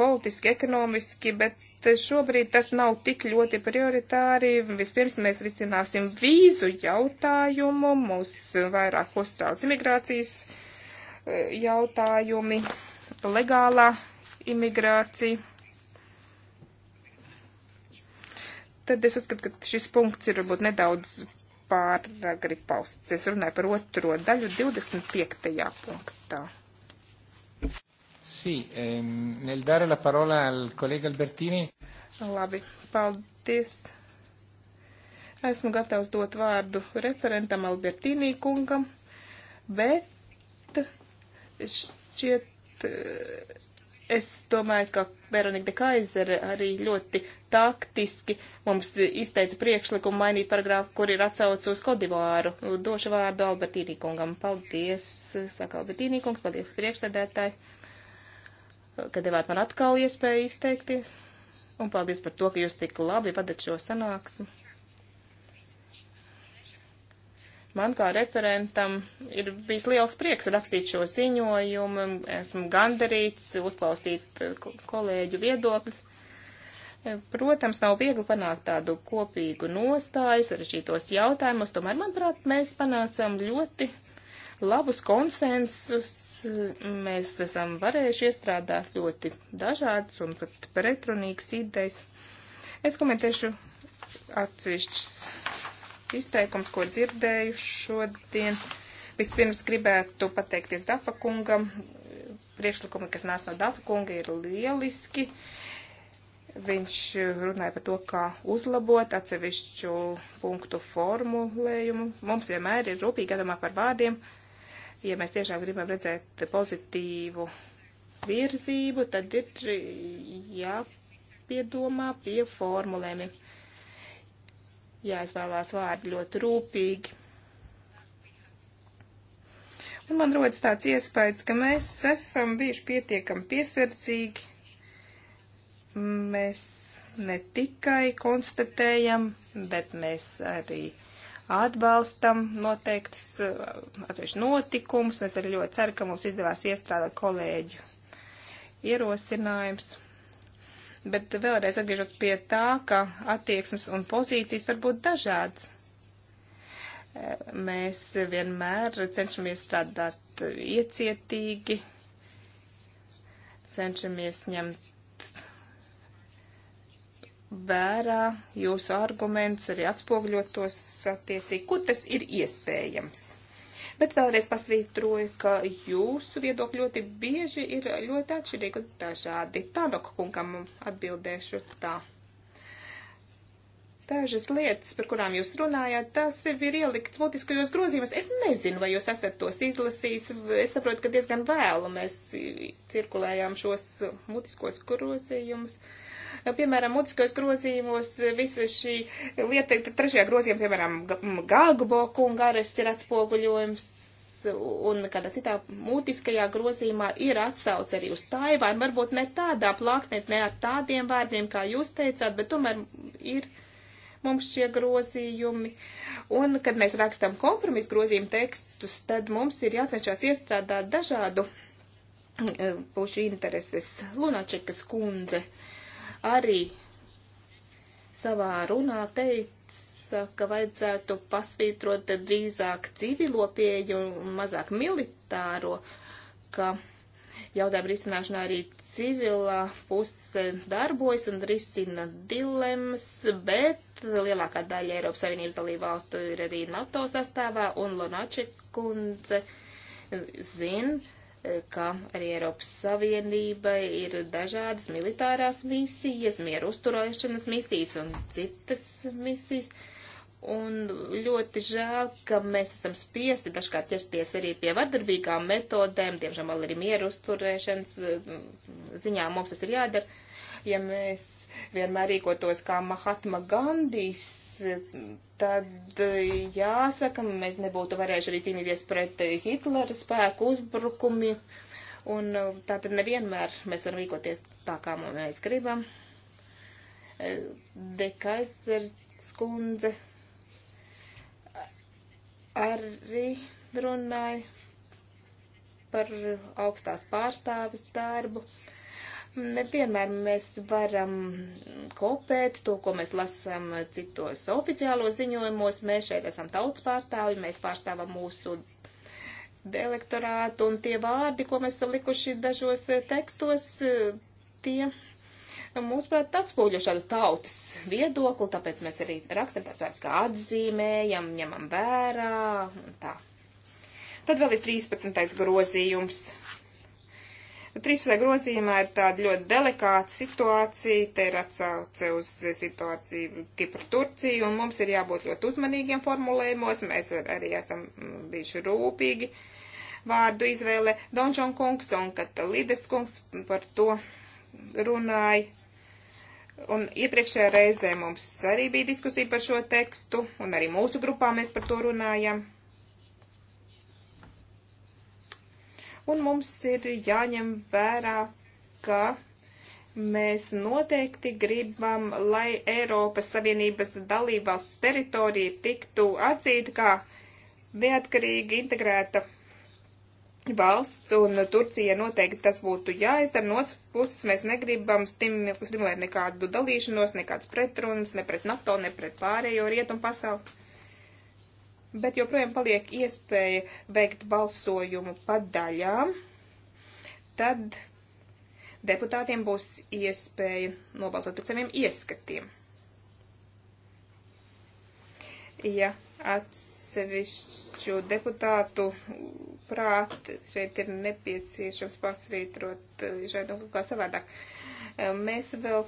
politiski, ekonomiski, bet eh, šobrīd tas nav tik ļoti prioritāri. Vispirms mēs risināsim vīzu jautājumu, mums vairāk uztrauc imigrācijas eh, jautājumi, legālā imigrācija. Tad es uzskatu, ka šis punkts ir varbūt nedaudz pāragri pausts. Es runāju par otro daļu 25. punktā. Sì, ehm, nel dare la parola al collega Albertini. Labi, paldies. Esmu gatavs dot vārdu referentam Albertīnī kungam, bet šķiet, eh, es domāju, ka Veronika de Kaisere arī ļoti taktiski mums izteica priekšlikumu mainīt paragrāfu, kur ir atsauce uz kodivāru. Došu vārdu Albertīnī kungam. Paldies, saka Albertīnī kungs, paldies priekšsēdētāji ka devāt man atkal iespēju izteikties. Un paldies par to, ka jūs tik labi vadat šo sanāksmi. Man kā referentam ir bijis liels prieks rakstīt šo ziņojumu, esmu gandarīts uzklausīt eh, kolēģu viedokļus. Eh, protams, nav viegli panākt tādu kopīgu nostāju sarežģītos jautājumus, tomēr, manuprāt, mēs panācām ļoti labus konsensus mēs esam varējuši iestrādāt ļoti dažādas un pat pretrunīgas idejas. Es komentēšu atsevišķus izteikums, ko dzirdēju šodien. Vispirms gribētu pateikties Dafa kungam. Priekšlikumi, kas nāca no Dafa kunga, ir lieliski. Viņš runāja par to, kā uzlabot atsevišķu punktu formulējumu. Mums vienmēr ir rūpīgi jādomā par vārdiem, ja mēs tiešām gribam redzēt pozitīvu virzību, tad ir jāpiedomā pie formulēm. Jāizvēlās vārdi ļoti rūpīgi. Un man rodas tāds iespējas, ka mēs esam bijuši pietiekami piesardzīgi. Mēs ne tikai konstatējam, bet mēs arī uh, atbalstam noteiktus eh, atsevišķu notikumus. Es arī ļoti ceru, ka mums izdevās iestrādāt kolēģu ierosinājums. Bet vēlreiz atgriežos pie tā, ka attieksmes un pozīcijas var būt dažādas. Mēs vienmēr cenšamies strādāt iecietīgi, cenšamies ņemt vērā jūsu argumentus, arī atspogļot tos attiecīgi, kur tas ir iespējams. Bet vēlreiz pasvītroju, ka jūsu viedokļi ļoti bieži ir ļoti atšķirīgi un dažādi. Tādok kungam atbildēšu tā. Dažas lietas, par kurām jūs runājāt, tas ir ielikts būtiskajos grozījumos. Es nezinu, vai jūs esat tos izlasījis. Es saprotu, ka diezgan vēlu mēs cirkulējām šos būtiskos grozījumus. Uh, Piemēram, mutiskos grozījumos visa šī lieta, trešajā grozījumā, piemēram, Galgbo kunga arests ir atspoguļojums un kādā citā mutiskajā grozījumā ir atsauce arī uz Taivānu, varbūt ne tādā plāksnē, ne ar tādiem vārdiem, kā jūs teicāt, bet tomēr ir mums šie grozījumi. Un, kad mēs rakstam kompromisu grozījumu tekstus, tad mums ir jācenšas iestrādāt dažādu eh, pušu intereses. Lunačekas kundze. Uh, arī savā runā teica, ka vajadzētu pasvītrot drīzāk civilo pieeju un mazāk militāro, ka jautājumu risināšanā arī civilā puse darbojas un risina dilemmas, bet lielākā daļa Eiropas Savienības dalību valstu ir arī NATO sastāvā un Lonačekundze zina, ka arī Eiropas Savienība ir dažādas militārās misijas, mieru uzturēšanas misijas un citas misijas. Un ļoti žēl, ka mēs esam spiesti dažkārt ķersties arī pie vardarbīgām metodēm, diemžēl vēl arī mieru uzturēšanas mm, ziņā mums tas ir jādara. Ja mēs vienmēr rīkotos kā Mahatma Gandijs, tad eh, jāsaka, mēs nebūtu varējuši arī cīnīties pret eh, Hitlera spēku uzbrukumi. Un eh, tā tad nevienmēr mēs varam rīkoties tā, kā mēs gribam. Dekaiser skundze arī runāja par augstās pārstāvis darbu. Uh, Nevienmēr mēs varam kopēt to, ko mēs lasām citos oficiālos ziņojumos. Mēs šeit esam tautas pārstāvi, mēs pārstāvam mūsu elektorātu un tie vārdi, ko mēs esam likuši dažos tekstos, tie mūsuprāt, atspūļo šādu tautas viedokli, tāpēc mēs arī rakstam tāds vārds kā atzīmējam, ņemam vērā un tā. Tad vēl ir 13. grozījums. 13. grozījumā ir tāda ļoti delikāta situācija, te ir atsauce uz situāciju Kipra Turciju, un mums ir jābūt ļoti uzmanīgiem formulējumos, mēs ar, arī esam bijuši rūpīgi vārdu izvēle. Donžon kungs un Katalides kungs par to runāja. Un iepriekšējā reizē mums arī bija diskusija par šo tekstu, un arī mūsu grupā mēs par to runājam. Un mums ir jāņem vērā, ka mēs noteikti gribam, lai Eiropas Savienības dalībās teritorija tiktu atzīta kā neatkarīgi integrēta valsts, un Turcija noteikti tas būtu jāizdara. No otras puses, mēs negribam stimulēt nekādu dalīšanos, nekādas pretrunas, ne pret NATO, ne pret pārējo rietumu pasauli bet joprojām paliek iespēja veikt balsojumu pa daļām, tad deputātiem būs iespēja nobalsot pēc saviem ieskatiem. Ja atsevišķu deputātu prāt šeit ir nepieciešams pasvītrot eh, šeit kaut kā savādāk. Eh, mēs vēl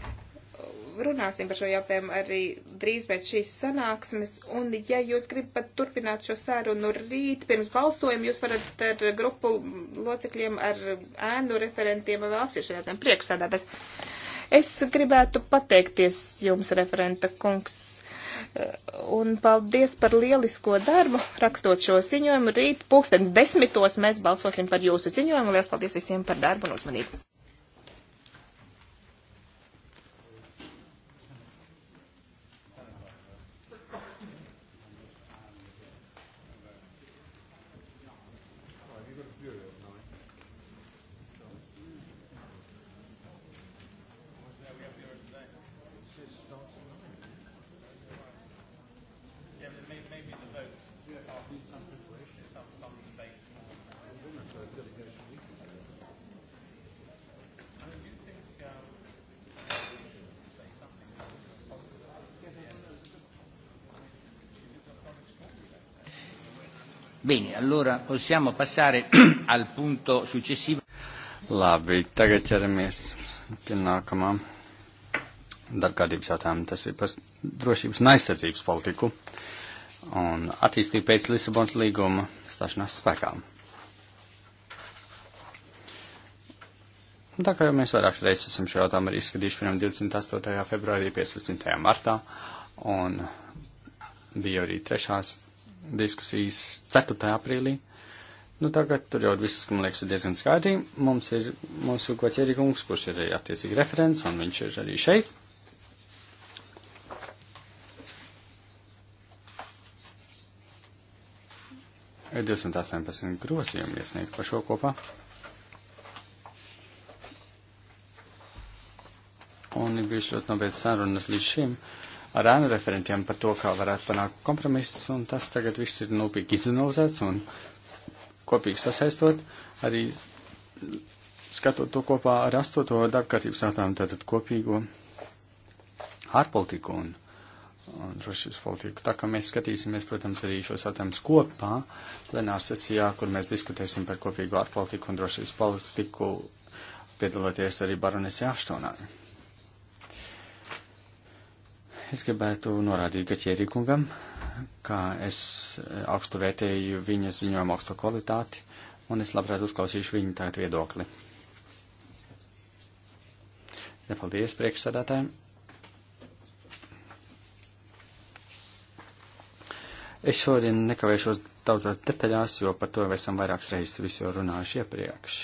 runāsim par šo jautājumu arī drīz pēc šīs sanāksmes. Un, ja jūs gribat turpināt šo sarunu rīt pirms balsojuma, jūs varat ar grupu locekļiem, ar ēnu referentiem vēl apspriest šo jautājumu priekšsādātājs. Es gribētu pateikties jums, referenta kungs. Un paldies par lielisko darbu, rakstot šo ziņojumu. Rīt pulkstens desmitos mēs balsosim par jūsu ziņojumu. Lielas paldies visiem par darbu un uzmanību. Bene, allora possiamo passare al punto successivo. Labi, tagad ķeramies pie nākamā darbkārtības jautājuma. Tas ir par drošības un aizsardzības politiku un attīstību pēc Lisabonas līguma stāšanās spēkā. Tā kā jau mēs vairāk reizes esam šo jautājumu arī izskatījuši pirms 28. februārī, 15. martā, un bija arī trešās diskusijas 4. aprīlī. Nu, tagad tur jau viss, man liekas, ir diezgan skaidri. Mums ir mūsu koķeri kungs, kurš ir attiecīgi referents, un viņš ir arī šeit. Ir 218 grozījumi iesniegt par šo kopā. Un ir bijuši ļoti nobeidz sarunas līdz šim. Uh, ar ēnu referentiem par to, kā varētu panākt kompromiss, un tas tagad viss ir nūpīgi izanalizēts un kopīgi sasaistot, arī skatot to kopā ar astoto darbkārtības jautājumu, tātad kopīgo ārpolitiku un, un drošības politiku. Tā kā mēs skatīsimies, protams, arī šos jautājumus kopā plenāru sesijā, kur mēs diskutēsim par kopīgo ārpolitiku un drošības politiku, piedaloties arī baronesi Aštonai. Es gribētu norādīt Gaķieri kungam, kā es augstu vērtēju viņa ziņojumu augsto kvalitāti, un es labprāt uzklausīšu viņa tagad viedokli. Ja paldies priekšsādātājiem. Es šodien nekavēšos daudzās detaļās, jo par to esam vairākas reizes visu jau runājuši iepriekš.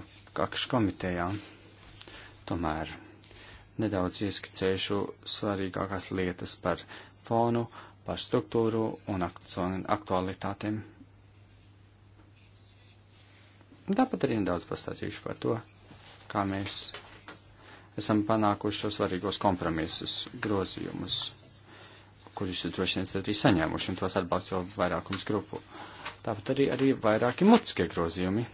Apakš komitejā. Tomēr nedaudz ieskicēšu svarīgākās lietas par fonu, par struktūru un aktualitātēm. Tāpat arī nedaudz pastāstīšu par to, kā mēs esam panākuši šo svarīgos kompromisus, grozījumus, kurus jūs droši vien esat arī saņēmuši, un tos atbalsta jau vairākums grupu. Tāpat arī, arī vairāki mutiskie grozījumi.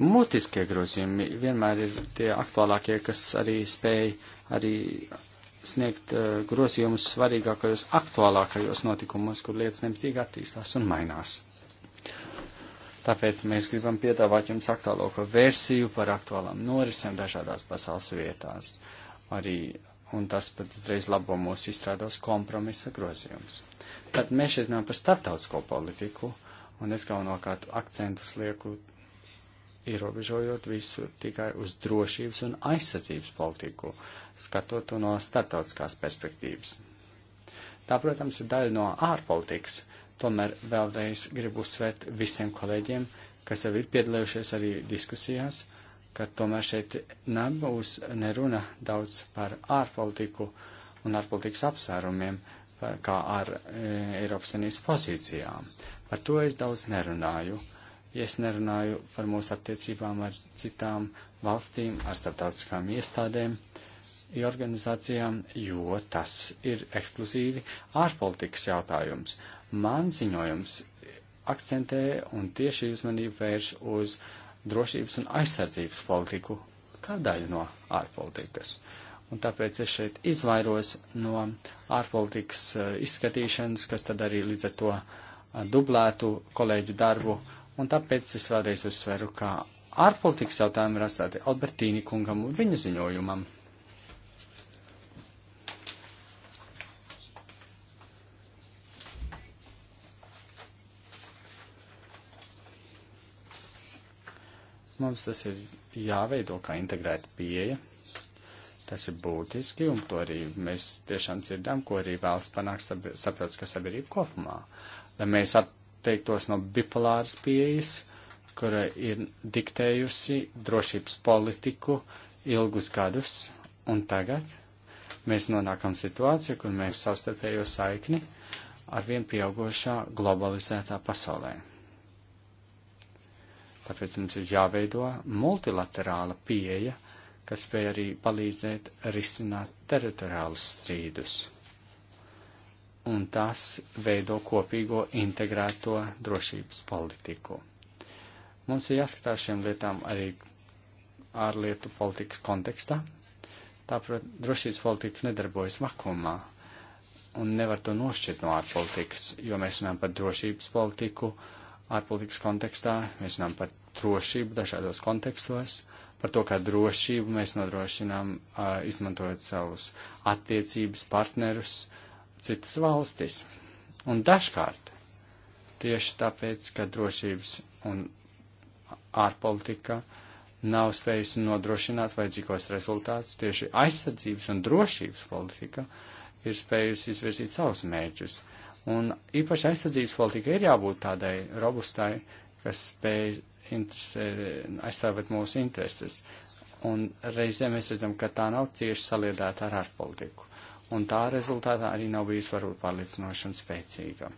Mutiskie grozījumi vienmēr ir tie aktuālākie, kas arī spēj arī sniegt uh, grozījumus svarīgākajos, aktuālākajos notikumos, kur lietas nemitīgi attīstās un mainās. Tāpēc mēs gribam piedāvāt jums aktuālāko versiju par aktuālām norisēm dažādās pasaules vietās. Arī, un tas tad uzreiz labo mūsu izstrādos kompromisa grozījumus. Tad mēs šeit runājam par starptautisko politiku, un es galvenokārt akcentus lieku ierobežojot visu tikai uz drošības un aizsardzības politiku, skatot to no startautiskās perspektīvas. Tā, protams, ir daļa no ārpolitikas, tomēr vēlreiz gribu uzsvērt visiem kolēģiem, kas jau ir piedalījušies arī diskusijās, ka tomēr šeit nebūs neruna daudz par ārpolitiku un ārpolitikas apsvērumiem, kā ar e, Eiropas Sanības pozīcijām. Par to es daudz nerunāju. Uh, ja es nerunāju par mūsu attiecībām ar citām valstīm, ar starptautiskām iestādēm, organizācijām, jo tas ir ekskluzīvi ārpolitikas jautājums. Man ziņojums akcentē un tieši uzmanību vērš uz drošības un aizsardzības politiku kā daļu no ārpolitikas. Un tāpēc es šeit izvairos no ārpolitikas eh, izskatīšanas, kas tad arī līdz ar to eh, dublētu kolēģu darbu Un tāpēc es vēlreiz uzsveru, ka ārpolitikas jautājumi ir atstāti Albertīni kungam un viņa ziņojumam. Mums tas ir jāveido kā integrēta pieeja. Tas ir būtiski, un to arī mēs tiešām dzirdam, ko arī vēlas panākt sabiedriskā sabiedrība kopumā. Lai mēs at teiktos no bipolāras pieejas, kura ir diktējusi drošības politiku ilgus gadus, un tagad mēs nonākam situācijā, kur mēs savstarpējo saikni arvien pieaugošā globalizētā pasaulē. Tāpēc mums ir jāveido multilaterāla pieeja, kas spēj arī palīdzēt risināt teritoriālus strīdus un tas veido kopīgo integrēto drošības politiku. Mums ir jāskatās šiem lietām arī ārlietu politikas kontekstā. Tāpēc drošības politika nedarbojas vakumā un nevar to nošķirt no ārpolitikas, jo mēs runājam par drošības politiku ārpolitikas kontekstā, mēs runājam par drošību dažādos kontekstos, par to, kā drošību mēs nodrošinām, izmantojot savus attiecības partnerus, uh, citas valstis. Un dažkārt tieši tāpēc, ka drošības un ārpolitika nav spējusi nodrošināt vajadzīgos rezultātus, tieši aizsardzības un drošības politika ir spējusi izvirzīt savus mērķus. Un īpaši aizsardzības politika ir jābūt tādai robustai, kas spēj aizstāvēt mūsu intereses. Un reizēm mēs redzam, ka tā nav cieši saliedēta ar ārpolitiku un tā rezultātā arī nav bijusi varbūt pārliecinoša un spēcīga.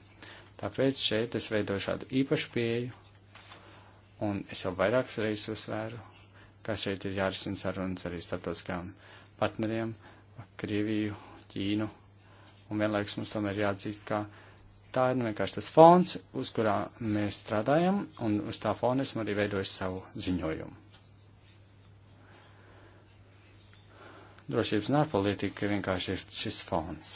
Tāpēc šeit es veidoju šādu īpašu pieeju, un es jau vairākas reizes uzsvēru, ka šeit ir jārisina sarunas arī starptautiskajām partneriem, Krieviju, Ķīnu, un vienlaikus mums tomēr jāatzīst, ka tā ir nu, vienkārši tas fons, uz kurā mēs strādājam, un uz tā fona esmu arī veidojis savu ziņojumu. drošības un ārpolitika vienkārši ir šis fons.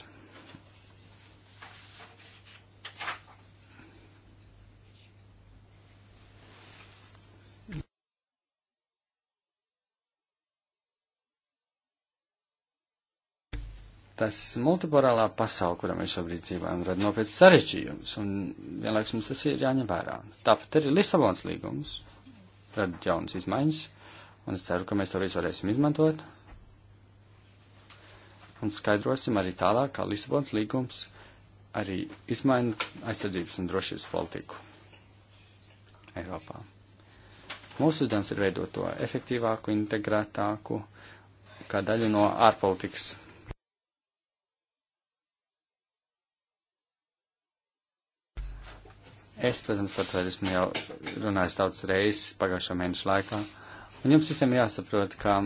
Tas multiporālā pasauli, kurā mēs šobrīd dzīvojam, rada nopietnas sarežģījumus, un vienlaiks mums tas ir jāņem vērā. Tāpat arī Lisabons līgums rada jaunas izmaiņas, un es ceru, ka mēs to visu varēsim izmantot un skaidrosim arī tālāk, kā Lisabons līgums arī izmaina aizsardzības un drošības politiku Eiropā. Mūsu uzdevums ir veidot to efektīvāku, integrētāku, kā daļu no ārpolitikas. Es, protams, par to esmu jau runājis daudz reizes pagājušo mēnešu laikā, un jums visiem jāsaprot, ka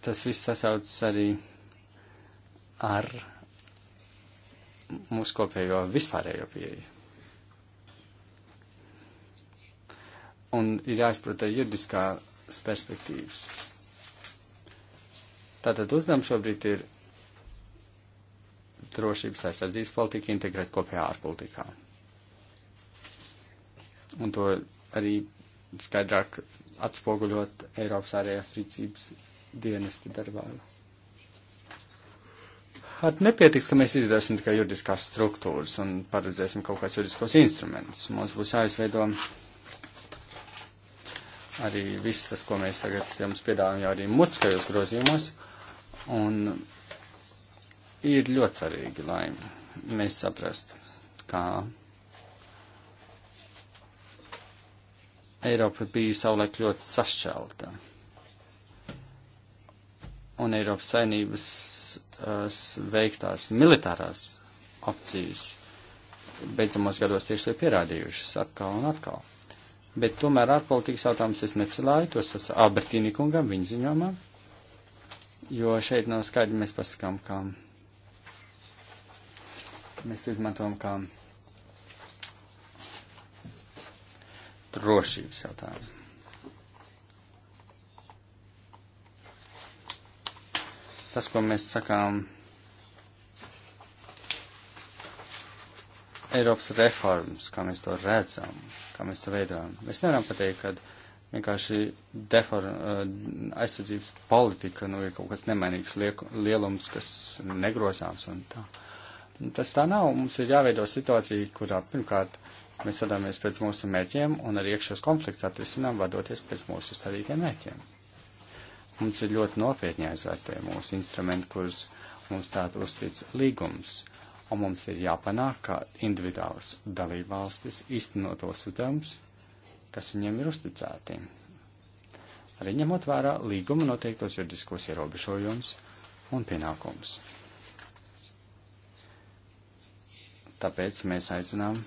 tas viss sasaucas arī ar mūsu kopējo vispārējo pieeju. Un ir jāizprot juridiskās perspektīvas. Tātad uzdevums šobrīd ir drošības aizsardzības politika integrēt kopējā ārpolitikā. Un to arī skaidrāk atspoguļot Eiropas ārējās rīcības dienesta darbā. Ar nepietiks, ka mēs izdarīsim tikai juridiskās struktūras un paredzēsim kaut kāds juridiskos instrumentus. Mums būs jāizveido arī viss tas, ko mēs tagad jums piedāvājam, jau arī mutiskajos grozījumos. Un ir ļoti svarīgi, lai mēs saprastu, kā Eiropa bija savulaik ļoti sašķelta. Un Eiropas saimnības Eh, veiktās militārās opcijas beidzamos gados tieši to pierādījušas atkal un atkal. Bet tomēr ārpolitikas jautājums es necelāju, tos sauc Albertīni kungam, viņa ziņomā, jo šeit nav skaidri, mēs pasakām, ka mēs izmantojam kā drošības jautājumu. tas, ko mēs sakām Eiropas reformas, kā mēs to redzam, kā mēs to veidojam. Mēs nevaram pateikt, ka vienkārši deform, eh, aizsardzības politika nu, ir kaut kas nemainīgs lielums, kas negrozāms un tā. Nu, tas tā nav. Mums ir jāveido situācija, kurā pirmkārt mēs sadāmies pēc mūsu mērķiem un arī iekšējos konflikts atrisinām, vadoties pēc mūsu stādītiem mērķiem. Mums ir ļoti nopietni jāizvērtē mūsu instrumenti, kurus mums tādu uztic līgums, un mums ir jāpanāk, ka individuālas dalībvalstis īstenot tos uzdevumus, kas viņiem ir uzticēti. Arī ņemot vērā līguma noteiktos juridiskos ierobežojumus un pienākumus. Tāpēc mēs aicinām,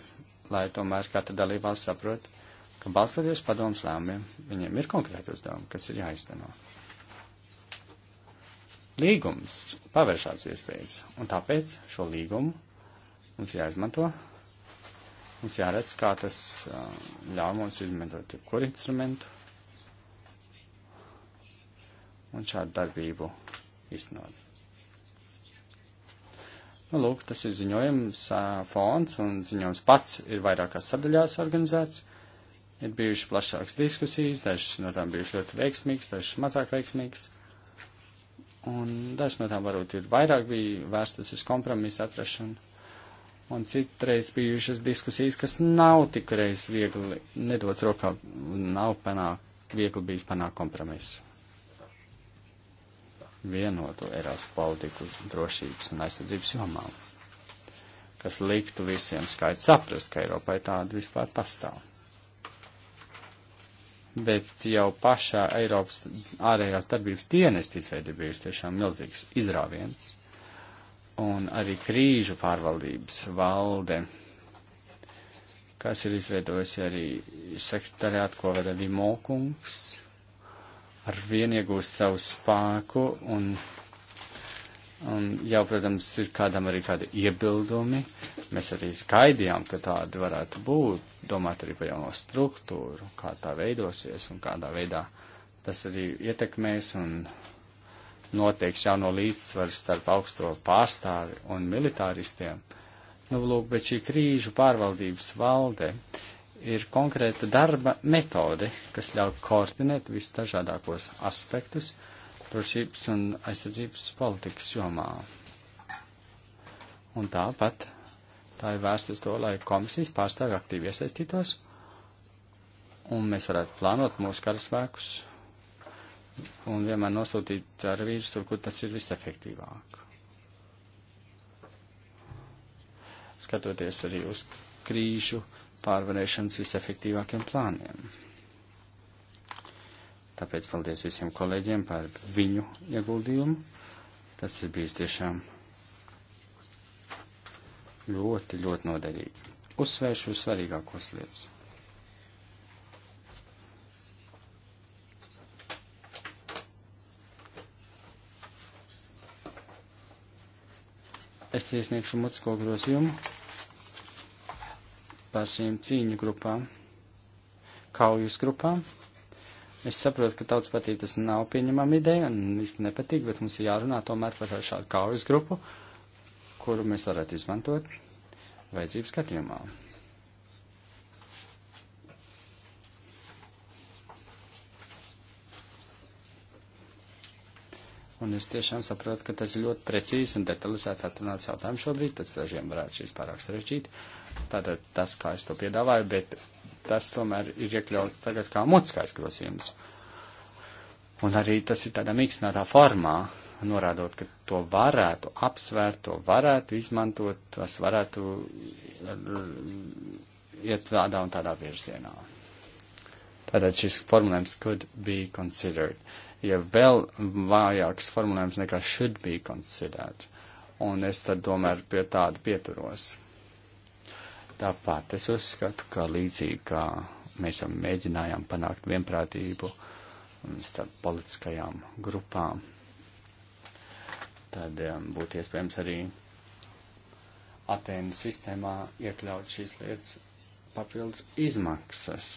lai tomēr katra dalībvalsts saprot, ka balstoties padomus lēmumiem, viņiem ir konkrēti uzdevumi, kas ir jāizteno. Līgums paver šādas iespējas, un tāpēc šo līgumu mums jāizmanto, mums jāredz, kā tas uh, ļauj mums izmantot jebkuru instrumentu un šādu darbību iznodot. Nu, lūk, tas ir ziņojums uh, fons, un ziņojums pats ir vairākās sadaļās organizēts. Ir bijušas plašākas diskusijas, dažas no tām bijušas ļoti veiksmīgas, dažas mazāk veiksmīgas. Un dažs no tām varbūt ir vairāk bija vērstas uz kompromisu atrašanu. Un citreiz bijušas diskusijas, kas nav tikreiz viegli, nedot rokā, nav panākt, viegli bijis panākt kompromisu. Vienotu Eiropas politiku drošības un aizsardzības jomām, kas liktu visiem skaidri saprast, ka Eiropai tāda vispār pastāv bet jau pašā Eiropas ārējās darbības dienesta izveide bijusi tiešām milzīgs izrāviens. Un arī krīžu pārvaldības valde, kas ir izveidojusi arī sekretariātu, ko vada Vimokungs, ar vien iegūst savu spēku un, un jau, protams, ir kādam arī kādi iebildumi. Mēs arī skaidījām, ka tādi varētu būt domāt arī par jauno struktūru, kā tā veidosies un kādā veidā tas arī ietekmēs un noteiks jauno līdzsvaru starp augsto pārstāvi un militāristiem. Nu, lūk, bet šī krīžu pārvaldības valde ir konkrēta darba metode, kas ļauj koordinēt visdažādākos aspektus drošības un aizsardzības politikas jomā. Un tāpat Tā ir vērsta uz to, lai komisijas pārstāvi aktīvi iesaistītos, un mēs varētu plānot mūsu karaspēkus, un vienmēr nosūtīt ar vīrus tur, kur tas ir visefektīvāk. Skatoties arī uz krīžu pārvarēšanas visefektīvākiem plāniem. Tāpēc paldies visiem kolēģiem par viņu ieguldījumu. Tas ir bijis tiešām ļoti, ļoti noderīgi. Uzsvēršu svarīgākos lietas. Es iesniegšu mutisko grozījumu par šīm cīņu grupām, kaujas grupām. Es saprotu, ka tautas patīk tas nav pieņemama ideja un īsti nepatīk, bet mums ir jārunā tomēr par šādu kaujas grupu. Uh, kuru mēs varētu izmantot vajadzības skatījumā. Un es tiešām saprotu, ka tas ir ļoti precīzi un detalizēti atrunāts jautājums šobrīd, tas dažiem varētu šīs pārāk sarežģīt. Tātad tas, kā es to piedāvāju, bet tas tomēr ir iekļauts tagad kā mutiskais grozījums. Un arī tas ir tādā mīkstinātā formā, norādot, ka to varētu apsvērt, to varētu izmantot, tas varētu iet tādā un tādā virzienā. Tātad šis formulējums could be considered, ja vēl vājāks formulējums nekā should be considered, un es tad tomēr pie tāda pieturos. Tāpat es uzskatu, ka līdzīgi kā mēs mēģinājām panākt vienprātību starp politiskajām grupām tad um, būtu iespējams arī apēnu sistēmā iekļaut šīs lietas papildus izmaksas.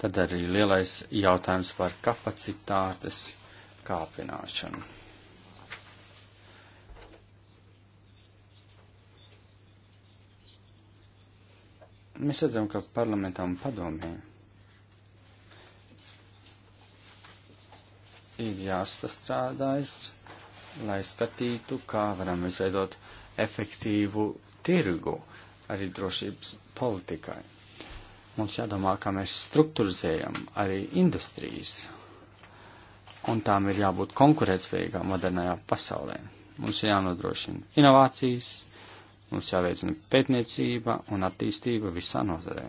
Tad arī lielais jautājums par kapacitātes kāpināšanu. Mēs redzam, ka parlamentam padomē ir jāsastrādājas, lai skatītu, kā varam izveidot efektīvu tirgu arī drošības politikai. Mums jādomā, kā mēs struktūrizējam arī industrijas, un tām ir jābūt konkurētspējīgām modernajā pasaulē. Mums ir jānodrošina inovācijas, mums jāveicina pētniecība un attīstība visā nozarē.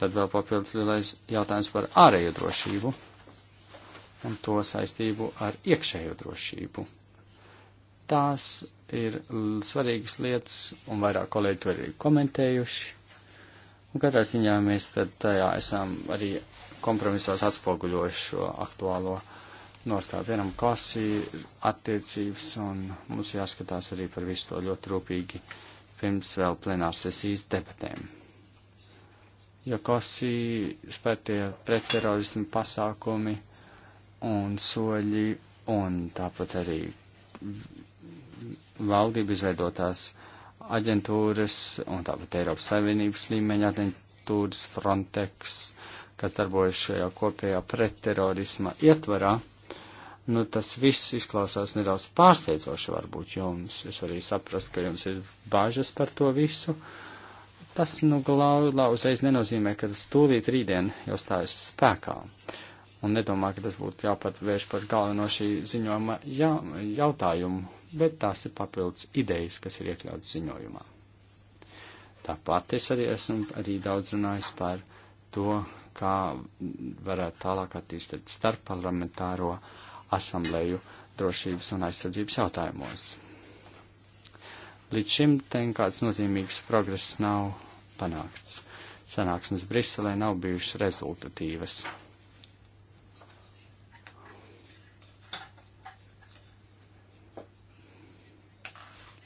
Tad vēl papildus lielais jautājums par ārējo drošību un to saistību ar iekšējo drošību. Tās ir svarīgas lietas, un vairāk kolēģi to ir komentējuši. Un katrā ziņā mēs tad tajā esam arī kompromisos atspoguļojuši šo aktuālo nostāju. Vienam klasī attiecības, un mums jāskatās arī par visu to ļoti rūpīgi pirms vēl plenārsesijas debatēm. Jo kosī spērtie pretterorismu pasākumi un soļi, un tāpat arī valdība izveidotās aģentūras, un tāpat Eiropas Savienības līmeņa aģentūras Frontex, kas darbojas šajā kopējā pretterorisma ietvarā. Nu, tas viss izklausās nedaudz pārsteidzoši varbūt jums. Es arī saprastu, ka jums ir bāžas par to visu. Tas, nu, galā uzreiz nenozīmē, ka tas tūlīt rītdien jau stājas spēkā. Uh, un nedomā, ka tas būtu jāpatvērš par galveno šī ziņojuma jā, jautājumu, bet tās ir papildus idejas, kas ir iekļautas ziņojumā. Tāpat es arī esmu arī daudz runājis par to, kā varētu tālāk attīstīt starpparlamentāro asambleju drošības un aizsardzības jautājumos. Līdz šim ten kāds nozīmīgs progress nav panākts. Sanāksmes Briselē nav bijušas rezultatīvas.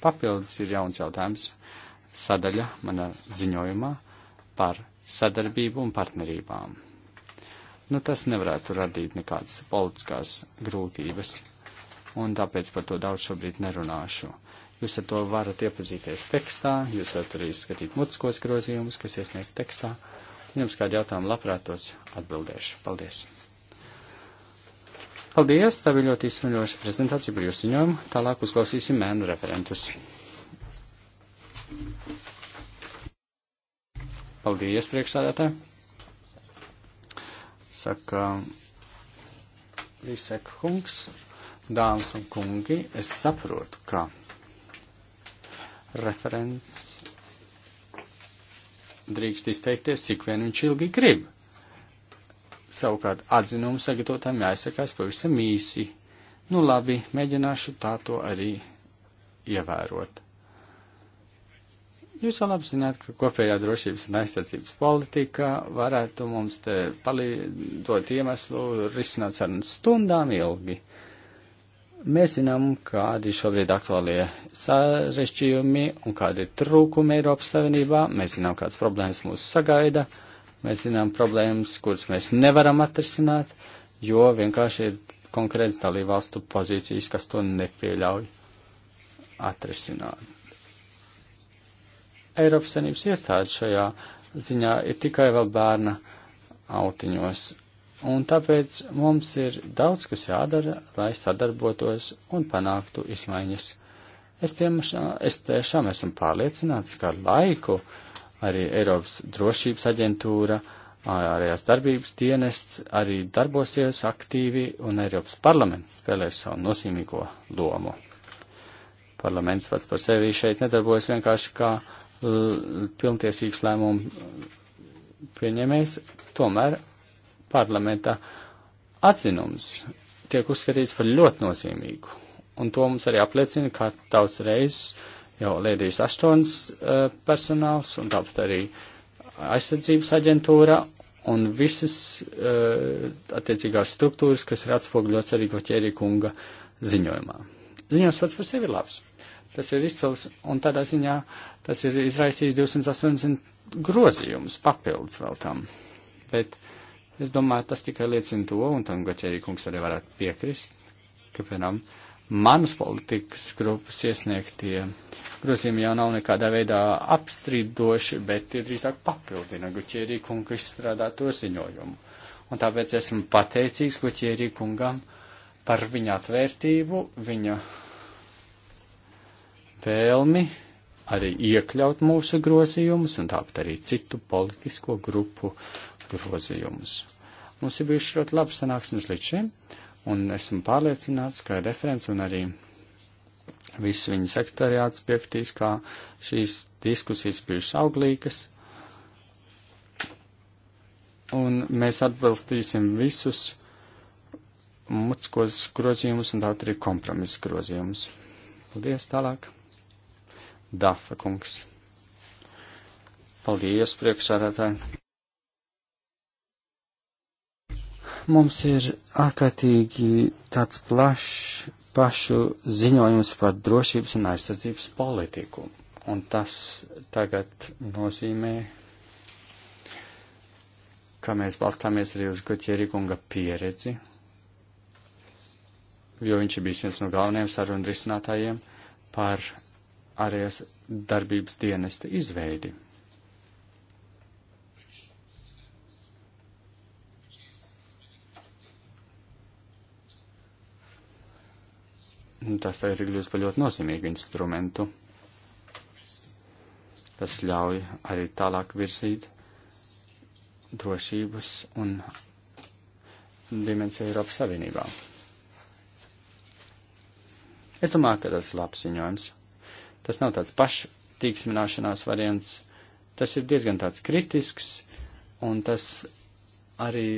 Papildus ir jauns jautājums sadaļa manā ziņojumā par sadarbību un partnerībām. Nu, tas nevarētu radīt nekādas politiskās grūtības, un tāpēc par to daudz šobrīd nerunāšu. Jūs ar to varat iepazīties tekstā, jūs varat arī skatīt mutiskos grozījumus, kas iesniegt tekstā. Jums kādi jautājumi labprātos atbildēšu. Paldies! Paldies, tā bija ļoti izsmeļoša prezentācija par jūsu ziņojumu. Tālāk uzklausīsim mēnu referentus. Paldies, priekšsādātāji. Saka Lisek kungs, dāmas un kungi, es saprotu, ka referents drīkst izteikties, cik vien viņš ilgi grib. Savukārt atzinumu sagatavotājiem jāizsakās pavisam īsi. Nu labi, mēģināšu tā to arī ievērot. Jūs jau labi zināt, ka kopējā drošības un aizsardzības politika varētu mums te palīdot iemeslu risināt sarunas stundām ilgi. Mēs zinām, kādi šobrīd aktuālie sarežģījumi un kādi ir trūkumi Eiropas Savienībā. Mēs zinām, kādas problēmas mūs sagaida. Uh, Mēs zinām problēmas, kuras mēs nevaram atrisināt, jo vienkārši ir konkrēts dalībvalstu pozīcijas, kas to nepieļauj atrisināt. Eiropas Savienības iestādes šajā ziņā ir tikai vēl bērna autiņos. Un tāpēc mums ir daudz, kas jādara, lai sadarbotos un panāktu izmaiņas. Es tiešām, es tiešām esmu pārliecināts, ka ar laiku uh, arī Eiropas drošības aģentūra, ārējās darbības dienests arī darbosies aktīvi un Eiropas parlaments spēlēs savu nozīmīgo lomu. Parlaments pats par sevi šeit nedarbojas vienkārši kā pilntiesīgs lēmumu pieņemējs, tomēr parlamenta atzinums tiek uzskatīts par ļoti nozīmīgu. Un to mums arī apliecina, kā daudz reizes jau Lēdijas Aštons uh, personāls un tāpat arī aizsardzības aģentūra un visas uh, attiecīgās struktūras, kas ir atspogļots arī Goķēri kunga ziņojumā. Ziņojums pats par sevi ir labs. Tas ir izcils un tādā ziņā tas ir izraisījis 280 grozījumus papildus vēl tam. Bet es domāju, tas tikai liecina to, un tam Goķēri kungs arī varētu piekrist, ka, piemēram, uh, manas politikas grupas iesniegtie grozījumi jau nav nekādā veidā apstrīdoši, bet tie drīzāk papildina Guķierī kunga izstrādāto ziņojumu. Un tāpēc esmu pateicīgs Guķierī kungam par viņa atvērtību, viņa vēlmi arī iekļaut mūsu grozījumus un tāpat arī citu politisko grupu grozījumus. Mums ir bijuši ļoti labi sanāksmes līdz šim. Uh, un esmu pārliecināts, ka referents un arī viss viņa sekretariāts piekritīs, ka šīs diskusijas bijušas auglīgas, un mēs atbalstīsim visus mutiskos grozījumus un tātad arī kompromisa grozījumus. Paldies tālāk. Dafa kungs. Paldies priekšsādātāji. Mums ir ārkārtīgi tāds plašs pašu ziņojums par drošības un aizsardzības politiku. Un tas tagad nozīmē, ka mēs balstāmies arī uz Gutjeri kunga pieredzi, jo viņš ir bijis viens no galvenajiem sarunu risinātājiem par ārējās darbības dienesta izveidi. tas tagad ir kļūst par ļoti nozīmīgu instrumentu, kas ļauj arī tālāk virzīt drošības un dimensiju Eiropas Savienībā. Es domāju, ka tas ir labs ziņojums. Tas nav tāds paštīksmināšanās variants, tas ir diezgan tāds kritisks, un tas arī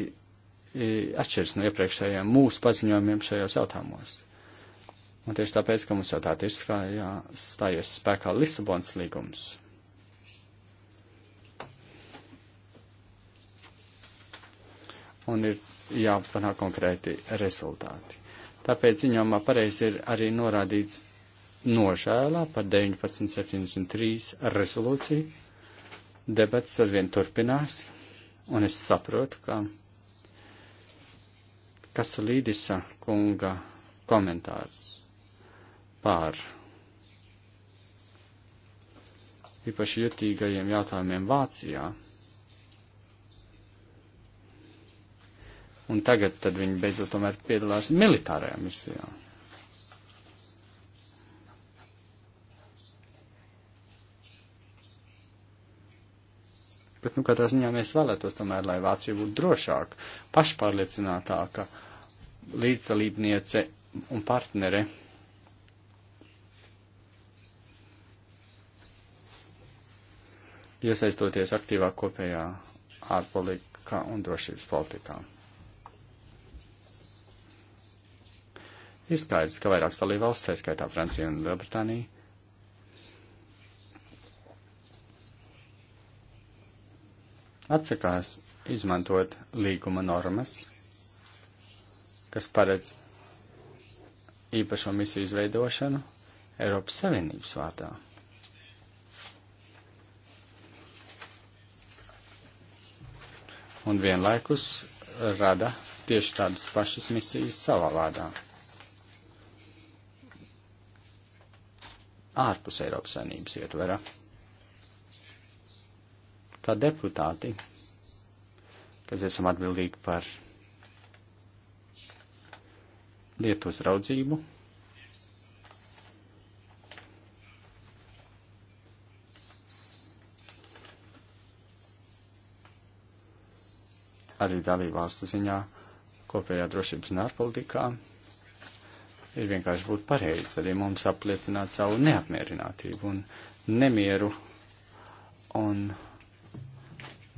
atšķirs no iepriekšējiem mūsu paziņojumiem šajos jautājumos. Un tieši tāpēc, ka mums jau tā ir stājies spēkā Lisabons līgums. Un ir jāpanāk konkrēti rezultāti. Tāpēc ziņojumā pareizi ir arī norādīts nožēlā par 1973 rezolūciju. Debats arvien turpinās, un es saprotu, ka Kasalīdisa kunga komentārs par īpaši jutīgajiem jautājumiem Vācijā. Un tagad tad viņi beidzot tomēr piedalās militārajā misijā. Bet, nu, katrā ziņā mēs vēlētos tomēr, lai Vācija būtu drošāka, pašpārliecinātāka līdzdalībniece un partnere iesaistoties aktīvāk kopējā ārpolitikā un drošības politikā. Ir skaidrs, ka vairākas dalībvalsts, tā skaitā Francija un Lielbritānija, atsakās izmantot līguma normas, kas paredz īpašo misiju izveidošanu Eiropas Savienības vārdā. un vienlaikus rada tieši tādas pašas misijas savā vārdā. Ārpus Eiropas saimnības ietvera. Kā deputāti, kas esam atbildīgi par lietu uzraudzību, arī dalību valstu ziņā kopējā drošības un ārpolitikā ir vienkārši būt pareizi arī mums apliecināt savu neapmierinātību un nemieru un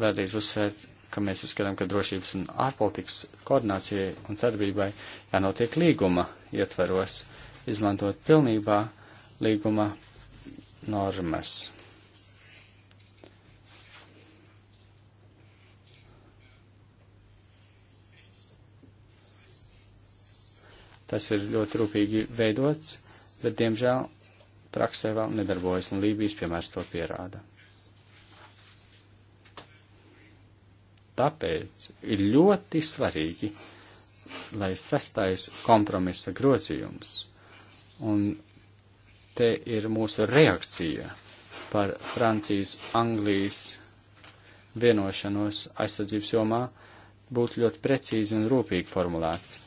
vēlreiz uzsvērt, ka mēs uzskatām, ka drošības un ārpolitikas koordinācijai un sadarbībai jānotiek līguma ietveros, izmantot pilnībā līguma normas. Tas ir ļoti rūpīgi veidots, bet, diemžēl, praksē vēl nedarbojas, un Lībijas piemērs to pierāda. Tāpēc ir ļoti svarīgi, lai sastais kompromisa grozījums, un te ir mūsu reakcija par Francijas, Anglijas vienošanos aizsardzības jomā, būtu ļoti precīzi un rūpīgi formulēts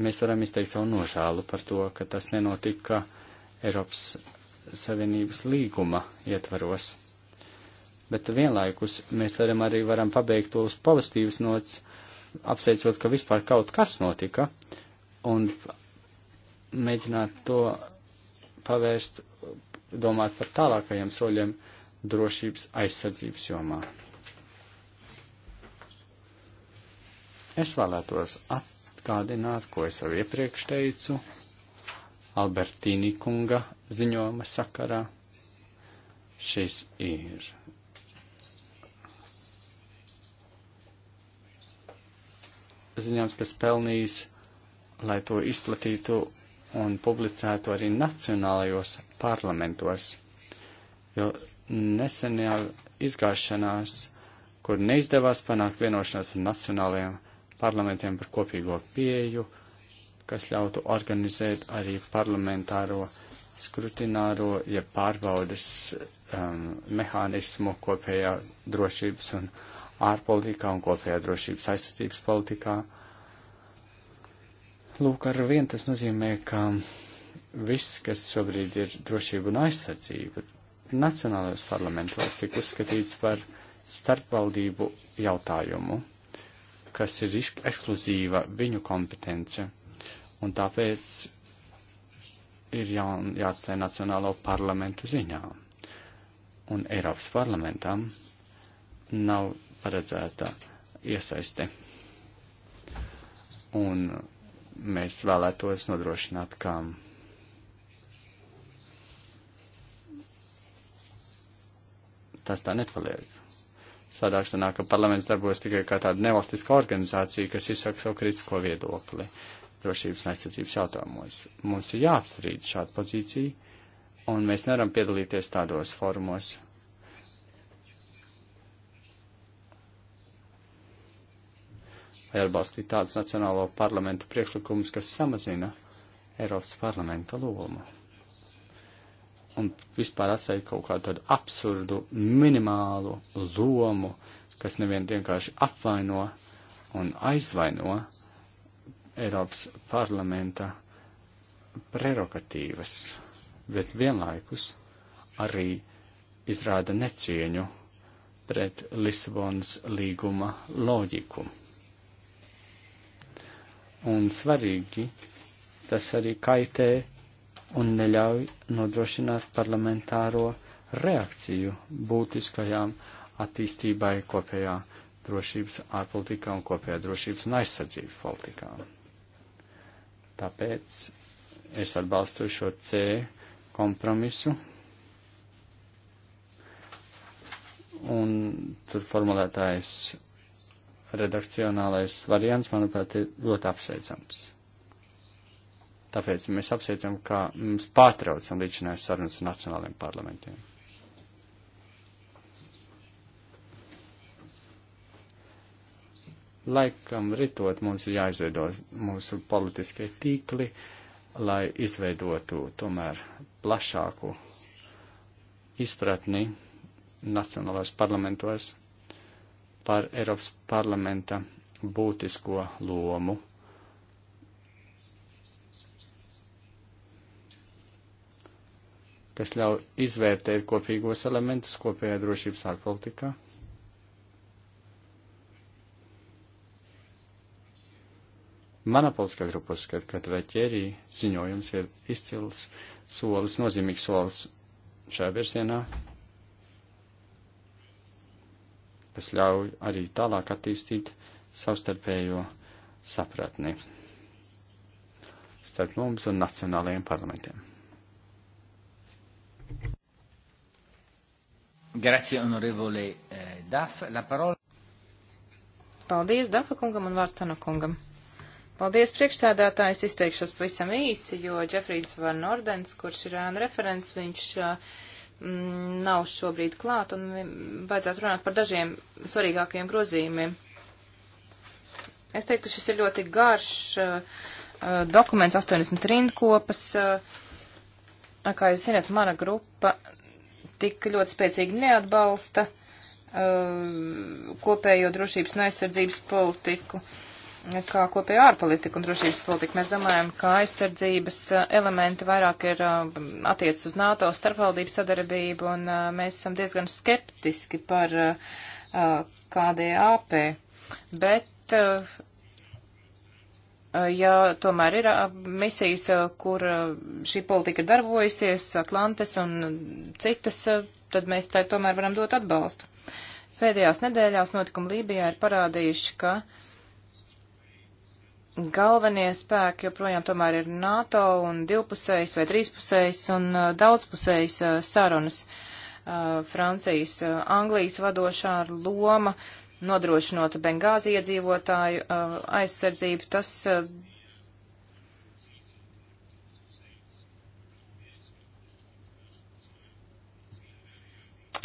mēs varam izteikt savu nožēlu par to, ka tas nenotika Eiropas Savienības līguma ietvaros. Bet vienlaikus mēs varam arī varam pabeigt to uz pozitīvas nots, apsveicot, ka vispār kaut kas notika, un mēģināt to pavērst, domāt par tālākajiem soļiem drošības aizsardzības jomā. Es vēlētos at atgādināt, ko es jau iepriekš teicu Albertīni kunga ziņojuma sakarā. Šis ir ziņojums, kas pelnījis, lai to izplatītu un publicētu arī nacionālajos parlamentos. Jo nesenajā izgāšanās, kur neizdevās panākt vienošanos ar nacionālajiem parlamentos, parlamentiem par kopīgo pieju, kas ļautu organizēt arī parlamentāro skrutināro, ja pārbaudas um, mehānismu kopējā drošības un ārpolitikā un kopējā drošības aizsardzības politikā. Lūk, ar vien tas nozīmē, ka viss, kas šobrīd ir drošība un aizsardzība, nacionālajos parlamentos tika uzskatīts par starpvaldību jautājumu kas ir ekskluzīva viņu kompetence. Un tāpēc ir jā, jāatstāj Nacionālo parlamentu ziņā. Un Eiropas parlamentam nav paredzēta iesaiste. Un mēs vēlētos nodrošināt, ka tas tā nepaliek. Sādāk sanāk, ka parlaments darbojas tikai kā tāda nevalstiska organizācija, kas izsaka savu kritisko viedokli drošības un aizsardzības jautājumos. Mums ir jāapstrīd šāda pozīcija, un mēs nevaram piedalīties tādos formos. Vai atbalstīt tādus nacionālo parlamentu priekšlikumus, kas samazina Eiropas parlamenta lomu? un vispār atstāja kaut kādu tādu absurdu, minimālu lomu, kas nevien vienkārši apvaino un aizvaino Eiropas parlamenta prerogatīvas, bet vienlaikus arī izrāda necieņu pret Lisabonas līguma loģiku. Un svarīgi tas arī kaitē un neļauj nodrošināt parlamentāro reakciju būtiskajām attīstībai kopējā drošības ārpolitikā un kopējā drošības un aizsardzības politikā. Tāpēc es atbalstu šo C kompromisu. Un tur formulētājs redakcionālais variants, manuprāt, ir ļoti apsveicams. Tāpēc mēs apsveicam, ka mums pārtraucam līdzinājās sarunas ar nacionāliem parlamentiem. Laikam ritot mums ir jāizveido mūsu politiskie tīkli, lai izveidotu tomēr plašāku izpratni nacionālās parlamentos par Eiropas parlamenta būtisko lomu kas ļauj izvērtēt kopīgos elementus kopējā drošības ārpolitikā. Mana politiskā grupa uzskata, ka Traķērī ziņojums ir izcils solis, nozīmīgs solis šajā virzienā, kas ļauj arī tālāk attīstīt savstarpējo sapratni starp mums un nacionālajiem parlamentiem. Grazie, onorevole eh, Daf. La parola. Paldies Dafa kungam un Vārstana kungam. Paldies priekšsēdētājs, izteikšos pavisam īsi, jo Džefrīds Van Ordens, kurš ir ēna referents, viņš eh, mm, nav šobrīd klāt un vajadzētu runāt par dažiem svarīgākiem grozījumiem. Es teiktu, ka šis ir ļoti garš uh, dokuments, 80 rindkopas. Uh, kā jūs zināt, mana grupa tik ļoti spēcīgi neatbalsta uh, kopējo drošības un aizsardzības politiku kā kopēja ārpolitika un drošības politika. Mēs domājam, ka aizsardzības uh, elementi vairāk ir uh, attiec uz NATO starpvaldības sadarbību, un uh, mēs esam diezgan skeptiski par KDAP. Bet Eh, ja tomēr ir eh, misijas, eh, kur šī politika ir darbojusies, Atlantis un citas, tad mēs tai tomēr varam dot atbalstu. Pēdējās nedēļās notikumi Lībijā ir parādījuši, ka galvenie spēki joprojām tomēr ir NATO un divpusējs vai trīspusējs un daudzpusējs sarunas. Francijas, Anglijas vadošā loma nodrošinotu Bengāzi iedzīvotāju uh, aizsardzību, tas uh,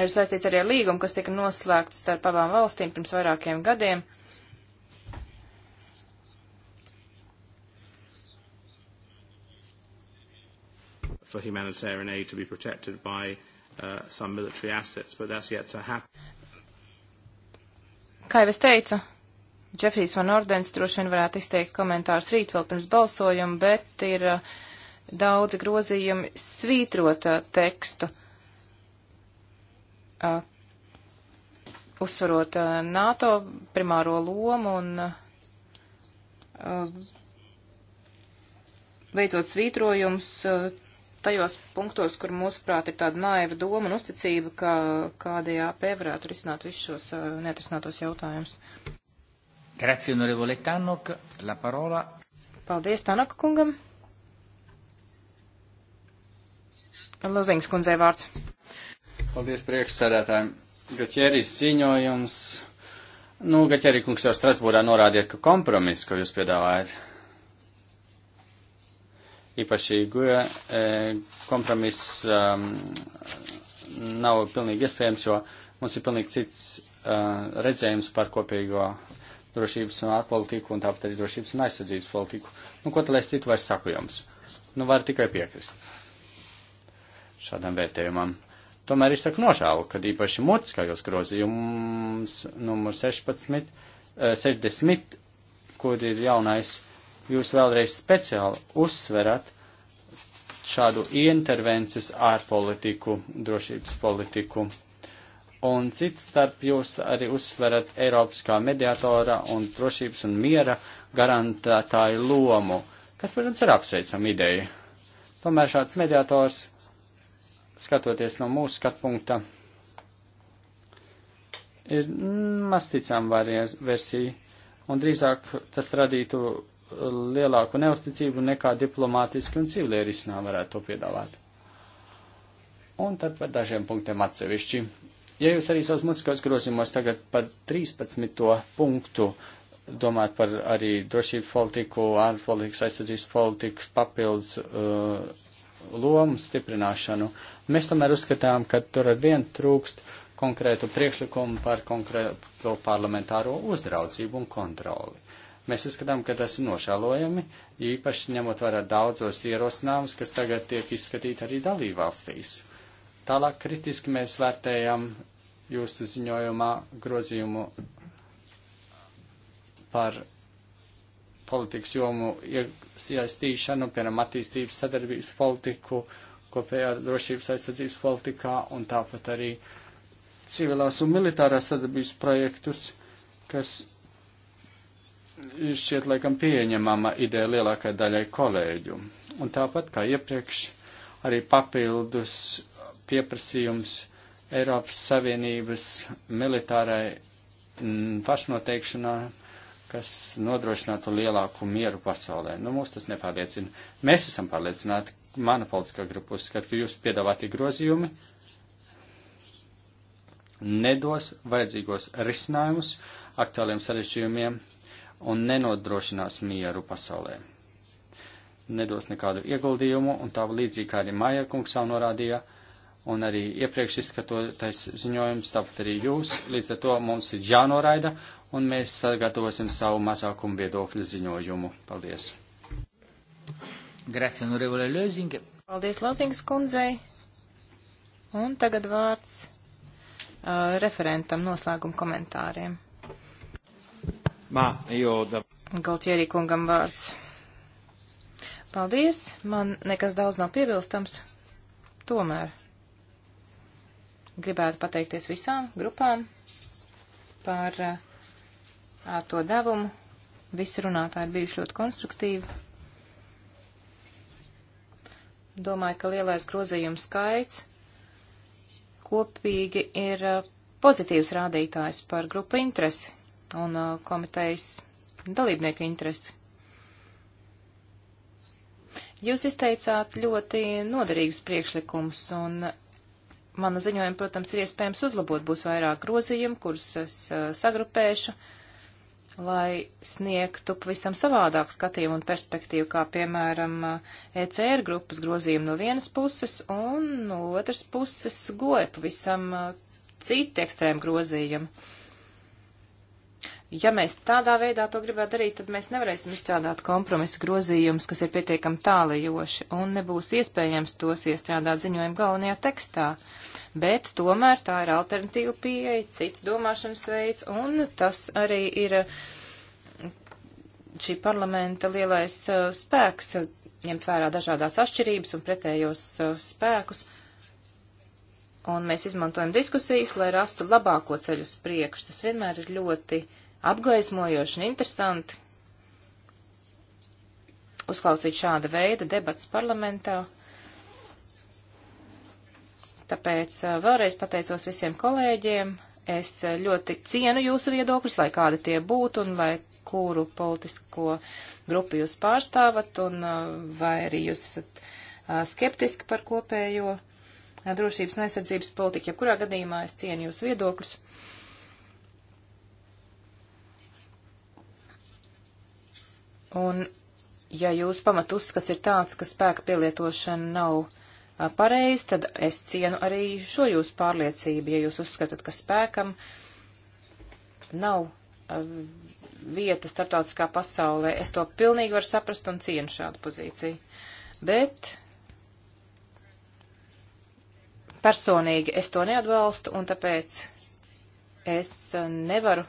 ir saistīts arī ar līgumu, kas tika noslēgts starp abām valstīm pirms vairākiem gadiem. for humanitarian aid to be protected by uh, some military assets, but that's yet to happen. Kā jau es teicu, Džefrijs Van Ordens droši vien varētu izteikt komentārus rīt vēl pirms balsojuma, bet ir uh, daudzi grozījumi svītrot uh, tekstu, uh, uzsvarot uh, NATO primāro lomu un veicot uh, uh, svītrojums tajos punktos, kur mūsuprāt ir tāda naiva doma un uzticība, ka KDAP varētu risināt visus šos uh, netrisinātos jautājumus. Grazie, onorevole Tanok, la parola. Paldies Tanaka kungam. Lozings kundzei vārds. Paldies priekšsēdētājiem. Gaķeris ziņojums. Nu, Gaķerī kungs jau Strasbūrā norādīja, ka kompromiss, ko jūs piedāvājat, īpaši guja e, e, kompromiss um, nav pilnīgi iespējams, jo mums ir pilnīgi cits uh, redzējums par kopīgo drošības un ārpolitiku un tāpat arī drošības un aizsardzības politiku. Nu, ko tad lai es citu vairs saku jums? Nu, var tikai piekrist šādam vērtējumam. Tomēr es saku nožēlu, kad īpaši mutiskajos grozījums numur 16, 60, eh, kur ir jaunais jūs vēlreiz speciāli uzsverat šādu intervences ārpolitiku, drošības politiku. Un cits starp jūs arī uzsverat Eiropas kā mediatora un drošības un miera garantētāju lomu, kas, protams, ir apsveicama ideja. Tomēr šāds mediators, skatoties no mūsu skatpunkta, ir masticām versija, un drīzāk tas radītu lielāku neusticību nekā diplomātiski un civilie risinājumi varētu to piedāvāt. Un tad par dažiem punktiem atsevišķi. Ja jūs arī savus muzikos grozījumos tagad par 13. punktu domājat par arī drošības politiku, ārpolitikas, aizsardzības politikas papildus uh, lomu stiprināšanu, mēs tomēr uzskatām, ka tur ar vienu trūkst konkrētu priekšlikumu par konkrētu parlamentāro uzraudzību un kontroli. Mēs uzskatām, ka tas ir nožēlojami, īpaši ņemot vērā daudzos ierosinājumus, kas tagad tiek izskatīti arī dalībvalstīs. Tālāk kritiski mēs vērtējam jūsu ziņojumā grozījumu par politikas jomu iesaistīšanu, piemēram, attīstības sadarbības politiku, kopējā drošības aizsardzības politikā un tāpat arī civilās un militārās sadarbības projektus, kas šķiet laikam pieņemama ideja lielākai daļai kolēģu. Un tāpat kā iepriekš, arī papildus pieprasījums Eiropas Savienības militārai mm, pašnoteikšanā, kas nodrošinātu lielāku mieru pasaulē. Nu, mūs tas nepārliecina. Mēs esam pārliecināti, mana politiskā grupa uzskata, ka jūs piedāvātie grozījumi nedos vajadzīgos risinājumus aktuāliem sarežģījumiem un nenodrošinās mieru pasaulē. Nedos nekādu ieguldījumu, un tā līdzīgi kā arī Maija kungs jau norādīja, un arī iepriekš izskatotais ziņojums, tāpat arī jūs, līdz ar to mums ir jānoraida, un mēs sagatavosim savu mazākumu viedokļu ziņojumu. Paldies! Grazie, Norevole Lozing. Paldies, Lozings kundzei. Un tagad vārds uh, referentam noslēguma komentāriem. Ma, jo... Da... Galtieri kungam vārds. Paldies, man nekas daudz nav piebilstams. Tomēr gribētu pateikties visām grupām par uh, to devumu. Visi runātāji ir bijuši ļoti konstruktīvi. Domāju, ka lielais grozījums skaits kopīgi ir uh, pozitīvs rādītājs par grupu interesi un uh, komitejas dalībnieku interesi. Jūs izteicāt ļoti noderīgus priekšlikumus, un mana ziņojuma, protams, ir iespējams uzlabot. Būs vairāk grozījumu, kurus es uh, sagrupēšu, lai sniegtu pavisam savādāku skatījumu un perspektīvu, kā piemēram uh, ECR grupas grozījumu no vienas puses un no otras puses goja pavisam uh, citi ekstrēma grozījumi. Ja mēs tādā veidā to gribētu darīt, tad mēs nevarēsim izstrādāt kompromisa grozījumus, kas ir pietiekami tālajoši, un nebūs iespējams tos iestrādāt ziņojuma galvenajā tekstā. Bet tomēr tā ir alternatīva pieeja, cits domāšanas veids, un tas arī ir šī parlamenta lielais uh, spēks, ņemt vērā dažādās atšķirības un pretējos uh, spēkus. Un mēs izmantojam diskusijas, lai rastu labāko ceļu uz priekšu. Tas vienmēr ir ļoti uh, apgaismojoši un interesanti uzklausīt šāda veida debats parlamentā. Tāpēc eh, vēlreiz pateicos visiem kolēģiem. Es eh, ļoti cienu jūsu viedokļus, lai kādi tie būtu un lai kuru politisko grupu jūs pārstāvat un eh, vai arī jūs esat skeptiski par kopējo drošības un aizsardzības politiku. Jebkurā gadījumā es cienu jūsu viedokļus. Un ja jūs pamat uzskats ir tāds, ka spēka pielietošana nav pareiz, tad es cienu arī šo jūsu pārliecību, ja jūs uzskatāt, ka spēkam nav vieta starptautiskā pasaulē. Es to pilnīgi varu saprast un cienu šādu pozīciju. Bet personīgi es to neatbalstu un tāpēc es nevaru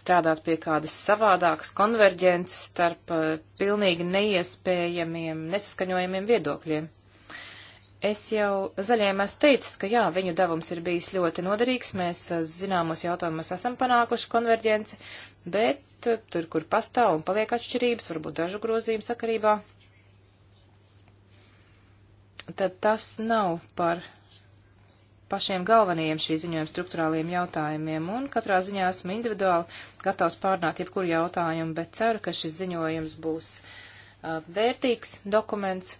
strādāt pie kādas savādākas konverģences starp uh, pilnīgi neiespējamiem, nesaskaņojamiem viedokļiem. Es jau zaļiem esmu teicis, ka jā, viņu devums ir bijis ļoti noderīgs, mēs eh, zināmos jautājumus esam panākuši konverģenci, bet uh, tur, kur pastāv un paliek atšķirības, varbūt dažu grozījumu sakarībā, tad tas nav par pašiem galvenajiem šī ziņojuma struktūrāliem jautājumiem, un katrā ziņā esmu individuāli gatavs pārnāt jebkuru jautājumu, bet ceru, ka šis ziņojums būs uh, vērtīgs dokuments,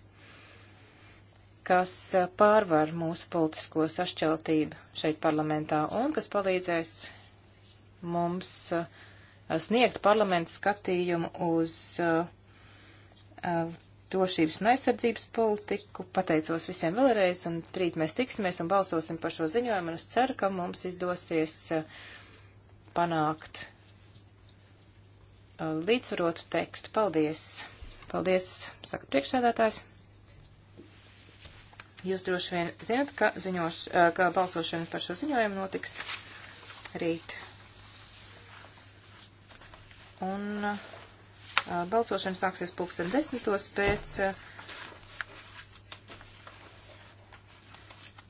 kas uh, pārvar mūsu politisko sašķeltību šeit parlamentā un kas palīdzēs mums uh, sniegt parlamentu skatījumu uz uh, uh, drošības un aizsardzības politiku. Pateicos visiem vēlreiz, un rīt mēs tiksimies un balsosim par šo ziņojumu, un es ceru, ka mums izdosies uh, panākt uh, līdzsvarotu tekstu. Paldies! Paldies, saka priekšsēdētājs. Jūs droši vien zinat, ka, ziņoš, uh, ka balsošana par šo ziņojumu notiks rīt. Un uh, Balsošana sāksies pulksten desmitos pēc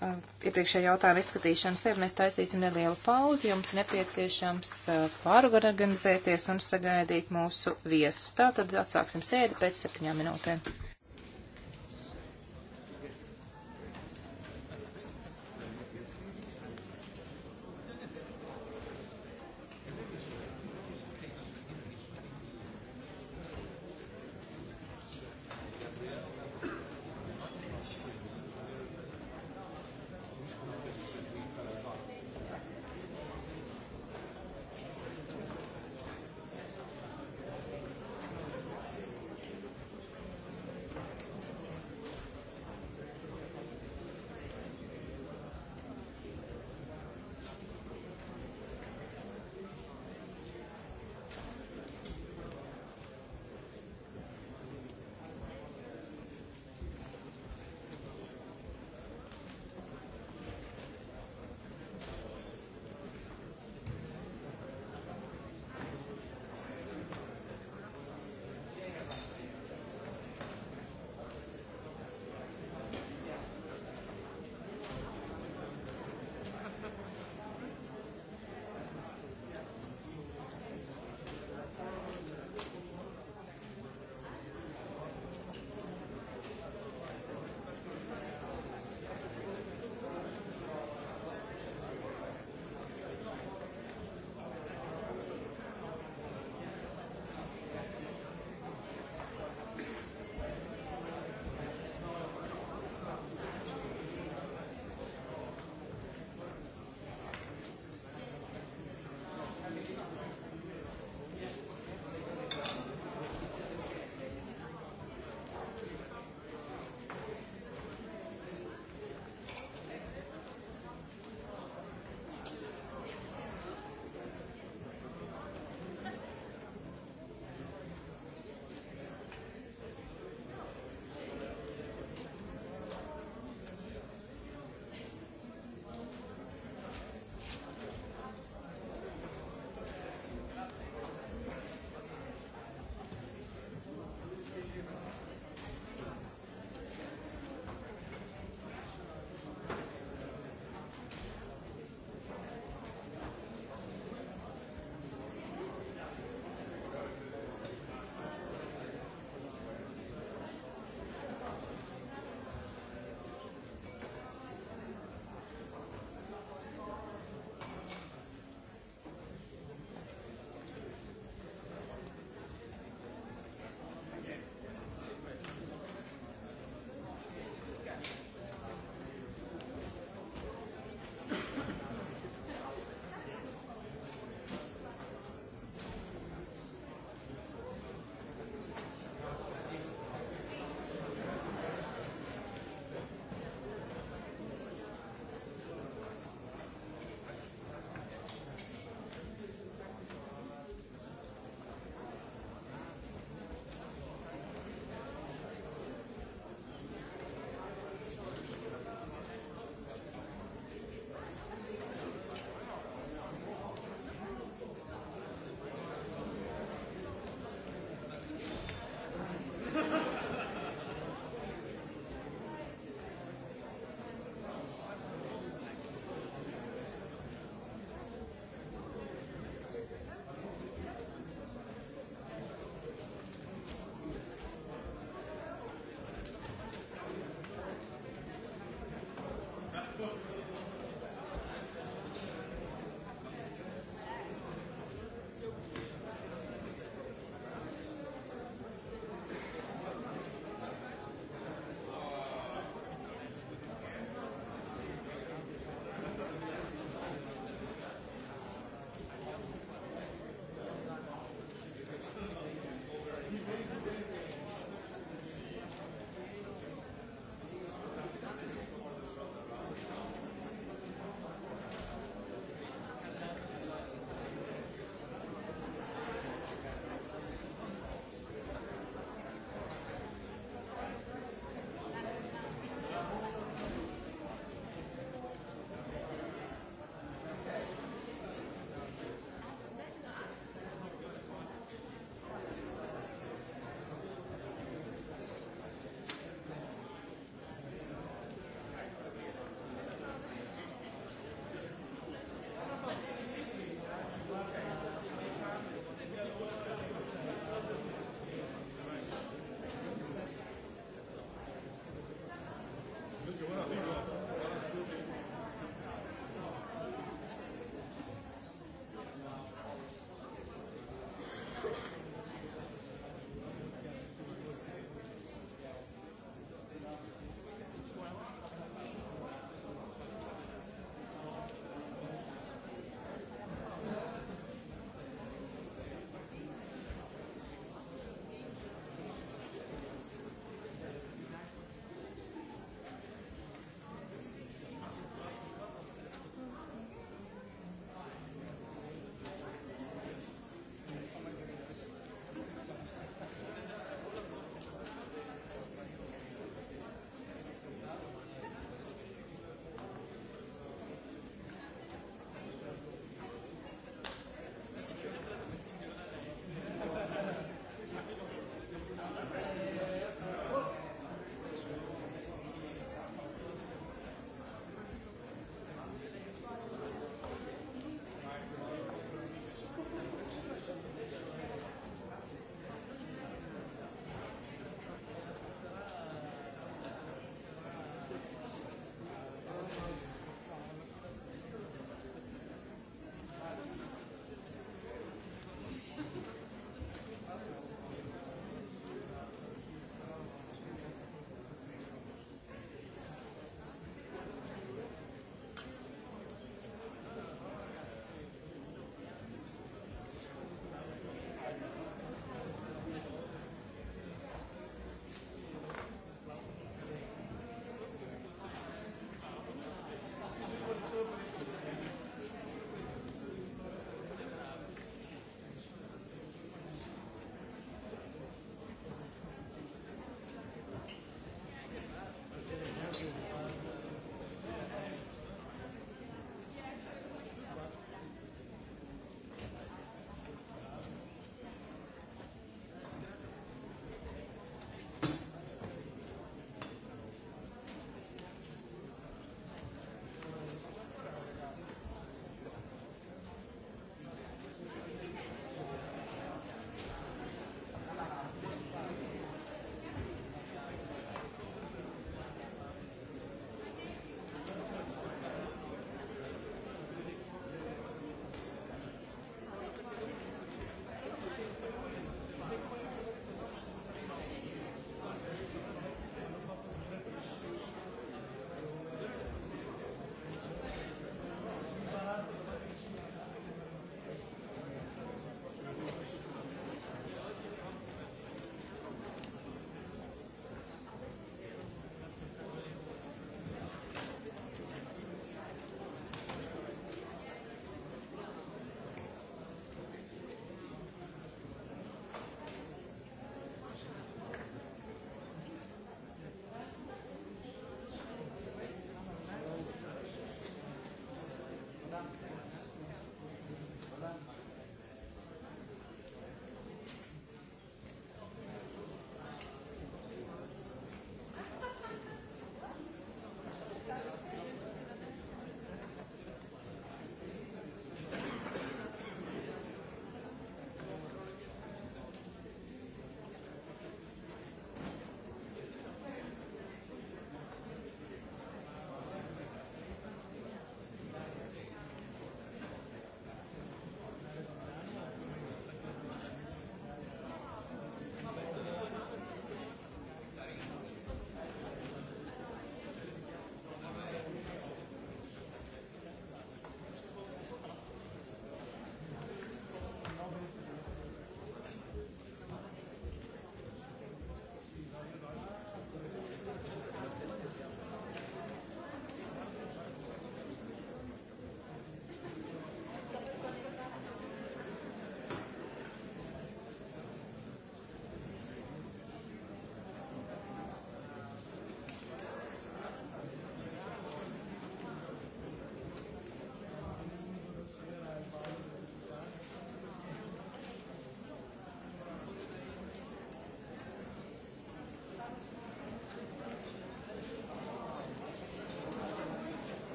iepriekšējā jautājuma izskatīšanas. Tad mēs taisīsim nelielu pauzi. Jums nepieciešams pārorganizēties un sagaidīt mūsu viesus. Tātad atsāksim sēdi pēc septiņām minūtēm.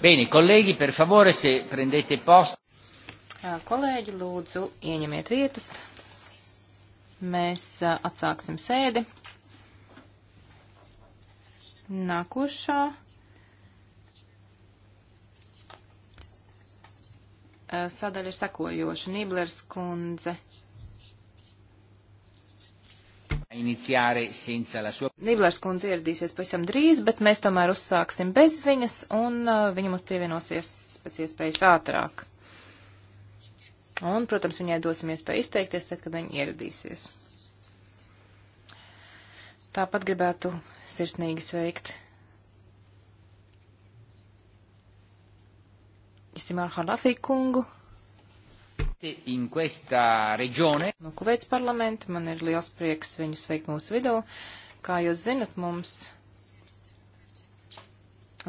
Bene, kolēģi, per favore, se prendete posto. Kolēģi, lūdzu, ieņemiet vietas. Mēs atsāksim sēdi. Nākošā. Sadaļa ir sekojoša. Niblers kundze Niblers kundze ieradīsies pavisam drīz, bet mēs tomēr uzsāksim bez viņas, un uh, viņa mums pievienosies pēc iespējas ātrāk. Un, protams, viņai dosim iespēju izteikties tad, kad viņa ieradīsies. Tāpat gribētu sirsnīgi sveikt Isimāru Halafī kungu. No Kuveits parlamenta man ir liels prieks viņus veikt mūsu vidū. Kā jūs zinat, mums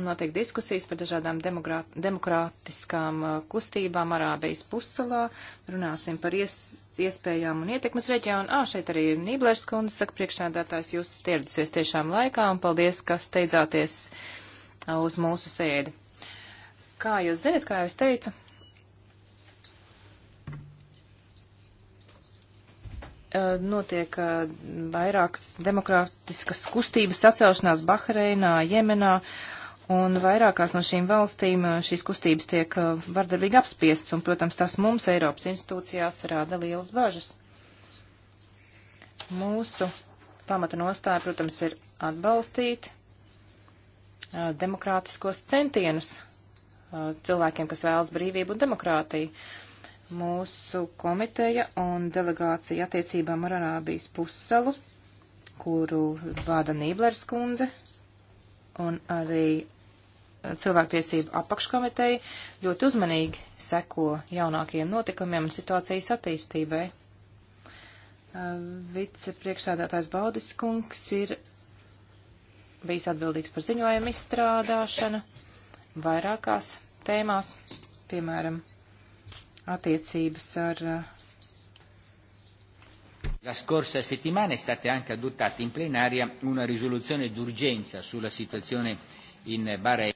notiek diskusijas par dažādām demokrātiskām uh, kustībām Arābijas pussalā. Runāsim par ies, iespējām un ietekmes reģionu. Ā, šeit arī ir Nīblērs kundze, saka priekšsēdētājs, jūs ieradusies tiešām laikā un paldies, ka steidzāties uh, uz mūsu sēdi. Kā jūs zinat, kā jau es teicu, Eh, notiek eh, vairākas demokrātiskas kustības sacelšanās Bahreinā, Jemenā, un vairākās no šīm valstīm eh, šīs kustības tiek vardarbīgi apspiestas, un, protams, tas mums Eiropas institūcijās rāda lielas bažas. Mūsu pamata nostāja, protams, ir atbalstīt demokrātiskos centienus cilvēkiem, kas vēlas brīvību un demokrātiju mūsu komiteja un delegācija attiecībām ar Arābijas pussalu, kuru vāda Nīblers kundze un arī eh, cilvēktiesību apakškomiteja ļoti uzmanīgi seko jaunākajiem notikumiem un situācijas attīstībai. Eh, Vicepriekšsādātājs Baudis kungs ir bijis atbildīgs par ziņojumu izstrādāšanu vairākās tēmās, piemēram, attiecības ar. Eh, La scorsa settimana è stata anche adottata in plenaria una risoluzione d'urgenza sulla situazione in Bahrein.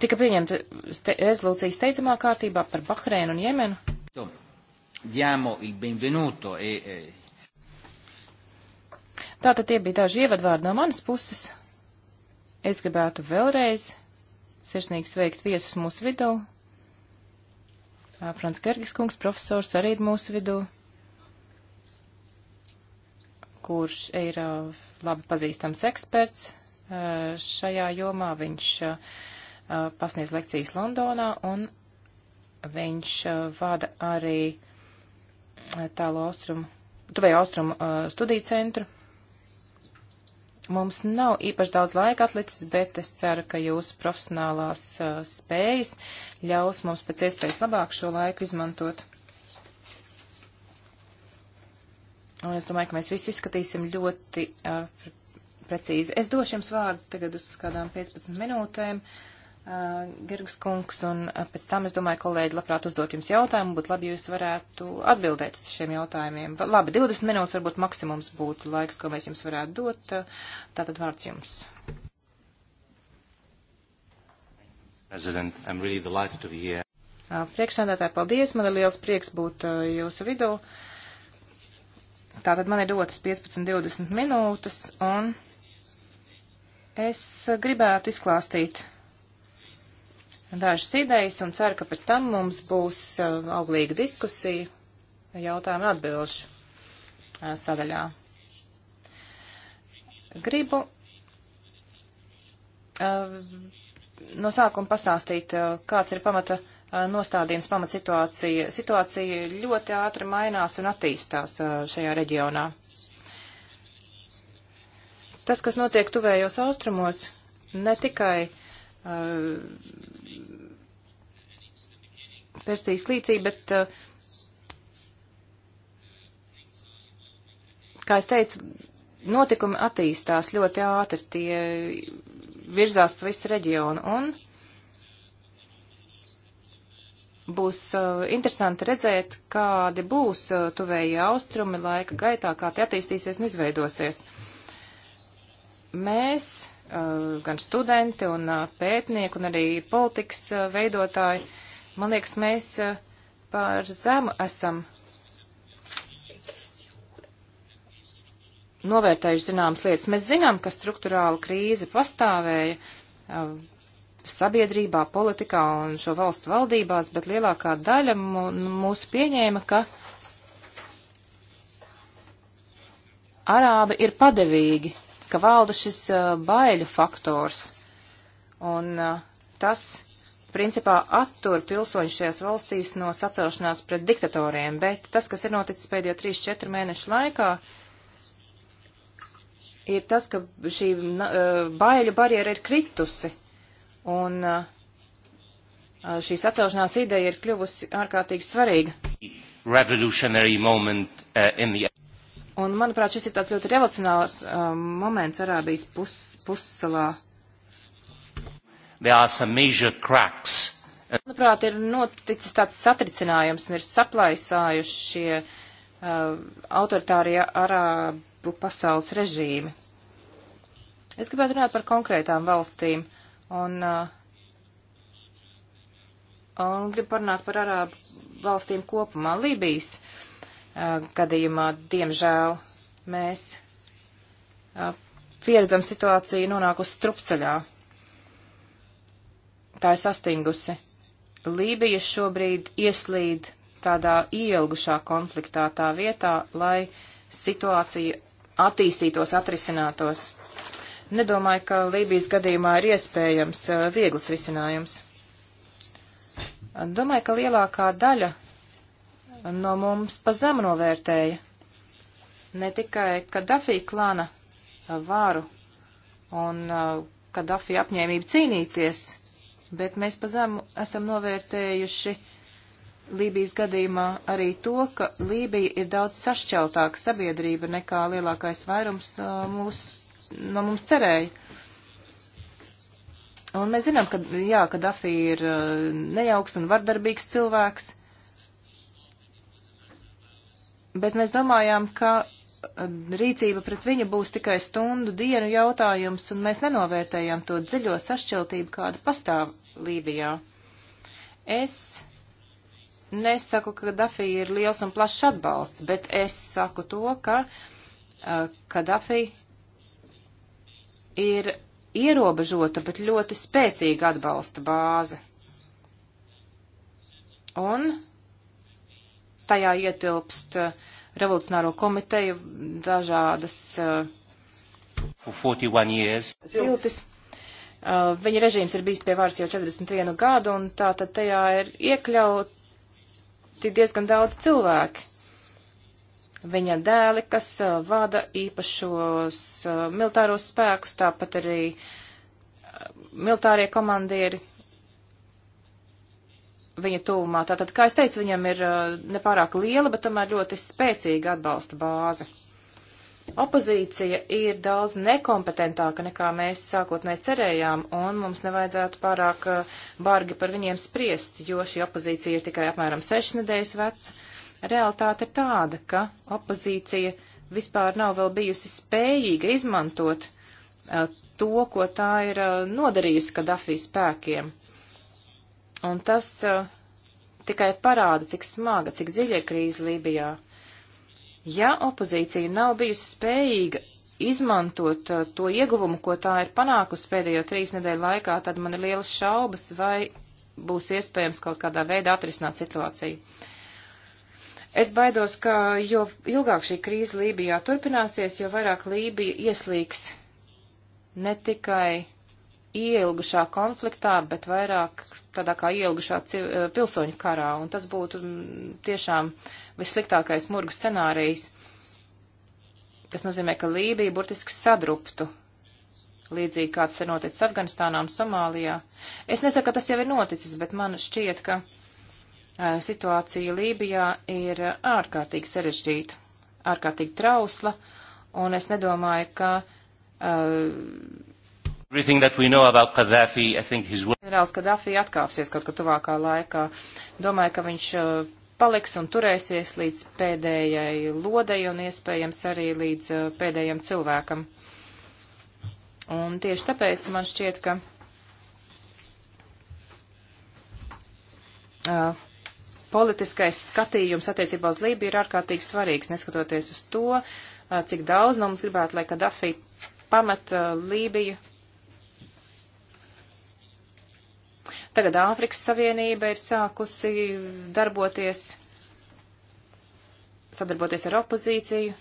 Tika pieņemta ste rezolūcija steidzamā kārtībā par Bahreinu un Jemenu. Diamo il benvenuto e, e... Tātad tie bija daži ievadvārdi no manas puses. Es gribētu vēlreiz sirsnīgi sveikt viesus mūsu vidū, Frants Gergis kungs, profesors, arī ir mūsu vidū, kurš ir labi pazīstams eksperts šajā jomā. Viņš pasniedz lekcijas Londonā un viņš vada arī tālu austrumu, tuvēju austrumu studiju centru Mums nav īpaši daudz laika atlicis, bet es ceru, ka jūsu profesionālās uh, spējas ļaus mums pēc iespējas labāk šo laiku izmantot. Un es domāju, ka mēs visu izskatīsim ļoti uh, precīzi. Es došu jums vārdu tagad uz kādām 15 minūtēm. Uh, Eh, Gergs kungs, un eh, pēc tam es domāju, kolēģi, labprāt uzdot jums jautājumu, būtu labi, ja jūs varētu atbildēt uz šiem jautājumiem. Labi, 20 minūtes varbūt maksimums būtu laiks, ko mēs jums varētu dot. Eh, tātad vārds jums. Really Priekšsēdētāji, paldies, man ir liels prieks būt jūsu vidū. Tātad man ir dotas 15-20 minūtes, un es gribētu izklāstīt dažas idejas un ceru, ka pēc tam mums būs uh, auglīga diskusija jautājumu atbilžu uh, sadaļā. Gribu uh, no sākuma pastāstīt, kāds ir pamata nostādījums, pamata situācija. Situācija ļoti ātri mainās un attīstās šajā reģionā. Tas, kas notiek tuvējos austrumos, ne tikai uh, Uh, Persijas līcī, bet, uh, kā es teicu, notikumi attīstās ļoti ātri, tie virzās pa visu reģionu un būs uh, interesanti redzēt, kādi būs uh, tuvējie austrumi laika gaitā, kā tie attīstīsies un izveidosies. Mēs Eh, gan studenti un eh, pētnieki un arī politikas eh, veidotāji. Man liekas, mēs par zemu esam novērtējuši zināmas lietas. Mēs zinām, ka struktūrāla krīze pastāvēja sabiedrībā, politikā un šo valstu valdībās, bet lielākā daļa mūsu pieņēma, ka arābi ir padevīgi ka valda šis baiļu faktors. Un tas principā attur pilsoņus šajās valstīs no sacelšanās pret diktatoriem, bet tas, kas ir noticis pēdējo 3-4 mēnešu laikā, ir tas, ka šī uh, baiļu barjera ir kritusi, un uh, šī sacelšanās ideja ir kļuvusi ārkārtīgi svarīga. Moment, uh, the... Un, manuprāt, šis ir tāds ļoti revolucionārs um, moments Arābijas pus, pussalā. Manuprāt, ir noticis tāds satricinājums un ir saplaisājuši šie uh, autoritārie arābu pasaules režīmi. Es gribētu runāt par konkrētām valstīm un, uh, un gribu parunāt par arābu valstīm kopumā. Lībijas uh, gadījumā, diemžēl, mēs pieredzam situāciju nonākusi strupceļā. Tā ir sastingusi. Lībija šobrīd ieslīd tādā ielgušā konfliktā tā vietā, lai situācija attīstītos, atrisinātos. Nedomāju, ka Lībijas gadījumā ir iespējams viegls risinājums. Domāju, ka lielākā daļa no mums pa zemu novērtēja ne tikai Kadafī klāna varu un Kadafī apņēmību cīnīties, bet mēs pa zemu esam novērtējuši Lībijas gadījumā arī to, ka Lībija ir daudz sašķeltāka sabiedrība nekā lielākais vairums mūs, no mums cerēja. Un mēs zinām, ka, jā, ka Dafī ir nejauks un vardarbīgs cilvēks, bet mēs domājām, ka eh, rīcība pret viņu būs tikai stundu dienu jautājums, un mēs nenovērtējām to dziļo sašķeltību, kāda pastāv Lībijā. Es nesaku, ka Gaddafi ir liels un plašs atbalsts, bet es saku to, ka Gaddafi eh, ir ierobežota, bet ļoti spēcīga atbalsta bāze. Un tajā ietilpst uh, revolucionāro komiteju dažādas ciltis. Uh, uh, viņa režīms ir bijis pie varas jau 41 gadu, un tā tad tajā ir iekļauti diezgan daudz cilvēki. Viņa dēli, kas vada īpašos militāros spēkus, tāpat arī militārie komandieri viņa tūmā. Tātad, kā es teicu, viņam ir uh, nepārāk liela, bet tomēr ļoti spēcīga atbalsta bāze. Opozīcija ir daudz nekompetentāka nekā mēs sākotnē cerējām, un mums nevajadzētu pārāk uh, bargi par viņiem spriest, jo šī opozīcija ir tikai apmēram sešas nedēļas veca. Realtāte ir tāda, ka opozīcija vispār nav vēl bijusi spējīga izmantot uh, to, ko tā ir uh, nodarījusi Kadafijas spēkiem. Uh, Un tas uh, tikai parāda, cik smaga, cik dziļa ir krīze Lībijā. Ja opozīcija nav bijusi spējīga izmantot uh, to ieguvumu, ko tā ir panākusi pēdējo trīs nedēļu laikā, tad man ir lielas šaubas, vai būs iespējams kaut kādā veidā atrisināt situāciju. Es baidos, ka jo ilgāk šī krīze Lībijā turpināsies, jo vairāk Lībija ieslīgs ne tikai ieilgušā konfliktā, bet vairāk tādā kā ieilgušā eh, pilsoņu karā, un tas būtu mm, tiešām vissliktākais murgu scenārijs. Tas nozīmē, ka Lībija burtiski sadruptu, līdzīgi kāds ir noticis Afganistānā un Somālijā. Es nesaku, ka tas jau ir noticis, bet man šķiet, ka eh, situācija Lībijā ir ārkārtīgi sarežģīta, ārkārtīgi trausla, un es nedomāju, ka uh, Ģenerālis Kadafī atkāpsies kaut kad tuvākā laikā. Domāju, ka viņš uh, paliks un turēsies līdz pēdējai lodei un iespējams arī līdz uh, pēdējiem cilvēkam. Un tieši tāpēc man šķiet, ka uh, politiskais skatījums attiecībā uz Lībiju ir ārkārtīgi svarīgs, neskatoties uz to, uh, cik daudz no mums gribētu, lai Kadafī pamet uh, Lībiju Tagad Āfrikas Savienība ir sākusi darboties, sadarboties ar opozīciju.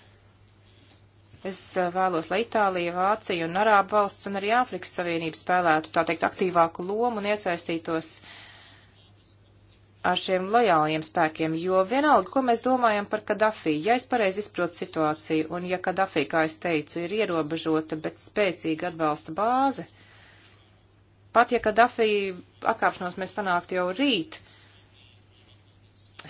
Es eh, vēlos, lai Itālija, Vācija un Arābu valsts un arī Āfrikas Savienība spēlētu, tā teikt, aktīvāku lomu un iesaistītos ar šiem lojāliem spēkiem, jo vienalga, ko mēs domājam par Kadafī, ja es pareizi izprotu situāciju, un ja Kadafī, kā es teicu, ir ierobežota, bet spēcīga atbalsta bāze, Pat ja Kadafī atkāpšanos mēs panāktu jau rīt,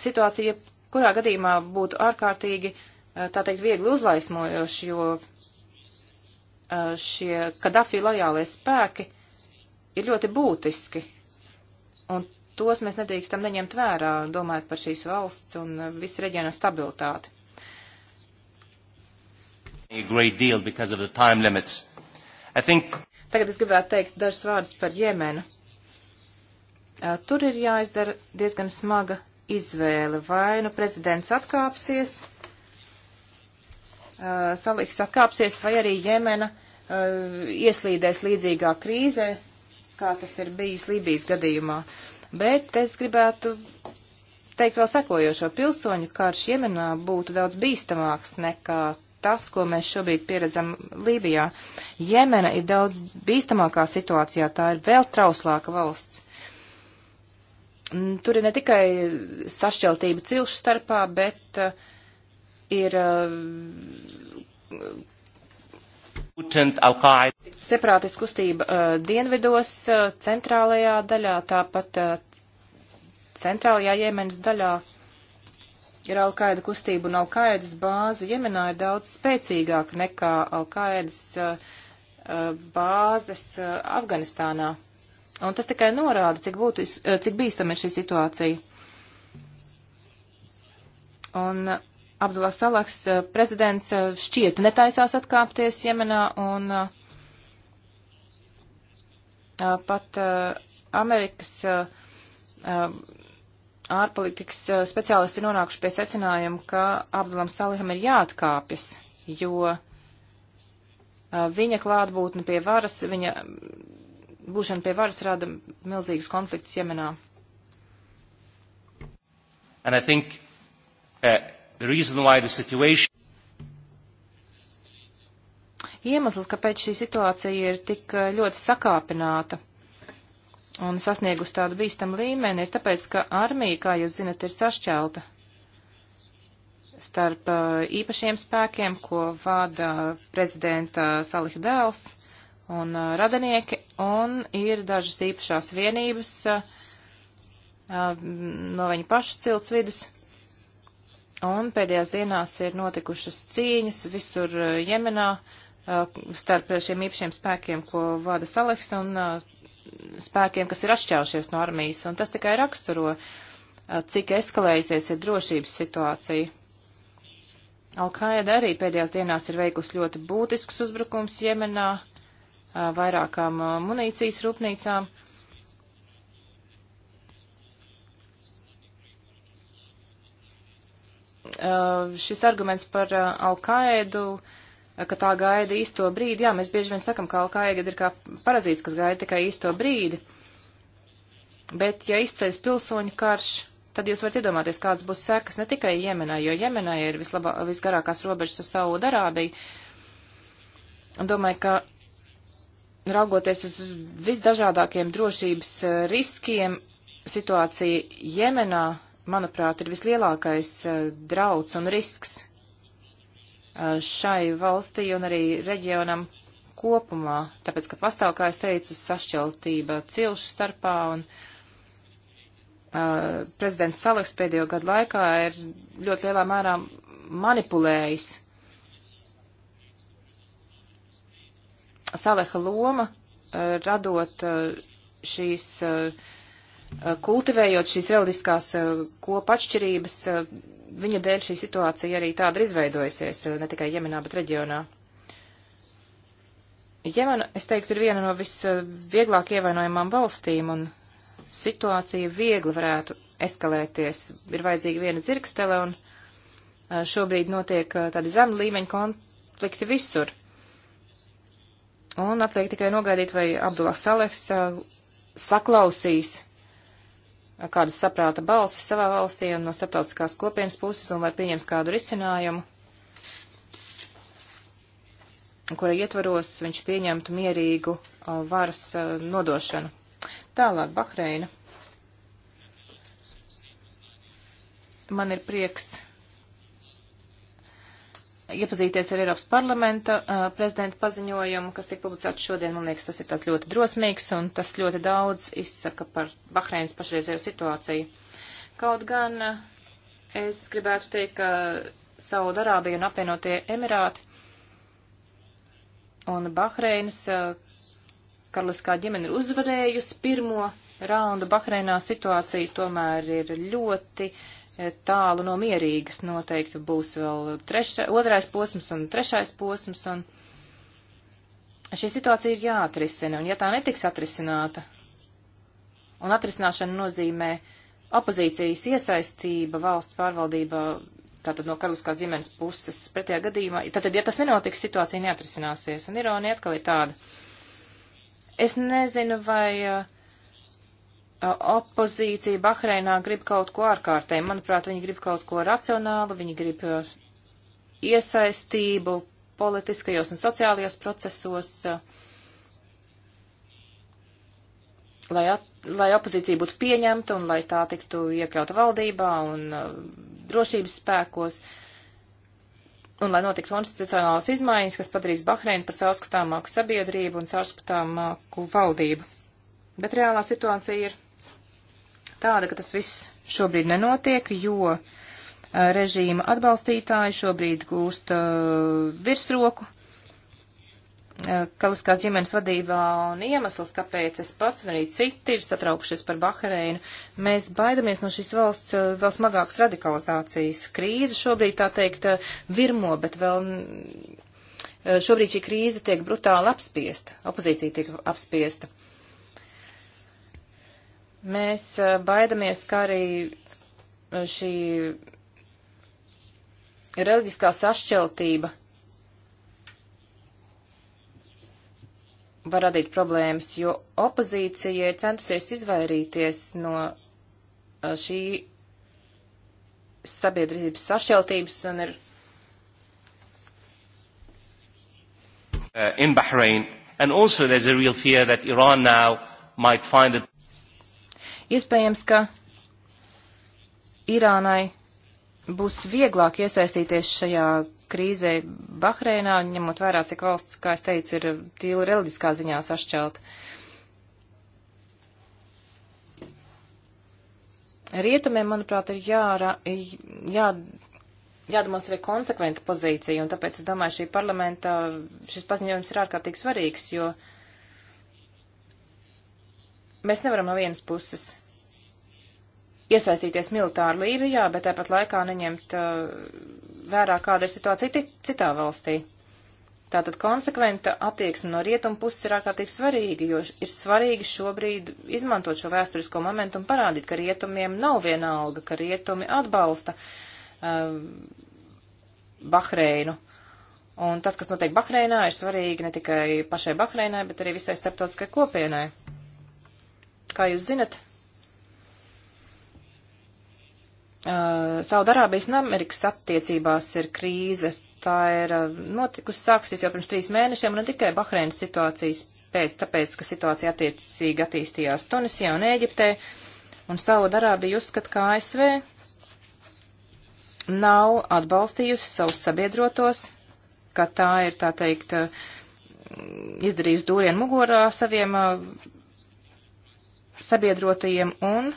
situācija kurā gadījumā būtu ārkārtīgi, eh, tā teikt, viegli uzlaismojoši, jo eh, šie Kadafī lojālie spēki ir ļoti būtiski. Un tos mēs nedrīkstam neņemt vērā, domājot par šīs valsts un eh, visu reģionu stabilitāti. Think... Tagad es gribētu teikt dažus vārdus par Jemenu. Tur ir jāizdara diezgan smaga izvēle. Vai nu prezidents atkāpsies, saliks atkāpsies, vai arī Jemena ieslīdēs līdzīgā krīzē, kā tas ir bijis Lībijas gadījumā. Bet es gribētu teikt vēl sekojošo pilsoņu karš Jemenā būtu daudz bīstamāks nekā tas, ko mēs šobrīd pieredzam Lībijā. Jemena ir daudz bīstamākā situācijā, tā ir vēl trauslāka valsts. Tur ir ne tikai sašķeltība cilšu starpā, bet uh, ir uh, separātis kustība uh, dienvidos, uh, centrālajā daļā, tāpat uh, centrālajā Jemenas daļā. Uh, ir Alkaida kustība, un Alkaidas bāze Jemenā ir daudz spēcīgāka nekā Alkaidas uh, eh, eh, bāzes uh, Afganistānā. Un tas tikai norāda, cik, būtis, uh, cik bīstam ir šī situācija. Un Abdullah Salaks prezidents šķiet netaisās atkāpties Jemenā, un pat Amerikas ārpolitikas speciālisti nonākuši pie secinājuma, ka Abdulam Saliham ir jāatkāpjas, jo viņa klātbūtne pie varas, viņa būšana pie varas rada milzīgus konfliktus Jemenā. And I think uh, the reason why the situation Iemesls, kāpēc šī situācija ir tik ļoti sakāpināta, un sasniegusi tādu bīstamu līmeni, ir tāpēc, ka armija, kā jūs zinat, ir sašķelta starp uh, īpašiem spēkiem, ko vada prezidenta Salih dēls un uh, radinieki, un ir dažas īpašās vienības uh, mm, no viņa paša cilts vidus. Un pēdējās dienās ir notikušas cīņas visur Jemenā starp šiem īpašiem spēkiem, ko vada Salihs un spēkiem, kas ir atšķēlušies no armijas, un tas tikai raksturo, cik eskalējusies ir drošības situācija. Alkaida arī pēdējās dienās ir veikusi ļoti būtisks uzbrukums Jemenā, vairākām munīcijas rūpnīcām. Šis arguments par Alkaidu uh, ka tā gaida īsto brīdi. Jā, mēs bieži vien sakam, ka alkaēgad ir kā parazīts, kas gaida tikai īsto brīdi. Bet, ja izceļas pilsoņu karš, tad jūs varat iedomāties, kādas būs sekas ne tikai Jemenai, jo Jemenai ir vislabā, visgarākās robežas ar savu darābiju. Domāju, ka raugoties uz visdažādākiem drošības eh, riskiem, situācija Jemenā, manuprāt, ir vislielākais eh, drauds un risks, šai valstī un arī reģionam kopumā, tāpēc, ka pastāv, kā es teicu, sašķeltība cilšu starpā un uh, prezidents Saleks pēdējo gadu laikā ir ļoti lielā mērā manipulējis. Saleha loma, uh, radot uh, šīs uh, Eh, kultivējot šīs reliģiskās eh, kopatšķirības, eh, viņa dēļ šī situācija arī tāda ir izveidojusies, ne tikai Jemenā, bet reģionā. Jemena, es teiktu, ir viena no visvieglāk ievainojamām valstīm, un situācija viegli varētu eskalēties. Ir vajadzīga viena dzirkstele, un šobrīd notiek tādi zem līmeņa konflikti visur. Un atliek tikai nogaidīt, vai Abdullah Saleks saklausīs kādas saprāta balsis savā valstī un no starptautiskās kopienas puses un vai pieņems kādu risinājumu, kura ietvaros viņš pieņemtu mierīgu varas nodošanu. Tālāk Bahreina. Man ir prieks iepazīties ar Eiropas parlamenta uh, prezidenta paziņojumu, kas tika publicēts šodien. Man liekas, tas ir tāds ļoti drosmīgs un tas ļoti daudz izsaka par Bahreinas pašreizējo situāciju. Kaut gan uh, es gribētu teikt, ka Saudarābija un apvienotie Emirāti un Bahreinas uh, karaliskā ģimene ir uzvarējusi pirmo raunda Bahreinā situācija tomēr ir ļoti eh, tālu no mierīgas. Noteikti būs vēl treša, otrais posms un trešais posms. Un šī situācija ir jāatrisina, un ja tā netiks atrisināta, un atrisināšana nozīmē opozīcijas iesaistība valsts pārvaldībā, tātad no karaliskās ģimenes puses, pretējā gadījumā, tātad, ja tas nenotiks, situācija neatrisināsies, un ironija atkal ir tāda. Es nezinu, vai uh, opozīcija Bahreinā grib kaut ko ārkārtēji. Manuprāt, viņi grib kaut ko racionālu, viņi grib uh, iesaistību politiskajos un sociālajos procesos, uh, lai, at, lai opozīcija būtu pieņemta un lai tā tiktu iekļauta valdībā un uh, drošības spēkos. Un lai notiktu konstitucionālas izmaiņas, kas padarīs Bahreinu par caurskatāmāku sabiedrību un caurskatāmāku valdību. Bet reālā situācija ir tāda, ka tas viss šobrīd nenotiek, jo uh, režīma atbalstītāji šobrīd gūst uh, virsroku. Uh, Kaliskās ģimenes vadībā un iemesls, kāpēc es pats un arī citi ir satraukšies par Bahreinu, mēs baidamies no šīs valsts uh, vēl smagākas radikalizācijas. Krīze šobrīd, tā teikt, uh, virmo, bet vēl uh, šobrīd šī krīze tiek brutāli apspiesta, opozīcija tiek apspiesta. Uh, Mēs baidamies, ka arī šī reliģiskā sašķeltība var radīt problēmas, jo opozīcija ir centusies izvairīties no šī sabiedrības sašķeltības un ir. Uh, in Bahrain, and also there's a real fear that Iran now might find that Iespējams, ka Irānai būs vieglāk iesaistīties šajā krīzē Bahreinā, ņemot vērā, cik valsts, kā es teicu, ir tīli reliģiskā ziņā sašķelta. Rietumiem, manuprāt, ir jārā, jā, jādemonstrē konsekventa pozīcija, un tāpēc es domāju, šī parlamenta, šis paziņojums ir ārkārtīgi svarīgs, jo uh, Mēs nevaram no vienas puses iesaistīties militāri Lībijā, bet tāpat laikā neņemt uh, vērā, kāda ir situācija cit citā valstī. Tātad konsekventa attieksme no rietumu puses ir ārkārtīgi svarīga, jo ir svarīgi šobrīd izmantot šo vēsturisko momentu un parādīt, ka rietumiem nav vienalga, ka rietumi atbalsta uh, Bahreinu. Un tas, kas notiek Bahreinā, ir svarīgi ne tikai pašai Bahreinai, bet arī visai starptautiskai kopienai. Kā jūs zinat, uh, Saudarābijas un Amerikas attiecībās ir krīze. Tā ir uh, notikusi sāksies jau pirms trīs mēnešiem, un ne tikai Bahreinas situācijas pēc, tāpēc, ka situācija attiecīgi attīstījās Tunisijā un Ēģiptē, un Saudarābija uzskata, ka ASV nav atbalstījusi savus sabiedrotos, ka tā ir, tā teikt, izdarījusi dūrienu mugurā saviem uh, sabiedrotajiem un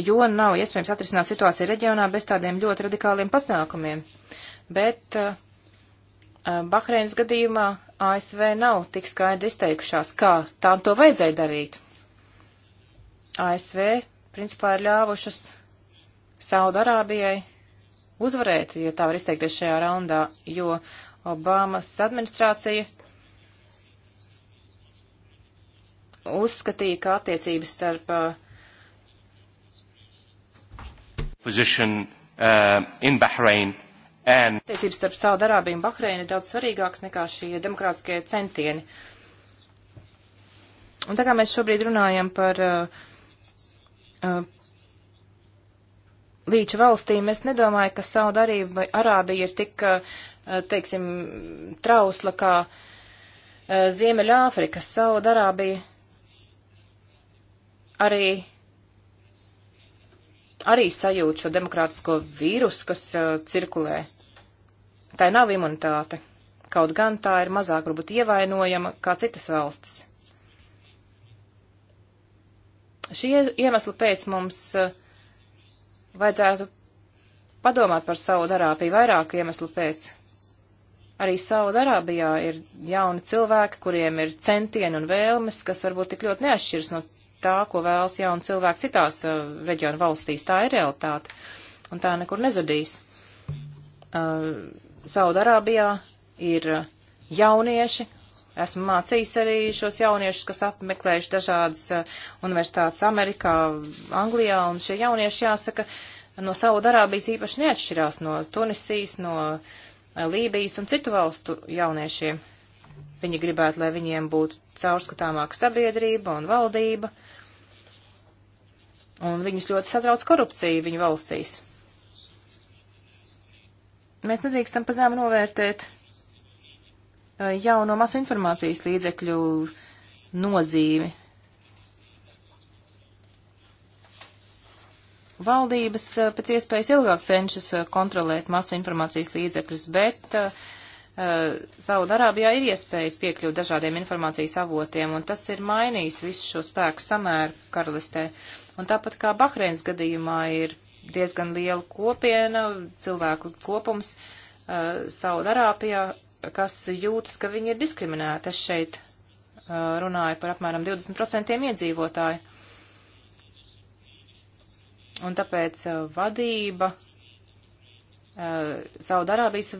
jo nav iespējams atrisināt situāciju reģionā bez tādiem ļoti radikāliem pasākumiem. Bet uh, Bahreinas gadījumā ASV nav tik skaidri izteikušās, kā tām to vajadzēja darīt. ASV principā ir ļāvušas Saudarābijai uzvarēt, ja tā var izteikties šajā raundā, jo Obamas administrācija uzskatīja, ka attiecības starp uh, position, uh, in Bahrain and... attiecības starp Saudarābiju un Bahreinu ir daudz svarīgākas nekā šie demokrātiskie centieni. Un tā kā mēs šobrīd runājam par uh, uh, līča valstīm, es nedomāju, ka Saudarība vai Arābija ir tik, uh, teiksim, trausla kā uh, Ziemeļāfrika. Saudarābija arī, arī sajūt šo demokrātisko vīrusu, kas uh, cirkulē. Tā nav imunitāte, kaut gan tā ir mazāk varbūt ievainojama kā citas valstis. Šī iemesla pēc mums uh, vajadzētu padomāt par Saudarābiju vairāku iemeslu pēc. Arī Saudarābijā ir jauni cilvēki, kuriem ir centieni un vēlmes, kas varbūt tik ļoti neatšķiras no tā, ko vēlas jauni cilvēki citās uh, reģionu valstīs. Tā ir realitāte, un tā nekur nezudīs. Uh, Saudarābijā ir uh, jaunieši. Esmu mācījis arī šos jauniešus, kas apmeklējuši dažādas uh, universitātes Amerikā, Anglijā, un šie jaunieši, jāsaka, no Saudarābijas īpaši neatšķirās no Tunisijas, no uh, Lībijas un citu valstu jauniešiem. Viņi gribētu, lai viņiem būtu caurskatāmāka sabiedrība un valdība, Un viņus ļoti satrauc korupcija viņu valstīs. Mēs nedrīkstam pazēmu novērtēt eh, jauno masu informācijas līdzekļu nozīmi. Valdības eh, pēc iespējas ilgāk cenšas eh, kontrolēt masu informācijas līdzekļus, bet uh, Saudarābijā ir iespēja piekļūt dažādiem informācijas avotiem, un tas ir mainījis visu šo spēku samēru karalistē. Un tāpat kā Bahreins gadījumā ir diezgan liela kopiena, cilvēku kopums uh, Saudarāpijā, kas jūtas, ka viņi ir diskriminēti. Es šeit uh, runāju par apmēram 20% iedzīvotāju. Un tāpēc uh, vadība, uh, Saudarābijas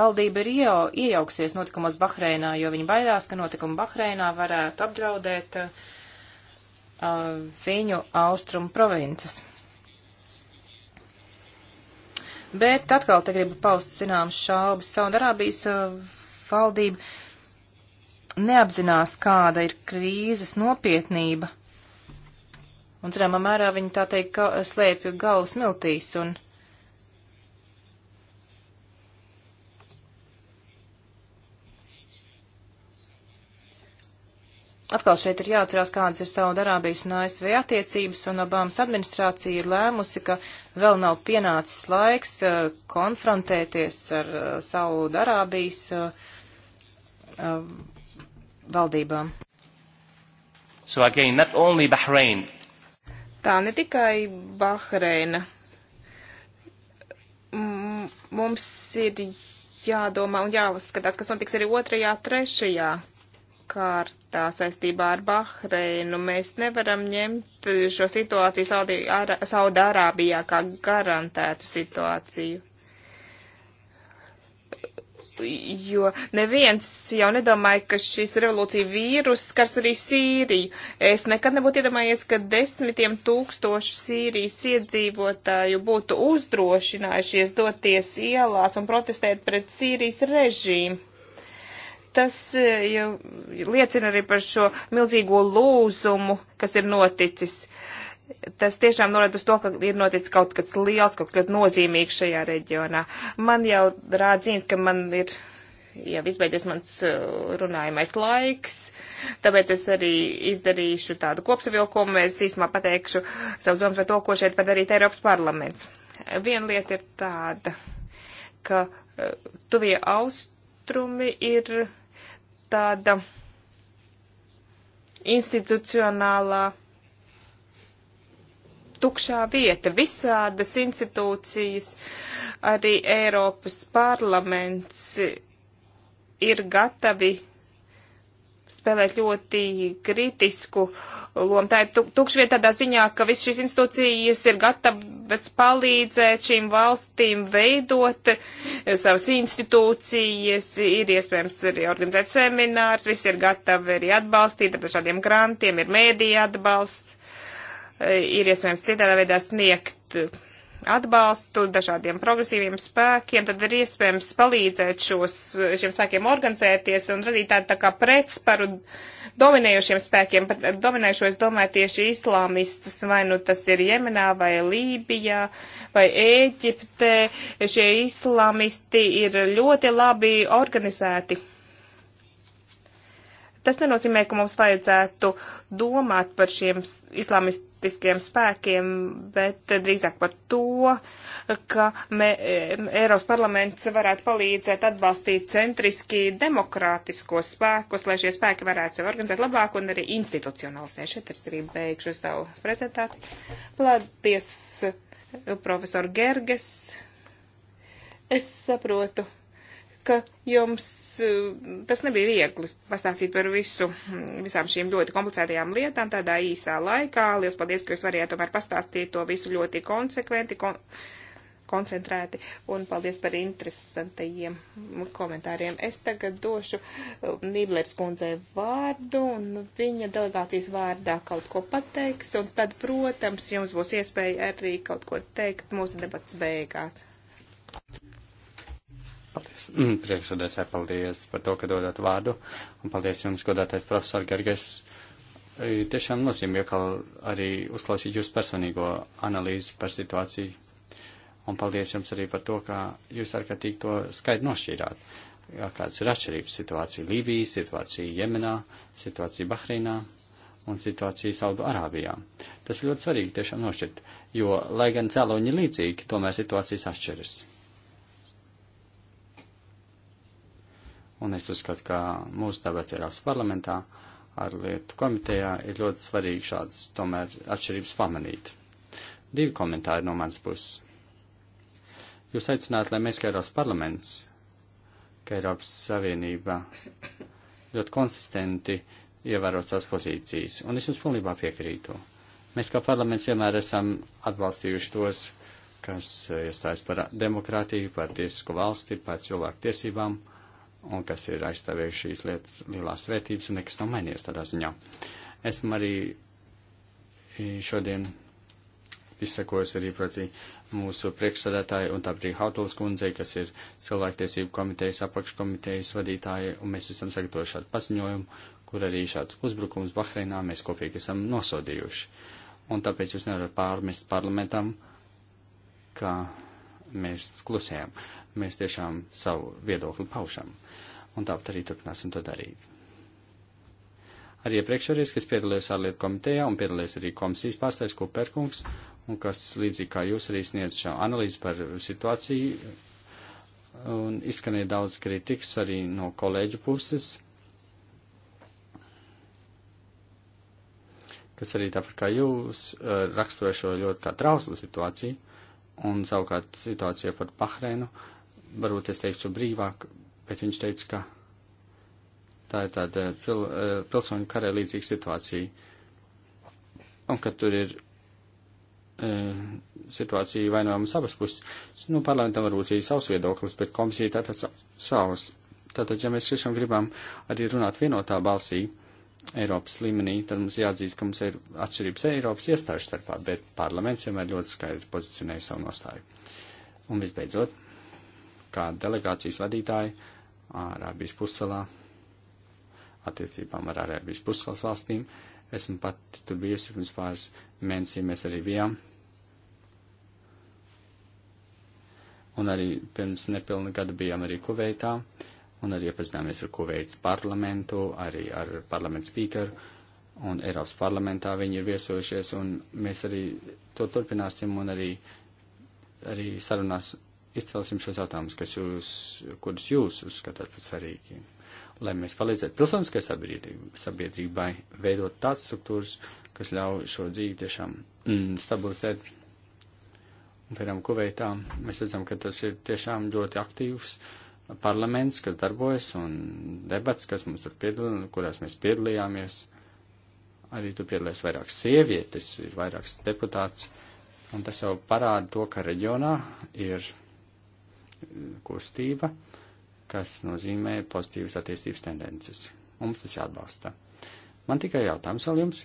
valdība ir iejau, iejauksies notikumos Bahreinā, jo viņi baidās, ka notikumi Bahreinā varētu apdraudēt uh, Uh, viņu austrumu provinces. Bet atkal te gribu paust zināmas šaubas. Saudarābijas uh, valdība neapzinās, kāda ir krīzes nopietnība. Un, zināmā mērā, viņi tā teikt uh, slēpj galvas miltīs un Atkal šeit ir jāatcerās, kādas ir Saudarābijas un ASV attiecības, un Obamas administrācija ir lēmusi, ka vēl nav pienācis laiks uh, konfrontēties ar uh, Saudarābijas uh, uh, valdībām. So again, not only Bahrain. Tā ne tikai Bahreina. M mums ir jādomā un jāskatās, kas notiks arī otrajā, trešajā kārtā saistībā ar Bahreinu. Mēs nevaram ņemt šo situāciju Saudārābijā kā garantētu situāciju. Jo neviens jau nedomāja, ka šis revolūcija vīrus skars arī Sīriju. Es nekad nebūtu iedomājies, ka desmitiem tūkstoši Sīrijas iedzīvotāju būtu uzdrošinājušies doties ielās un protestēt pret Sīrijas režīmu tas e, jau liecina arī par šo milzīgo lūzumu, kas ir noticis. Tas tiešām norāda uz to, ka ir noticis kaut kas liels, kaut kas ļoti nozīmīgs šajā reģionā. Man jau rāda zīmes, ka man ir jau izbeidzies mans e, runājamais laiks, tāpēc es arī izdarīšu tādu kopsavilkumu, es īsumā pateikšu savu domu par to, ko šeit padarīt Eiropas parlaments. Viena lieta ir tāda, ka e, tuvie austi ātrumi ir tāda institucionālā tukšā vieta. Visādas institūcijas, arī Eiropas parlaments ir gatavi spēlēt ļoti kritisku lomu. Tā ir tukšvieta tādā ziņā, ka viss šīs institūcijas ir gatavas palīdzēt šīm valstīm veidot savas institūcijas, ir iespējams arī organizēt seminārs, viss ir gatavi arī atbalstīt ar dažādiem grantiem, ir mēdī atbalsts, ir iespējams citādā veidā sniegt atbalstu dažādiem progresīviem spēkiem, tad ir iespējams palīdzēt šos, šiem spēkiem organizēties un radīt tādu tā kā pretsparu dominējošiem spēkiem. Par dominējošo es domāju tieši islāmistus, vai nu tas ir Jemenā, vai Lībijā, vai Ēģipte. Šie islāmisti ir ļoti labi organizēti. Tas nenozīmē, ka mums vajadzētu domāt par šiem islamistiskiem spēkiem, bet drīzāk par to, ka me, Eiropas parlaments varētu palīdzēt atbalstīt centriski demokrātiskos spēkus, lai šie spēki varētu sevi organizēt labāk un arī institucionalizēt. Šeit es arī beigšu savu prezentāciju. Paldies, profesor Gerges. Es saprotu ka jums eh, tas nebija viegli pastāstīt par visu, mm, visām šīm ļoti komplicētajām lietām tādā īsā laikā. Lielas paldies, ka jūs varējāt tomēr pastāstīt to visu ļoti konsekventi, kon koncentrēti, un paldies par interesantajiem komentāriem. Es tagad došu eh, Nīblers kundzei vārdu, un viņa delegācijas vārdā kaut ko pateiks, un tad, protams, jums būs iespēja arī kaut ko teikt mūsu debats beigās. Paldies. Mm, priekšsēdētāji, paldies par to, ka dodat vārdu. Un paldies jums, godātais profesor Gerges. E, tiešām nozīmē, ka arī uzklausīt jūsu personīgo analīzi par situāciju. Un paldies jums arī par to, ka jūs ārkārtīgi to skaidri nošķīrāt. Jā, kāds ir atšķirības situācija Lībijā, situācija Jemenā, situācija Bahreinā un situācija Saudu Arābijā. Tas ir ļoti svarīgi tiešām nošķirt, jo, lai gan cēloņi līdzīgi, tomēr situācijas atšķiras. Un es uzskatu, ka mūsu debats Eiropas parlamentā ar lietu komitejā ir ļoti svarīgi šādas tomēr atšķirības pamanīt. Divi komentāri no manas puses. Jūs aicināt, lai mēs, kā Eiropas parlaments, ka Eiropas Savienība ļoti konsistenti ievērot savas pozīcijas, un es jums pilnībā piekrītu. Mēs kā parlaments vienmēr esam atbalstījuši tos, kas iestājas par demokrātiju, par tiesisko valsti, par cilvēku tiesībām. Uh, un kas ir aizstāvējuši šīs lietas lielās vērtības, un nekas nav mainījies tādā ziņā. Esmu arī šodien izsakos arī proti mūsu priekšsādātāju un tāpat arī Hautals kundzei, kas ir cilvēktiesību komitejas apakškomitejas vadītāja, un mēs esam sagatavojuši šādu paziņojumu, kur arī šāds uzbrukums Bahreinā mēs kopīgi esam nosodījuši. Un tāpēc jūs nevarat pārmest parlamentam, ka mēs klusējam. Mēs tiešām savu viedokli paušam un tāpat arī turpināsim to darīt. Arī iepriekšējais, kas piedalījās ārlietu komitejā un piedalījās arī komisijas pārstāvis Kuperkungs, un kas līdzīgi kā jūs arī sniedz šo analīzi par situāciju, un izskanēja daudz kritikas arī no kolēģu puses. kas arī tāpat kā jūs eh, raksturo šo ļoti kā trauslu situāciju, un savukārt situācija par Bahreinu, varbūt es teikšu brīvāk, bet viņš teica, ka tā ir tāda eh, cil, eh, pilsoņu karē līdzīga situācija. Un ka tur ir e, situācija vainojamas abas puses. Nu, parlamentam varbūt ir savs viedoklis, bet komisija tātad savs. Tātad, ja mēs tiešām gribam arī runāt vienotā balsī Eiropas līmenī, tad mums jāatzīst, ka mums ir atšķirības Eiropas iestāžu starpā, bet parlaments vienmēr ļoti skaidri pozicionēja savu nostāju. Un visbeidzot kā delegācijas vadītāji Arābijas puselā, attiecībām ar Arābijas puselas valstīm. Esmu pati tur bijusi pirms pāris mēnesīm, mēs arī bijām. Un arī pirms nepilna gada bijām arī Kuveitā, un arī iepazināmies ar Kuveitas parlamentu, arī ar parlamentu spīkeru, un Eiropas parlamentā viņi ir viesojušies, un mēs arī to turpināsim, un arī, arī sarunās izcelsim šos jautājumus, kas jūs, kurus jūs uzskatāt par svarīgiem, lai mēs palīdzētu pilsoniskai sabiedrībai veidot tādas struktūras, kas ļauj šo dzīvi tiešām mm, stabilizēt. Un, piemēram, Kuveitā mēs redzam, ka tas ir tiešām ļoti aktīvs parlaments, kas darbojas un debats, kas mums tur piedalījās, kurās mēs piedalījāmies. Arī tu piedalījies vairākas sievietes, ir vairākas deputāts. Un tas jau parāda to, ka reģionā ir kustība, kas nozīmē pozitīvas attīstības tendences. Mums tas jāatbalsta. Man tikai jautājums vēl jums.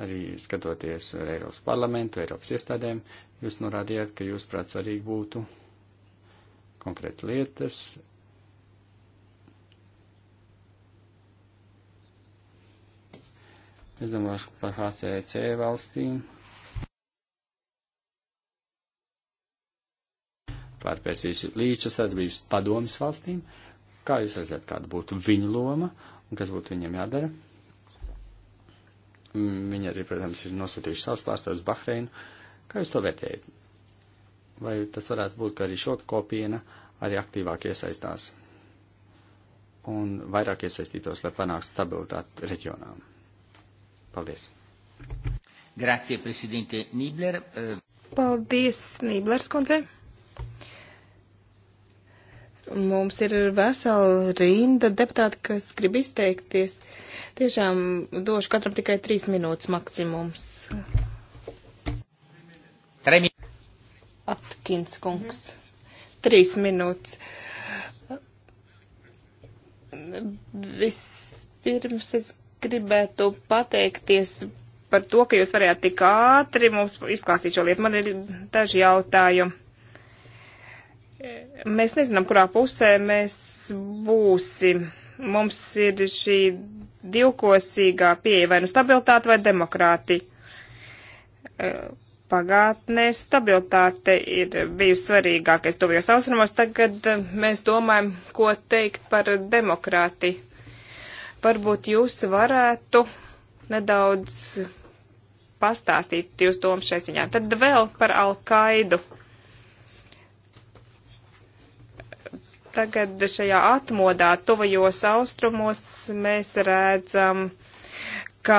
Arī skatoties ar Eiropas parlamentu, Eiropas iestādēm, jūs norādījāt, ka jūs prāt svarīgi būtu konkrēti lietas. Es domāju par HCC valstīm. pārpēsīs līdz sadarbības padomas valstīm. Kā jūs redzat, kāda būtu viņu loma un kas būtu viņiem jādara? Mm, viņi arī, protams, ir nosūtījuši savus pārstāvjus Bahreinu. Kā jūs to vērtējat? Vai tas varētu būt, ka arī šo kopiena arī aktīvāk iesaistās un vairāk iesaistītos, lai panāktu stabilitāti reģionām? Paldies! Grazie, prezidente Nībler. Eh, Paldies, Nīblers kundze. Mums ir vesela rinda deputāti, kas grib izteikties. Tiešām došu katram tikai trīs minūtes maksimums. Atkins kungs. Trīs minūtes. Vispirms es gribētu pateikties par to, ka jūs varējāt tik ātri mums izklāstīt šo lietu. Man ir daži jautājumi Mēs nezinām, kurā pusē mēs būsim. Mums ir šī divkosīgā pieeja vai nu stabilitāte vai demokrātija. Pagātnē stabilitāte ir bijusi svarīgākais tuvajos austrumos, tagad mēs domājam, ko teikt par demokrātiju. Varbūt jūs varētu nedaudz pastāstīt jūs domas šai ziņā. Tad vēl par Alkaidu. Uh, Tagad šajā atmodā tuvajos austrumos mēs redzam, ka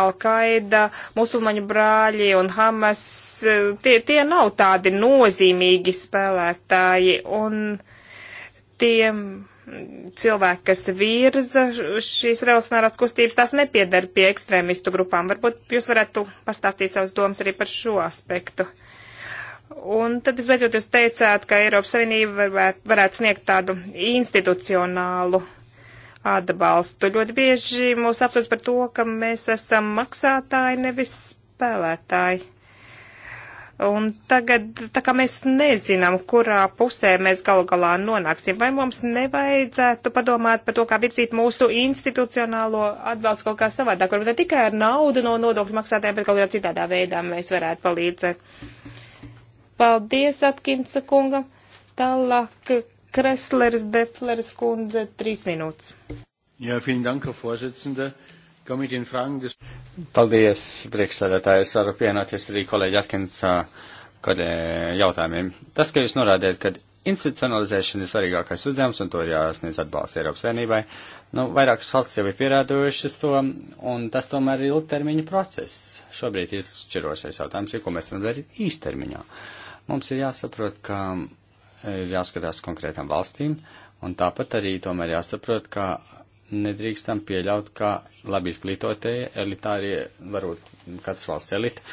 Alkaida, musulmaņu brāļi un Hamas, tie, tie nav tādi nozīmīgi spēlētāji, un tie cilvēki, kas virza šīs revolucionārās kustības, tās nepiedara pie ekstrēmistu grupām. Varbūt jūs varētu pastāstīt savas domas arī par šo aspektu. Uh, Un tad visbeidzot jūs teicāt, ka Eiropas Savienība varētu sniegt tādu institucionālu atbalstu. Ļoti bieži mūs apsūdz par to, ka mēs esam maksātāji, nevis spēlētāji. Un tagad, tā kā mēs nezinām, kurā pusē mēs galu galā nonāksim, vai mums nevajadzētu padomāt par to, kā virzīt mūsu institucionālo atbalstu kaut kā savādāk, varbūt ne tikai ar naudu no nodokļu maksātājiem, bet kaut kādā citādā veidā mēs varētu palīdzēt. Paldies Atkinsa kungam. Tālāk Kreslers Detlers kundze, trīs minūtes. Jā, ja, vielen dank, Vorsitzende. Paldies, priekšsēdētāji. Es varu pienoties arī kolēģi Atkinsa e, jautājumiem. Tas, ka jūs norādījat, ka institucionalizēšana ir svarīgākais uzdevums un to ir jāsniedz atbalsts Eiropas savienībai, nu, vairākas valsts jau ir pierādījušas to, un tas tomēr ir ilgtermiņa process. Šobrīd izšķirošais jautājums ir, ko mēs varam darīt īstermiņā. Uh, Mums ir jāsaprot, ka ir e, jāskatās konkrētām valstīm, un tāpat arī tomēr jāsaprot, ka nedrīkstam pieļaut, ka labi izglītotie elitārie, varbūt katrs valsts elita,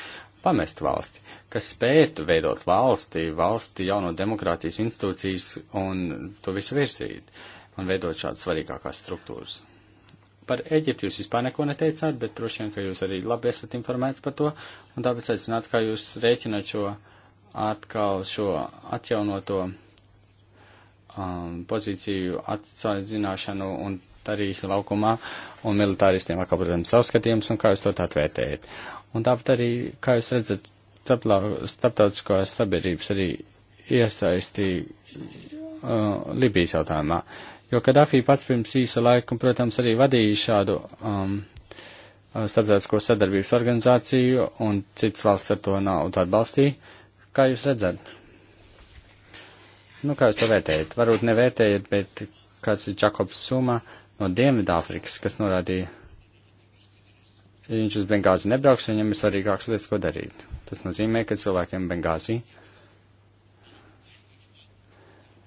pamest valsti, kas spētu veidot valsti, valsti jauno demokrātijas institūcijas un to visu virsīt un veidot šādas svarīgākās struktūras. Par Eģipti jūs vispār neko neteicāt, bet droši vien, ka jūs arī labi esat informēts par to, un tāpēc aicinātu, kā jūs rēķināt šo atkal šo atjaunoto um, pozīciju atzināšanu un tarīšu laukumā, un militāristiem atkal, protams, savs skatījums, un kā jūs to tā vērtējat. Un tāpat arī, kā jūs redzat, starptautiskās sabiedrības arī iesaisti uh, Libijas jautājumā, jo Kadafī pats pirms īsa laika, un, protams, arī vadīja šādu um, uh, starptautisko sadarbības organizāciju, un citas valsts ar to naudu atbalstīja. Uh, Kā jūs redzat? Nu, kā jūs to vērtējat? Varbūt nevērtējat, bet kāds ir Čakobs Suma no Dienvidāfrikas, kas norādīja, ja viņš uz Bengāzi nebrauks, viņam ir svarīgākas lietas, ko darīt. Tas nozīmē, ka cilvēkiem Bengāzi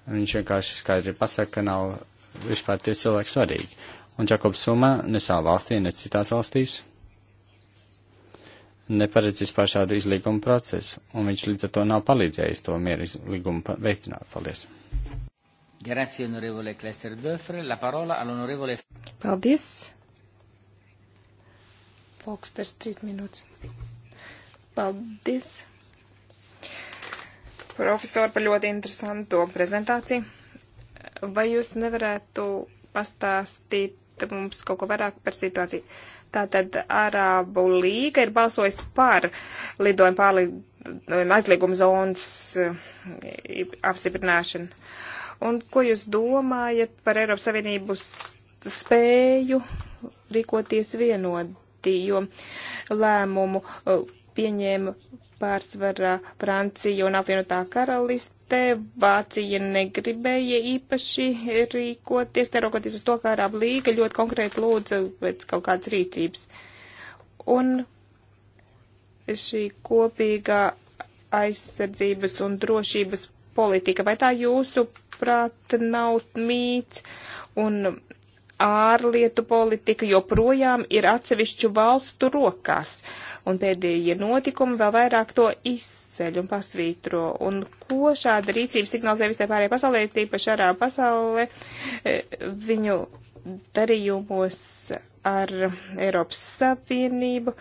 viņš vienkārši skaidri pasaka, ka nav vispār tie cilvēki svarīgi. Un Čakobs Suma ne savā valstī, ne citās valstīs neparedz vispār šādu izlīgumu procesu, un viņš līdz ar to nav palīdzējis to mieru izlīgumu veicināt. Paldies! Grazie, onorevole Klester-Döfre. La parola all'onorevole... Paldies! Foksters, trīs minūtes. Paldies! Profesori par ļoti interesantu prezentāciju. Vai jūs nevarētu pastāstīt mums kaut ko vairāk par situāciju? Uh, Tātad Arābu līga ir balsojis par lidojumu pārlidojumu aizliegumu zonas eh, apstiprināšanu. Un ko jūs domājat par Eiropas Savienības spēju rīkoties vienoti, jo lēmumu eh, pieņēma pārsvarā Francija un apvienotā karalista, te Vācija negribēja īpaši rīkoties, neraugoties uz to, ka Arab līga ļoti konkrēti lūdza pēc kaut kādas rīcības. Un šī kopīgā aizsardzības un drošības politika, vai tā jūsu prāt nav mīts un ārlietu politika joprojām ir atsevišķu valstu rokās? Uh, un pēdējie notikumi vēl vairāk to izceļ un pasvītro. Un ko šāda rīcība signalizē visai pārējai pasaulē, tīpaši arā pasaulē, e, viņu darījumos ar Eiropas Savienību,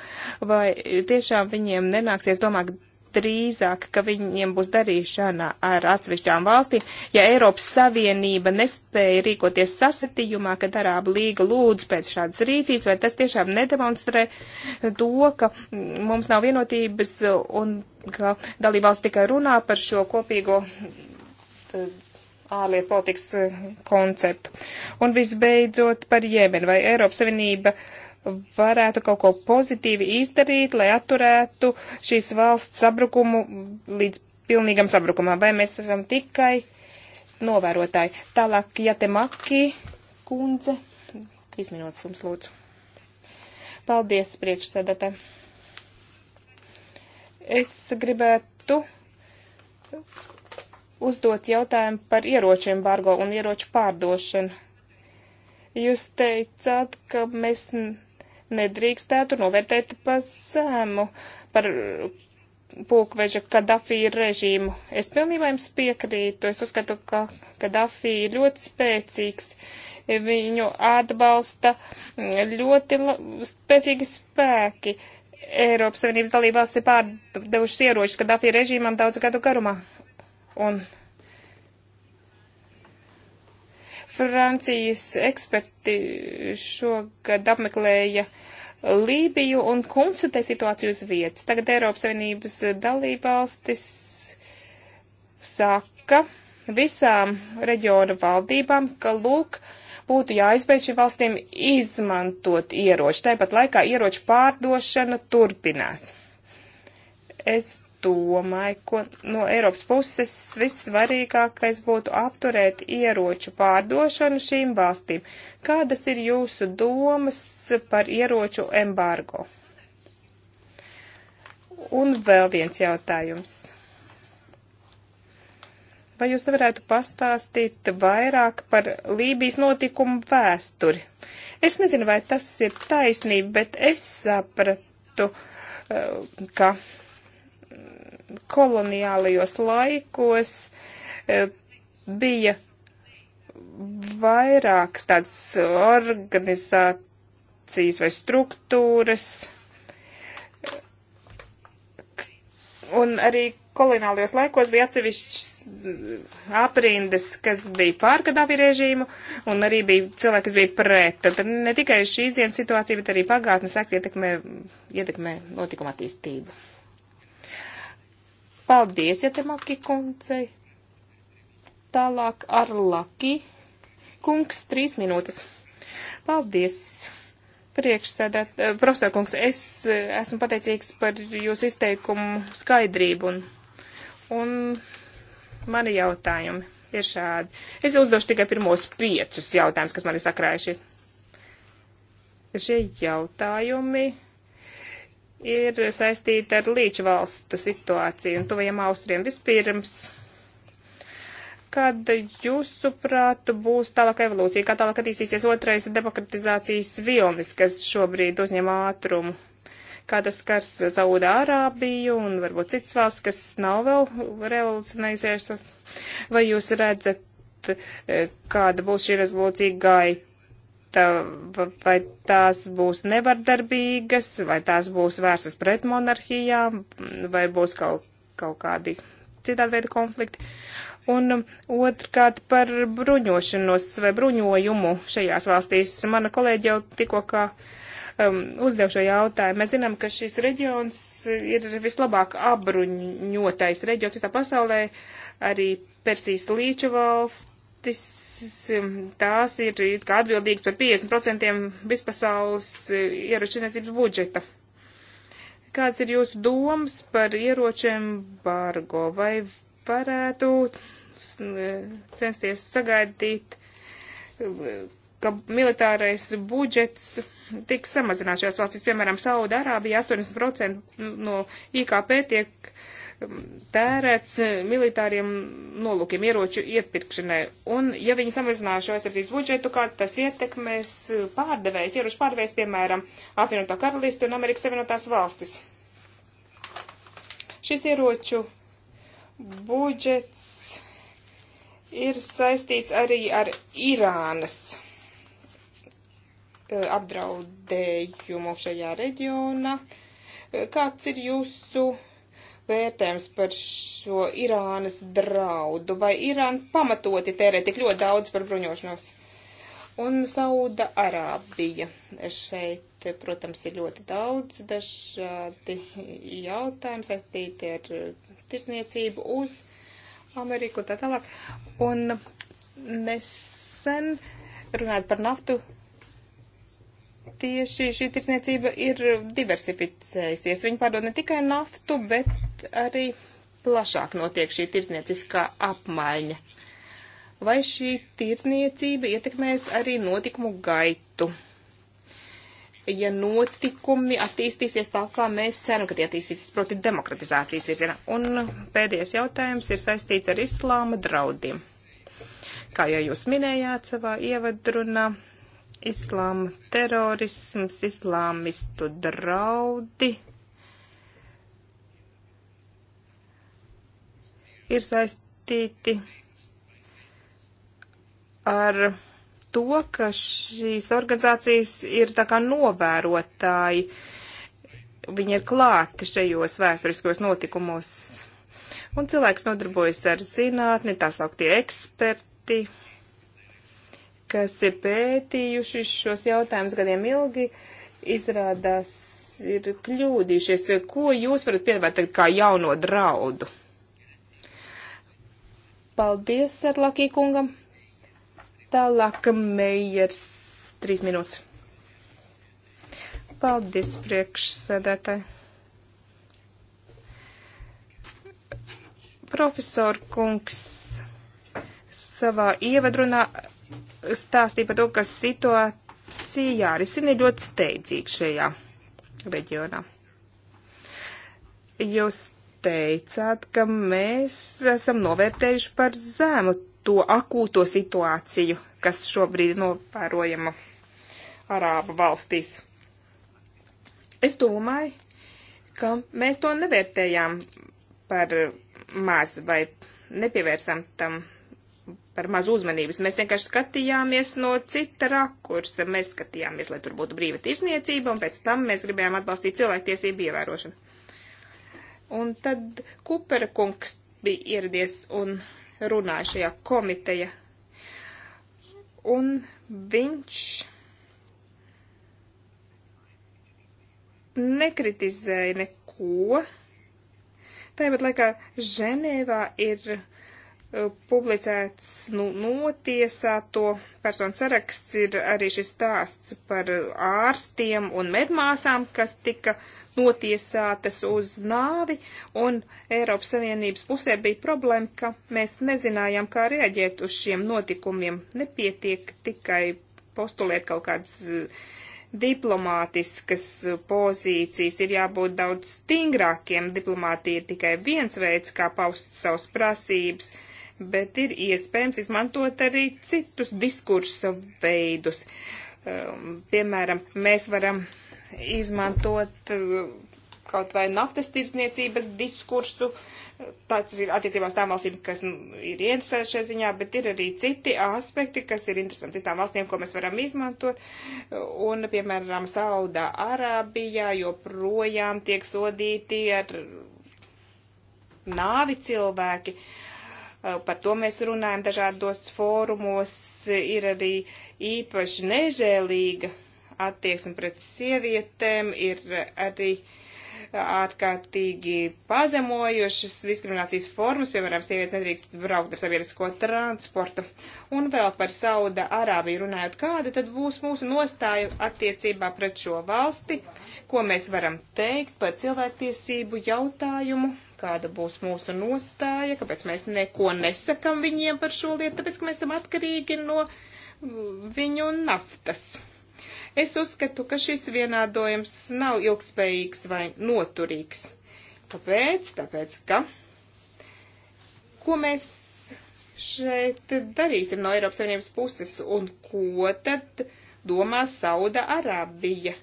vai tiešām viņiem nenāksies domāt drīzāk, ka viņiem būs darīšana ar atsevišķām valstīm, ja Eiropas Savienība nespēja rīkoties sasatījumā, kad Arāba līga lūdz pēc šādas rīcības, vai tas tiešām nedemonstrē to, ka mums nav vienotības un ka dalībvalsts tikai runā par šo kopīgo eh, ārlietu politikas eh, konceptu. Un visbeidzot par Jemenu, vai Eiropas Savienība uh, varētu kaut ko pozitīvi izdarīt, lai atturētu šīs valsts sabrukumu līdz pilnīgam sabrukumam, vai mēs esam tikai novērotāji. Tālāk, ja te maki, kundze, trīs minūtes jums lūdzu. Paldies, priekšsēdētē. Es gribētu uzdot jautājumu par ieroču embargo un ieroču pārdošanu. Jūs teicāt, ka mēs nedrīkstētu novērtēt pa zemu par pulkveža Kadafī režīmu. Es pilnībā jums piekrītu. Es uzskatu, ka Kadafī ir ļoti spēcīgs. Viņu atbalsta ļoti spēcīgi spēki. Eiropas Savienības dalībvalsts ir pārdevušas ieročus Kadafī režīmam daudz gadu garumā. Un Francijas eksperti šogad apmeklēja Lībiju un konstatēja situāciju uz vietas. Tagad Eiropas Savienības dalībvalstis saka visām reģiona valdībām, ka lūk, būtu jāizbeidz šīm valstīm izmantot ieroči. Tāpat laikā ieroču pārdošana turpinās. Es domāju, ka no Eiropas puses vissvarīgākais būtu apturēt ieroču pārdošanu šīm valstīm. Kādas ir jūsu domas par ieroču embargo? Un vēl viens jautājums. Vai jūs varētu pastāstīt vairāk par Lībijas notikumu vēsturi? Es nezinu, vai tas ir taisnība, bet es sapratu, eh, ka koloniālajos laikos e, bija vairākas tādas organizācijas vai struktūras, un arī kolonālajos laikos bija atsevišķas aprindas, kas bija pār Gaddafi režīmu, un arī bija cilvēki, kas bija pret. Tad ne tikai šīs dienas situācija, bet arī pagātnes akcija ietekmē, ietekmē notikuma attīstību. Paldies, Jatemaki kundzei. Tālāk ar Laki. Kungs, trīs minūtes. Paldies priekšsēdēt, eh, profesor kungs, es eh, esmu pateicīgs par jūsu izteikumu skaidrību un, un mani jautājumi ir šādi. Es uzdošu tikai pirmos piecus jautājumus, kas man ir sakrājušies. Šie jautājumi ir saistīta ar līča valstu situāciju un tuviem austriem. Vispirms, kad jūsuprāt būs tālāk evolūcija, kā tālāk attīstīsies otrais demokratizācijas vilnis, kas šobrīd uzņem ātrumu? Kā tas skars Saudārābiju un varbūt citas valsts, kas nav vēl revolucionējusies? Vai jūs redzat, eh, kāda būs šī rezolūcija gaita? vai tās būs nevardarbīgas, vai tās būs vērstas pret monarhijām, vai būs kaut, kaut kādi citādi veidi konflikti. Un um, otrkārt par bruņošanos vai bruņojumu šajās valstīs. Mana kolēģi jau tikko kā um, uzdev šo jautājumu. Mēs zinām, ka šis reģions ir vislabāk apbruņotais reģions visā pasaulē, arī Persijas līča valsts valstis, um, tās ir atbildīgas par 50% vispasaules uh, ieročinācības budžeta. Kāds ir jūsu domas par ieroču embargo? Vai varētu uh, censties sagaidīt, uh, ka militārais budžets tiks samazināts šajās valstīs? Piemēram, Sauda Arābija 80% no IKP tiek uh, tērēts militāriem nolūkiem ieroču iepirkšanai. Un, ja viņi samazinās šo aizsardzības budžetu, kā tas ietekmēs pārdevējs, ieroču pārdevējs, piemēram, apvienoto karalisti un Amerikas Savienotās valstis. Šis ieroču budžets ir saistīts arī ar Irānas e, apdraudējumu šajā reģionā. E, kāds ir jūsu vērtējums par šo Irānas draudu, vai Irāna pamatoti tērē tik ļoti daudz par bruņošanos. Un Sauda Arābija. Šeit, protams, ir ļoti daudz dažādi jautājumi saistīti ar tirsniecību uz Ameriku un tā tālāk. Un nesen runājot par naftu, tieši šī tirsniecība ir diversificējusies. Viņi pārdod ne tikai naftu, bet arī plašāk notiek šī tirdzniecīskā apmaiņa. Vai šī tirdzniecība ietekmēs arī notikumu gaitu? Ja notikumi attīstīsies tā, kā mēs ceram, ka tie attīstīsies, proti, demokratizācijas virzienā. Un pēdējais jautājums ir saistīts ar islāma draudiem. Kā jau jūs minējāt savā ievadrunā, islāma terorisms, islāmistu draudi ir saistīti ar to, ka šīs organizācijas ir tā kā novērotāji. Viņi ir klāti šajos vēsturiskos notikumos. Un cilvēks nodarbojas ar zinātni, tā sauktie eksperti, kas ir pētījuši šos jautājumus gadiem ilgi, izrādās ir kļūdījušies. Ko jūs varat piedāvāt tagad kā jauno draudu? Paldies, Arlakī kungam. Tālāk Meijers, trīs minūtes. Paldies, priekšsēdētāji. Profesor kungs savā ievadrunā stāstīja par to, ka situācija jārisina ļoti steidzīgi šajā reģionā. Jūs teicāt, ka mēs esam novērtējuši par zēmu to akūto situāciju, kas šobrīd novērojama Arābu valstīs. Es domāju, ka mēs to nevērtējām par maz vai nepievērsām tam par maz uzmanības. Mēs vienkārši skatījāmies no cita rakursa. Mēs skatījāmies, lai tur būtu brīva tirsniecība, un pēc tam mēs gribējām atbalstīt cilvēktiesību ievērošanu. Un tad Kupera kungs bija ieradies un runāja šajā komiteja. Un viņš nekritizēja neko. Tāpat laikā Ženēvā ir uh, publicēts nu, notiesāto personu saraksts, ir arī šis stāsts par uh, ārstiem un medmāsām, kas tika uh, notiesātas uz nāvi, un Eiropas Savienības pusē bija problēma, ka mēs nezinājām, kā reaģēt uz šiem notikumiem. Nepietiek tikai postulēt kaut kādas eh, diplomātiskas eh, pozīcijas, ir jābūt daudz stingrākiem. Diplomātija ir tikai viens veids, kā paust savus prasības, bet ir iespējams izmantot arī citus diskursa veidus. Um, piemēram, mēs varam uh, izmantot uh, kaut vai naftas tirsniecības diskursu. Tāds ir attiecībā uz tām valstīm, kas nu, ir interesēta šajā ziņā, bet ir arī citi aspekti, kas ir interesanti citām valstīm, ko mēs varam izmantot. Un, piemēram, Saudā Arābijā joprojām tiek sodīti ar nāvi cilvēki. Uh, par to mēs runājam dažādos fórumos. Ir arī īpaši nežēlīga attieksme pret sievietēm ir arī ārkārtīgi pazemojošas diskriminācijas formas, piemēram, sievietes nedrīkst braukt ar sabiedrisko transportu. Un vēl par Sauda Arābiju runājot, kāda tad būs mūsu nostāja attiecībā pret šo valsti, ko mēs varam teikt par cilvēktiesību jautājumu, kāda būs mūsu nostāja, kāpēc mēs neko nesakam viņiem par šo lietu, tāpēc, ka mēs esam atkarīgi no viņu naftas. Es uzskatu, ka šis vienādojums nav ilgspējīgs vai noturīgs. Kāpēc? Tāpēc, ka ko mēs šeit darīsim no Eiropas Savienības puses un ko tad domā Sauda Arābija?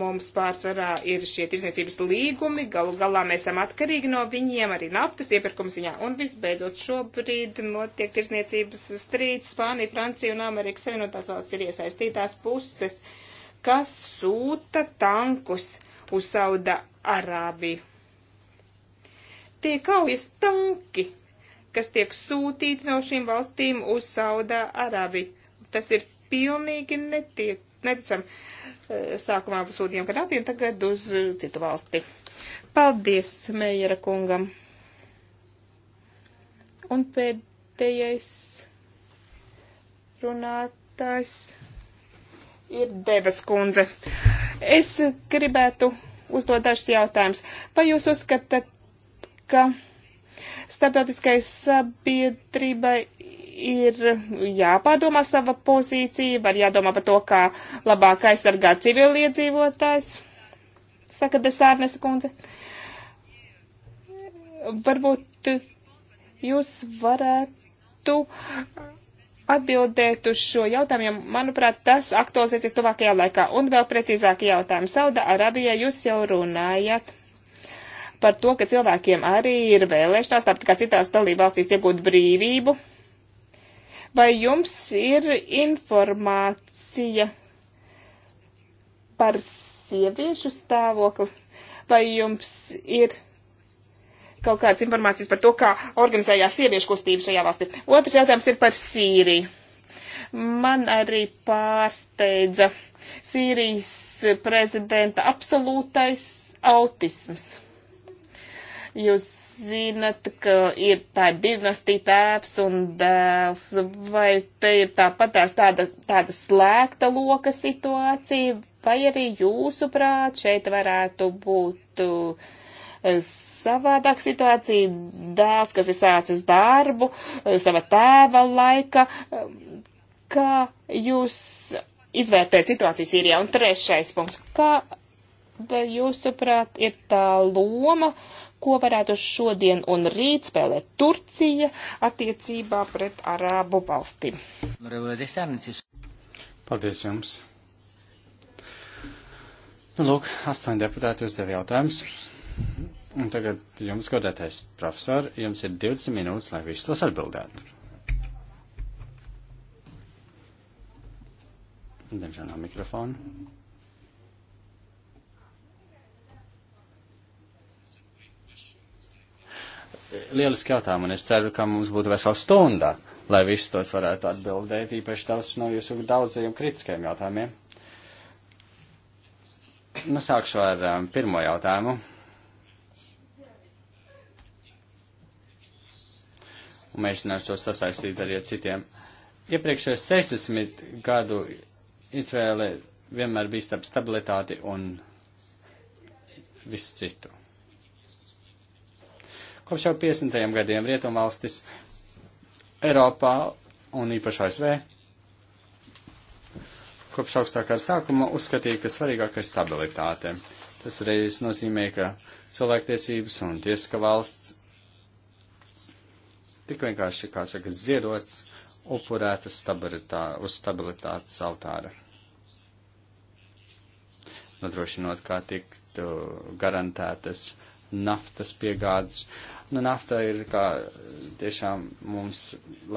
Mums pārsvarā ir šie tirsniecības līgumi, galu galā mēs esam atkarīgi no viņiem arī naftas iepirkuma ziņā. Un visbeidzot, šobrīd notiek tirsniecības strīds Spānija, Francija un Amerikas Savienotās valsts ir iesaistītās puses, kas sūta tankus uz Sauda Arābiju. Tie kaujas tanki, kas tiek sūtīti no šīm valstīm uz Sauda Arābiju. Tas ir pilnīgi netiek, neticami sākumā sūtījām Kanādu un tagad uz citu valsti. Paldies Meijera kungam. Un pēdējais runātājs ir Devas kundze. Es gribētu uzdot dažus jautājumus. Vai jūs uzskatāt, ka starptautiskai sabiedrībai ir jāpārdomā sava pozīcija, var jādomā par to, kā labāk aizsargāt civiliedzīvotājs, saka Desārnes kundze. Varbūt jūs varētu atbildēt uz šo jautājumu, jo, manuprāt, tas aktualizēsies tuvākajā laikā. Un vēl precīzāk jautājumu. Sauda Arabijā jūs jau runājat par to, ka cilvēkiem arī ir vēlēšanās, tāpat kā citās dalībvalstīs, iegūt brīvību. Vai jums ir informācija par sieviešu stāvokli? Vai jums ir kaut kādas informācijas par to, kā organizējās sieviešu kustība šajā valstī? Otrs jautājums ir par Sīriju. Man arī pārsteidza Sīrijas prezidenta absolūtais autisms. Jūs zinat, ka ir tā ir birnastī tēvs un dēls, vai te ir tāpatās tāda, tāda slēgta loka situācija, vai arī jūsuprāt šeit varētu būt uh, savādāk situācija. Dēls, kas ir sācis darbu eh, sava tēva laika, kā jūs izvērtējat situāciju Sīrijā? Un trešais punkts, kā, jūsuprāt, ir tā loma, ko varētu šodien un rīt spēlēt Turcija attiecībā pret Arābu valstīm. Paldies jums! Nu, lūk, astoņi deputāti uzdev jautājumus. Un tagad jums, godētais profesor, jums ir 20 minūtes, lai visus tos atbildētu. Diemžēl nav mikrofona. lieliski jautājumi, un es ceru, ka mums būtu vesela stunda, lai visus tos varētu atbildēt, īpaši daudz no jūsu daudzajiem kritiskiem jautājumiem. Nu, sākšu ar um, pirmo jautājumu. Un mēģināšu to sasaistīt arī ar citiem. Iepriekšējos 60 gadu Izvēle vienmēr bija starp stabilitāti un visu citu. Kopš jau 50. gadiem rietumvalstis Eiropā un īpaši ASV kopš augstākā sākuma uzskatīja, ka svarīgākais ir stabilitāte. Tas reiz nozīmē, ka cilvēktiesības un tiesiska valsts tik vienkārši, kā saka, ziedots, upurēta stabilitā, uz stabilitātes altāra. Nodrošinot, kā tikt garantētas uh, naftas piegādes. Nu, nafta ir kā tiešām mums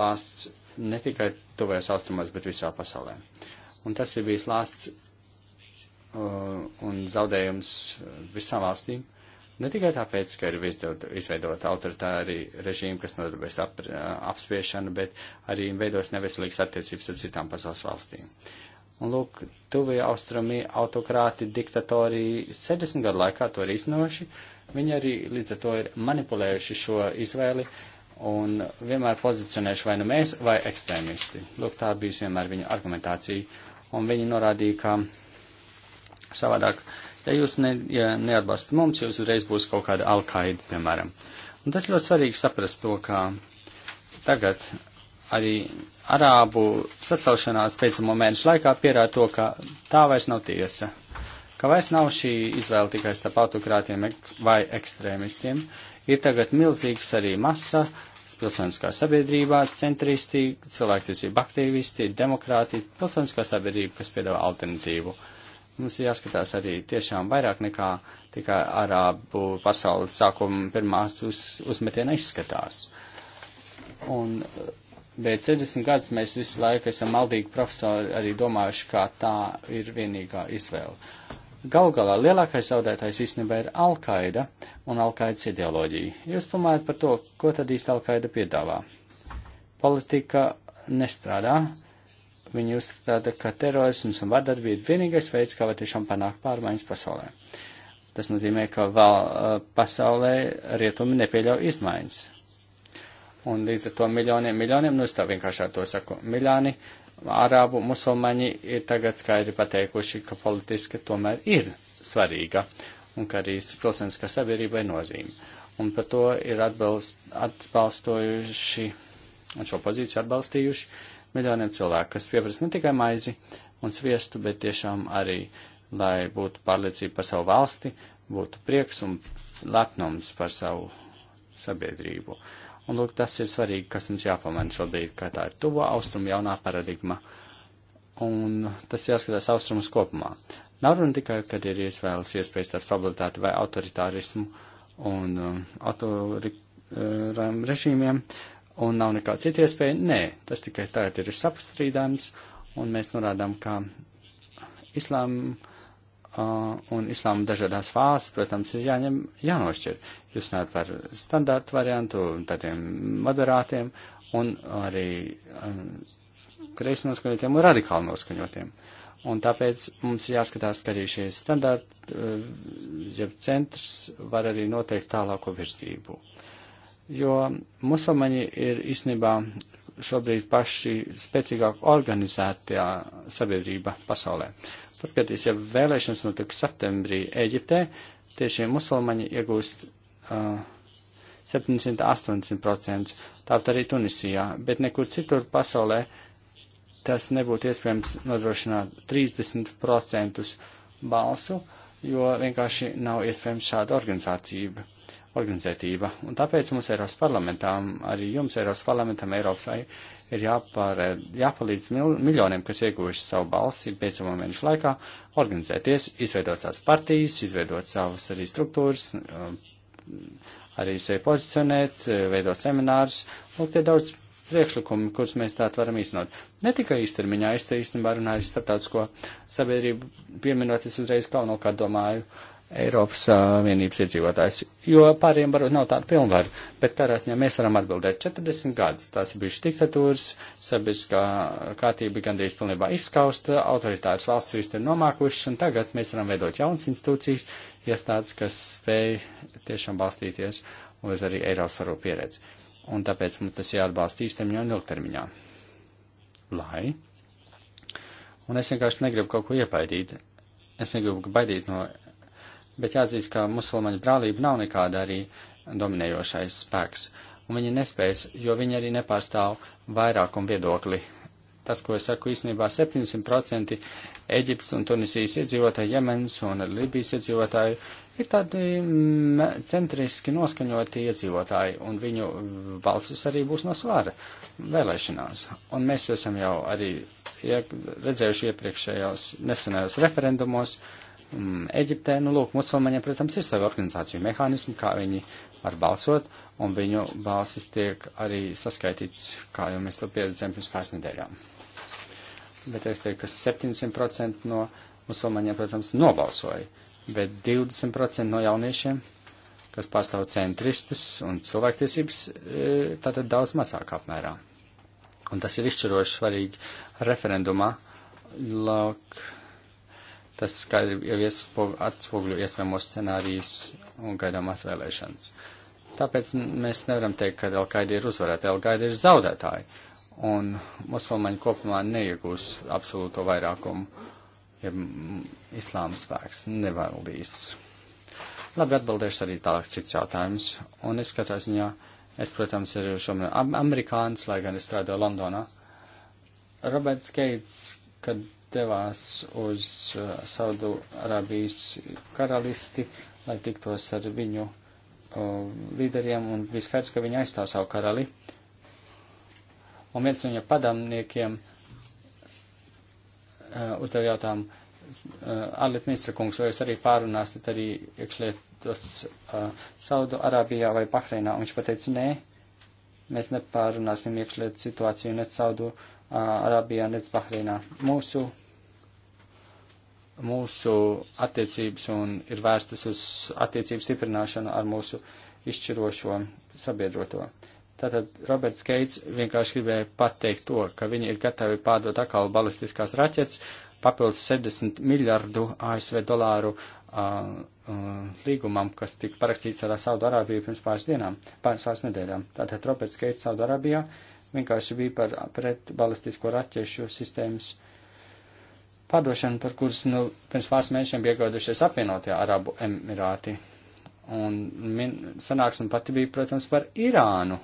lāsts ne tikai tuvēs austrumos, bet visā pasaulē. Un tas ir bijis lāsts uh, un zaudējums visām valstīm. Ne tikai tāpēc, ka ir izveidota autoritāri režīma, kas nodarbojas ap, uh, apspiešanu, bet arī veidos neveselīgas attiecības ar citām pasaules valstīm. Uh, Un lūk, tuvie austrumi autokrāti, diktatori 70 gadu laikā to ir iznoši. Viņi arī līdz ar to ir manipulējuši šo izvēli un vienmēr pozicionējuši vai nu mēs, vai ekstrēmisti. Lūk, tā bijusi vienmēr viņa argumentācija. Un viņi norādīja, ka savādāk, ja jūs ne, ja neatbalstat mums, jūs uzreiz būs kaut kāda alkaida, piemēram. Un tas ļoti svarīgi saprast to, ka tagad arī arābu sacaušanās teicamo mēnešu laikā pierāda to, ka tā vairs nav tiesa, ka vairs nav šī izvēle tikai starp autokrātiem vai ekstrēmistiem. Ir tagad milzīgs arī masa pilsoniskā sabiedrībā, centristi, cilvēktiesība aktīvisti, demokrāti, pilsoniskā sabiedrība, kas piedāvā alternatīvu. Mums ir jāskatās arī tiešām vairāk nekā tikai arābu pasaules sākuma pirmās uz, uzmetiena izskatās. Un Bet 60 gadus mēs visu laiku esam maldīgi profesori arī domājuši, kā tā ir vienīgā izvēle. Gal galā lielākais zaudētājs īstenībā ir Alkaida un Alkaidas ideoloģija. Jūs domājat par to, ko tad īsti Alkaida piedāvā? Politika nestrādā. Viņi uzskata, ka terorisms un vardarbība ir vienīgais veids, kā var tiešām panākt pārmaiņas pasaulē. Tas nozīmē, ka vēl eh, pasaulē rietumi nepieļauj izmaiņas un līdz ar to miljoniem, miljoniem, nu es tā vienkārši ar to saku, miljoni ārābu musulmaņi ir tagad skaidri pateikuši, ka politiski tomēr ir svarīga un ka arī pilsoniskā sabiedrība ir nozīme. Un par to ir atbalst, atbalstojuši un šo pozīciju atbalstījuši miljoniem cilvēku, kas pieprasa ne tikai maizi un sviestu, bet tiešām arī, lai būtu pārliecība par savu valsti, būtu prieks un lepnums par savu sabiedrību. Uh, Un, lūk, tas ir svarīgi, kas mums jāpamana šobrīd, ka tā ir tuvo austrumu jaunā paradigma. Un tas jāskatās austrumus kopumā. Nav runa tikai, kad ir izvēles iespējas starp stabilitāti vai autoritārismu un uh, um, autoritāriem um, uh, režīmiem, un nav nekā cita iespēja. Nē, tas tikai tagad ir sapstrīdams, un mēs norādām, ka islāma Uh, un islāma dažādās fāzes, protams, ir jāņem, jānošķir. Jūs runājat par standārtu variantu, tādiem moderātiem un arī um, uh, kreisi noskaņotiem un radikāli noskaņotiem. Un tāpēc mums jāskatās, ka arī šie standārti, ja uh, centrs var arī noteikt tālāko virzību. Jo musulmaņi ir īstenībā šobrīd paši spēcīgāk organizētā sabiedrība pasaulē. Uh, Paskatīs, ja vēlēšanas notiek septembrī Eģiptē, tieši musulmaņi iegūst uh, 780%, tāpat arī Tunisijā, bet nekur citur pasaulē tas nebūtu iespējams nodrošināt 30% balsu, jo vienkārši nav iespējams šāda organizācija organizētība. Un tāpēc mums Eiropas parlamentām, arī jums Eiropas parlamentam Eiropai ir jāpare, jāpalīdz mil, miljoniem, kas ieguvuši savu balsi pēcamo mēnešu laikā, organizēties, izveidot savas partijas, izveidot savas arī struktūras, um, arī sevi pozicionēt, veidot seminārus. Un tie daudz priekšlikumi, kurus mēs tātad varam īstenot. Ne tikai īstermiņā, es te īstenībā runāju starptautisko sabiedrību, pieminoties uzreiz galvenokārt domāju Eiropas Savienības iedzīvotājs, jo pāriem varbūt nav tāda pilnvaru, bet tādā ziņā mēs varam atbildēt 40 gadus. Tās ir bijušas diktatūras, sabiedriskā kārtība gandrīz pilnībā izskausta, autoritāras valsts viss ir nomākušas, un tagad mēs varam veidot jaunas institūcijas, iestādes, kas spēj tiešām balstīties uz arī Eiropas varu pieredzi. Un tāpēc mums tas jāatbalsta īstermiņā un ilgtermiņā. Lai. Un es vienkārši negribu kaut ko iepaidīt. Es negribu baidīt no bet jāatzīst, ka musulmaņu brālība nav nekāda arī dominējošais spēks, un viņi nespējas, jo viņi arī nepārstāv vairākumu viedokli. Tas, ko es saku, īstenībā 700% Eģiptes un Tunisijas iedzīvotāji, Jemens un Libijas iedzīvotāji ir tādi mm, centriski noskaņoti iedzīvotāji, un viņu balsis arī būs no svara vēlēšanās. Un mēs esam jau arī redzējuši iepriekšējos nesenajos referendumos, uh, Mm, Eģiptē, nu lūk, musulmaņiem, protams, ir savi organizāciju mehānismi, kā viņi var balsot, un viņu balsis tiek arī saskaitīts, kā jau mēs to pieredzējām pirms pāris nedēļām. Bet es teiktu, ka 700% no musulmaņiem, protams, nobalsoja, bet 20% no jauniešiem, kas pārstāv centristus un cilvēktiesības, e, tātad daudz mazāk apmērā. Un tas ir izšķiroši svarīgi referendumā, lāk, Tas skaidri jau iespog, atspogļo iespējamos scenārijus un gaidāmās vēlēšanas. Tāpēc mēs nevaram teikt, ka Elkaida ir uzvarēta, Elkaida ir zaudētāji, un musulmaņi kopumā neiegūs absolūto vairākumu, ja islāma spēks nevaldīs. Labi, atbildēšu arī tālāk cits jautājums, un es katrā ziņā, es, protams, ir šobrīd amerikānis, lai gan es strādāju Londonā. Roberts Keits, kad devās uz uh, Saudu Arābijas karalisti, lai tiktos ar viņu uh, līderiem, un bija skaidrs, ka viņi aizstāv savu karali. Un viens no viņa padamniekiem uh, uzdev jautājumu, ārlietu uh, ministra kungs, vai jūs arī pārunāsiet arī iekšlietos uh, Saudu Arābijā vai Bahreinā? Un viņš pateica, nē, mēs nepārunāsim iekšlietu situāciju ne Saudu uh, Arābijā, ne Bahreinā. Mūsu mūsu attiecības un ir vērstas uz attiecību stiprināšanu ar mūsu izšķirošo sabiedroto. Tātad Roberts Keits vienkārši gribēja pateikt to, ka viņi ir gatavi pārdot atkal balistiskās raķetes, papildus 70 miljardu ASV dolāru uh, uh, līgumam, kas tika parakstīts ar Saudarābiju pirms pāris dienām, pāris pāris nedēļām. Tātad Roberts Keits Saudarābijā vienkārši bija par pret balistisko raķešu sistēmas uh, pārdošana, par kuras nu, pirms pāris mēnešiem bija iegādušies apvienotie Arabu Emirāti. Un min, sanāksme pati bija, protams, par Irānu.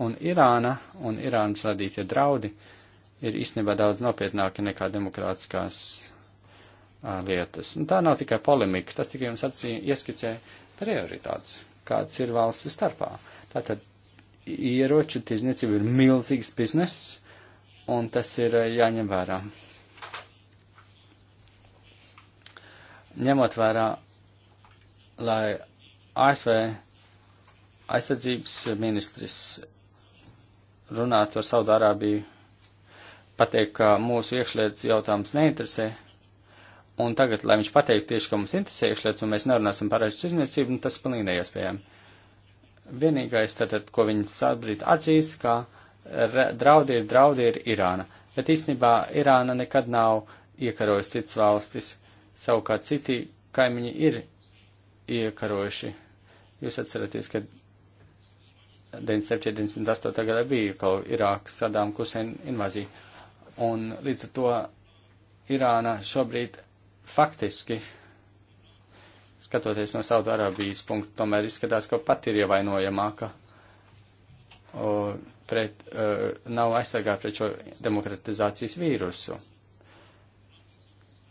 Un Irāna un Irānas radītie draudi ir īstenībā daudz nopietnāki nekā demokrātiskās a, lietas. Un tā nav tikai polemika, tas tikai jums acī ieskicē prioritātes, kāds ir valsts starpā. Tātad ieroču tirzniecība ir milzīgs bizness, un tas ir jāņem vērā. ņemot vērā, lai ASV aizsardzības ministrs runāt par Saudārābiju, pateikt, ka mūsu iekšlietas jautājums neinteresē, un tagad, lai viņš pateikt tieši, ka mums interesē iekšlietas, un mēs nerunāsim par ārēju izniecību, nu, tas pilnīgi neiespējami. Vienīgais, tātad, ko viņi šobrīd atzīst, ka draudi ir, draudi ir Irāna, bet īstenībā Irāna nekad nav iekarojusi citas valstis, uh, Savukārt citi kaimiņi ir iekarojuši. Jūs atceraties, ka 97. un 98. gadā bija kaut Irākas sadām kusēn invazija. Un līdz ar to Irāna šobrīd faktiski, skatoties no Saudārābijas punktu, tomēr izskatās, ka pat ir ievainojamāka o, pret, uh, nav aizsargāta pret šo demokratizācijas vīrusu.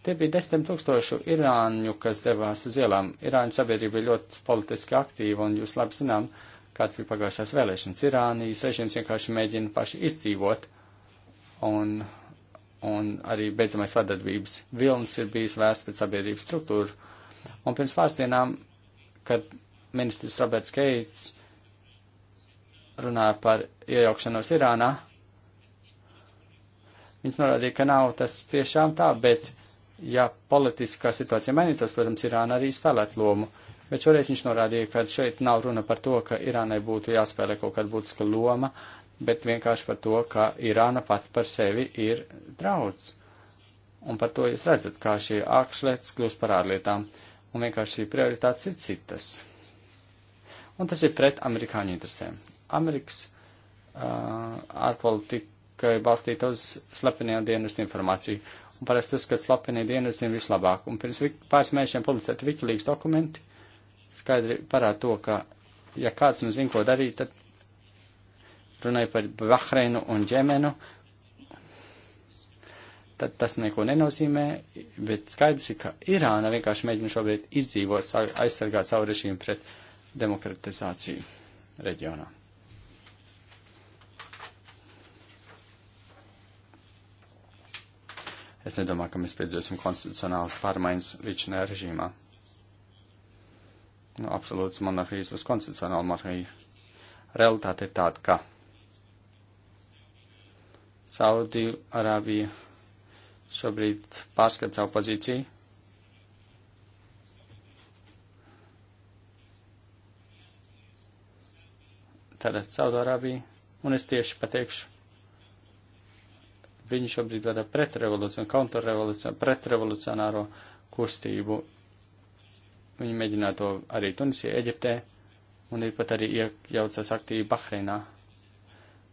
Te bija desmit tūkstošu irāņu, kas devās uz ielām. Irāņu sabiedrība ir ļoti politiski aktīva, un jūs labi zinām, kāds bija pagājušās vēlēšanas. Irānija sešiem vienkārši mēģina paši izdzīvot, un, un arī beidzamais vadarbības vilnis ir bijis vērsts pret sabiedrības struktūru. Un pirms pāris dienām, kad ministrs Roberts Keits runāja par iejaukšanos Irānā, viņš norādīja, ka nav tas tiešām tā, bet ja politiskā situācija mainītos, protams, Irāna arī spēlēt lomu, bet šoreiz viņš norādīja, ka šeit nav runa par to, ka Irānai būtu jāspēlē kaut kāda būtiska loma, bet vienkārši par to, ka Irāna pati par sevi ir draudz. Un par to jūs redzat, kā šie ārklietas kļūst par ārlietām, un vienkārši prioritātes ir citas. Un tas ir pret amerikāņu interesēm. Amerikas uh, ārpolitika ka ir balstīta uz slepenajā dienestu informāciju. Un parasti uzskata slepenie dienesti ir vislabāk. Un pirms pāris mēnešiem publicēti Wikileaks dokumenti skaidri parāda to, ka, ja kāds nu zina, ko darīt, tad runāja par Bahreinu un Ģemenu, tad tas neko nenozīmē, bet skaidrs ir, ka Irāna vienkārši mēģina šobrīd izdzīvot, aizsargāt savu režīmu pret demokratizāciju reģionā. Es nedomāju, ka mēs piedzīvosim konstitucionālas pārmaiņas līdzinājā režīmā. Nu, absolūts monarhijas uz konstitucionālu monarhiju. Realitāte ir tāda, ka Saudiju Arābija šobrīd pārskat savu pozīciju. Tātad Saudārābija, un es tieši pateikšu, Viņi šobrīd vada pretrevolucionu, kontrrevolucionu, pretrevolucionāro kustību. Viņi mēģināja to arī Tunisijā, Eģiptē, un ir pat arī iekļaucas aktīvi Bahreinā.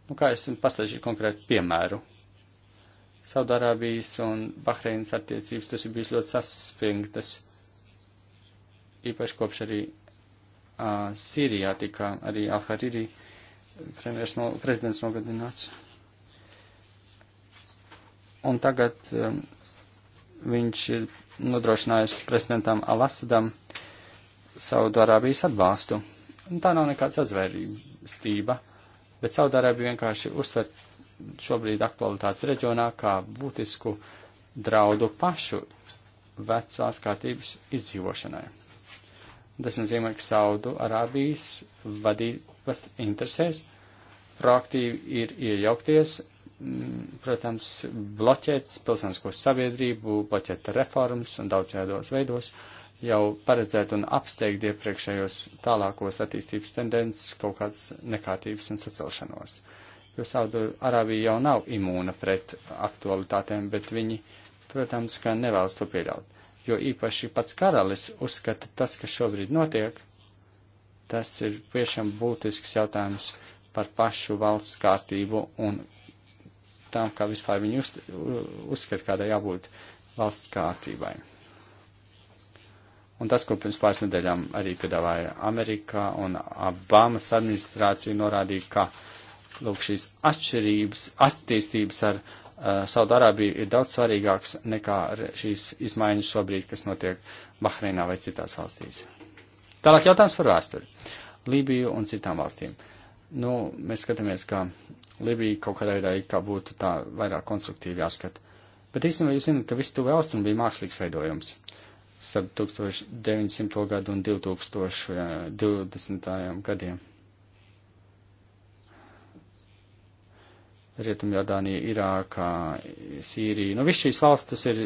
Nu, kā es jums pastāstīšu konkrētu piemēru. Saudārābijas un Bahreinas attiecības tas ir bijis ļoti saspringtas, īpaši kopš arī uh, Sīrijā tika arī Al-Hariri premjers no, prezidents nogadināts. Un tagad um, viņš ir nodrošinājis prezidentam Alasadam Saudārābijas atbalstu. Un tā nav nekāds azvērstība, bet Saudārābija vienkārši uztver šobrīd aktualitātes reģionā kā būtisku draudu pašu vecās kārtības izdzīvošanai. Tas nozīmē, ka Saudu Arābijas vadības interesēs proaktīvi ir iejaukties protams, bloķēt pilsonisko sabiedrību, bloķēt reformas un daudzjādos veidos, jau paredzēt un apsteigt iepriekšējos tālākos attīstības tendences, kaut kādas nekārtības un sacelšanos. Jo Saudu Arābija jau nav imūna pret aktualitātēm, bet viņi, protams, ka nevēlas to pieļaut. Jo īpaši pats karalis uzskata tas, kas šobrīd notiek, tas ir tiešām būtisks jautājums par pašu valsts kārtību un tam, kā vispār viņi uz, uzskata, kādai jābūt valsts kārtībai. Un tas, ko pirms pāris nedēļām arī piedāvāja Amerikā un Obamas administrācija norādīja, ka lūk, šīs atšķirības, attīstības ar uh, Saudārābiju ir daudz svarīgāks nekā šīs izmaiņas šobrīd, kas notiek Bahreinā vai citās valstīs. Tālāk jautājums par vēsturi. Lībiju un citām valstīm. Nu, mēs skatāmies, ka Libija kaut kādā veidā kā būtu tā vairāk konstruktīvi jāskat. Bet īstenībā jūs zināt, ka viss tuvi austrumi bija mākslīgs veidojums starp 1900. gadu un 2020. gadiem. Rietumjordānija, Irākā, Sīrija. Nu, viss šīs valstis ir,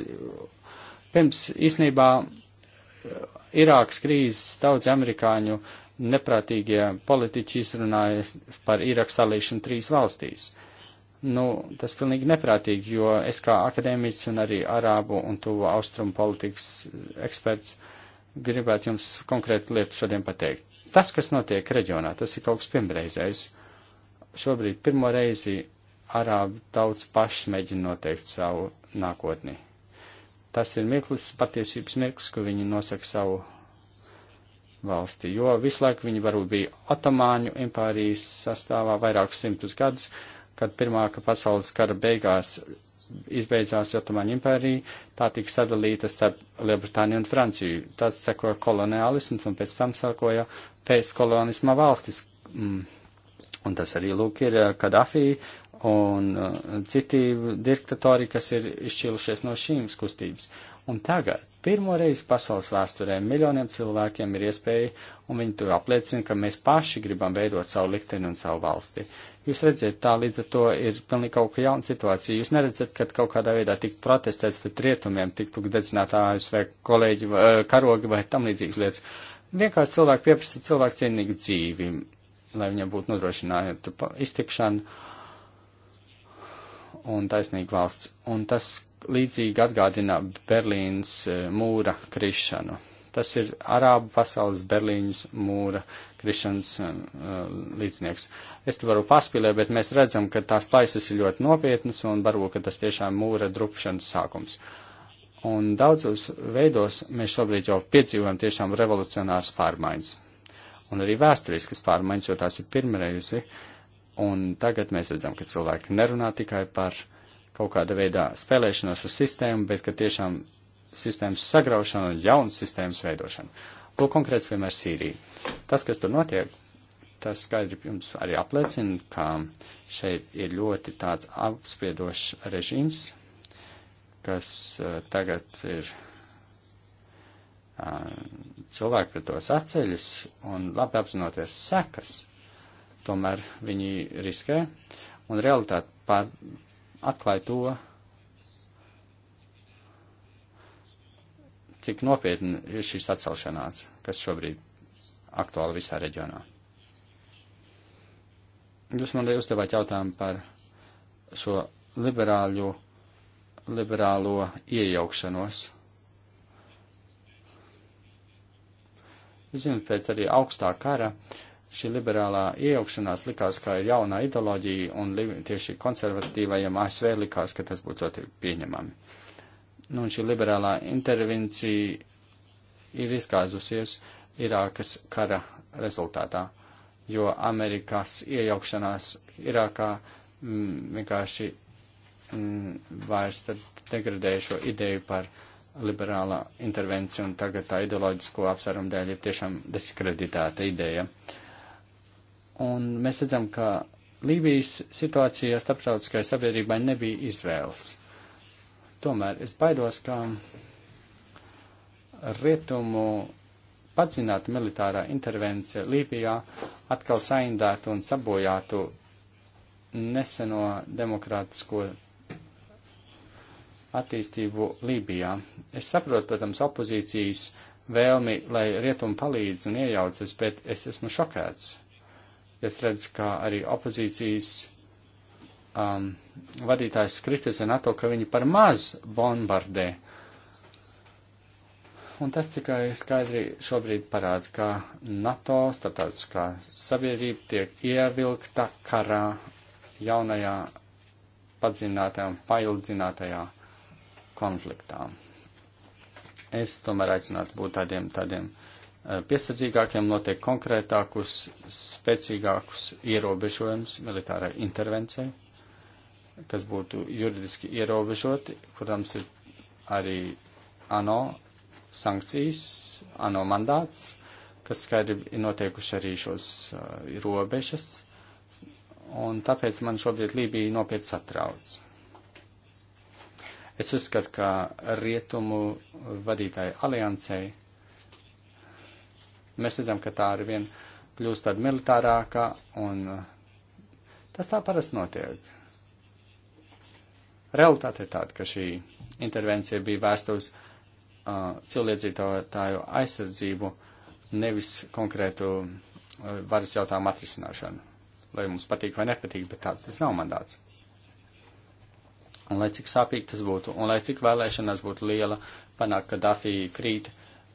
pirms īstenībā uh, Irākas krīzes daudz amerikāņu neprātīgie politiķi izrunāja par Iraku salīšanu trīs valstīs. Nu, tas pilnīgi neprātīgi, jo es kā akadēmiķis un arī arābu un tuvo austrumu politikas eksperts gribētu jums konkrētu lietu šodien pateikt. Tas, kas notiek reģionā, tas ir kaut kas pirmreizējs. Šobrīd pirmo reizi arābu tauts paši mēģina noteikt savu nākotni. Tas ir mirklis, patiesības mirklis, kur viņi nosaka savu valsti, jo visu laiku viņi varbūt bija Otomāņu impērijas sastāvā vairākus simtus gadus, kad pirmā ka pasaules kara beigās izbeidzās Otomāņu impērija, tā tika sadalīta starp Lielbritāniju un Franciju. Tas sekoja koloniālisms un pēc tam sekoja pēckolonisma valstis. Mm. Un tas arī lūk ir eh, Kadafī un uh, citi diktatori, kas ir izšķilušies no šīm kustības. Uh, Un tagad, pirmoreiz pasaules vēsturē, miljoniem cilvēkiem ir iespēja, un viņi to apliecina, ka mēs paši gribam veidot savu likteni un savu valsti. Jūs redzat, tā līdz ar to ir pilnīgi kaut kā jauna situācija. Jūs neredzat, ka kaut kādā veidā tik protestēts pret rietumiem, tik tuk dedzināt ASV kolēģi, vai, eh, karogi vai tam līdzīgas lietas. Vienkārši cilvēki pieprasa cilvēku cienīgu dzīvi, lai viņam būtu nodrošināta iztikšana un taisnīga valsts. Un tas, līdzīgi atgādina Berlīnas e, mūra krišanu. Tas ir Arābu pasaules Berlīnas mūra krišanas uh, līdznieks. Es te varu paspīlēt, bet mēs redzam, ka tās plaisas ir ļoti nopietnas un varbūt, ka tas tiešām mūra drupšanas sākums. Un daudzos veidos mēs šobrīd jau piedzīvojam tiešām revolucionārs pārmaiņas. Un arī vēsturiskas pārmaiņas, jo tās ir pirmreizi. Un tagad mēs redzam, ka cilvēki nerunā tikai par kaut kāda veidā spēlēšanos uz sistēmu, bet ka tiešām sistēmas sagraušana un jaunas sistēmas veidošana. Lūk, konkrēts piemērs Sīrija. Tas, kas tur notiek, tas skaidri jums arī apliecina, ka šeit ir ļoti tāds apspiedošs režīms, kas uh, tagad ir uh, cilvēki pret tos atceļas un labi apzinoties sekas, tomēr viņi riskē un realitāte atklāja to, cik nopietni ir šīs atcelšanās, kas šobrīd aktuāli visā reģionā. Jūs man arī uzdevāt jautājumu par šo liberāļu, liberālo iejaukšanos. Jūs zināt, pēc arī augstā kara uh, šī liberālā iejaukšanās likās kā jaunā ideoloģija, un tieši konservatīvajiem ASV likās, ka tas būtu ļoti pieņemami. Nu, un šī liberālā intervencija ir izkāzusies Irākas kara rezultātā, jo Amerikas iejaukšanās Irākā m, mm, vienkārši m, mm, vairs degradēja šo ideju par liberālā intervenciju, un tagad tā ideoloģisko apsvērumu dēļ ir tiešām diskreditēta ideja. Uh, un mēs redzam, ka Lībijas situācijā starptautiskai sabiedrībai nebija izvēles. Tomēr es baidos, ka rietumu padzināta militārā intervence Lībijā atkal saindētu un sabojātu neseno demokrātisko attīstību Lībijā. Es saprotu, protams, opozīcijas vēlmi, lai rietumi palīdz un iejaucas, bet es esmu šokēts. Es redzu, ka arī opozīcijas um, vadītājs kritizē NATO, ka viņi par maz bombardē. Un tas tikai skaidri šobrīd parāda, ka NATO starptautiskā sabiedrība tiek ievilkta karā jaunajā padziļinātajā un paildzinātajā konfliktā. Es tomēr aicinātu būt tādiem, tādiem Eh, piesardzīgākiem, notiek konkrētākus, spēcīgākus ierobežojumus militārai intervencei, kas būtu juridiski ierobežoti, kurams ir arī ANO sankcijas, ANO mandāts, kas skaidri ir noteikuši arī šos uh, robežas, un tāpēc man šobrīd Lībija nopietni satrauc. Es uzskatu, ka rietumu vadītāju aliansēji Mēs redzam, ka tā ar vien kļūst tāda militārāka, un eh, tas tā parasti notiek. Realtāte ir tāda, ka šī intervencija bija vērsta uz uh, eh, cilvēdzītāju aizsardzību, nevis konkrētu uh, varas jautājumu atrisināšanu. Lai mums patīk vai nepatīk, bet tāds tas nav mandāts. Un lai cik sāpīgi tas būtu, un lai cik vēlēšanās būtu liela panākt, ka Dafī krīt,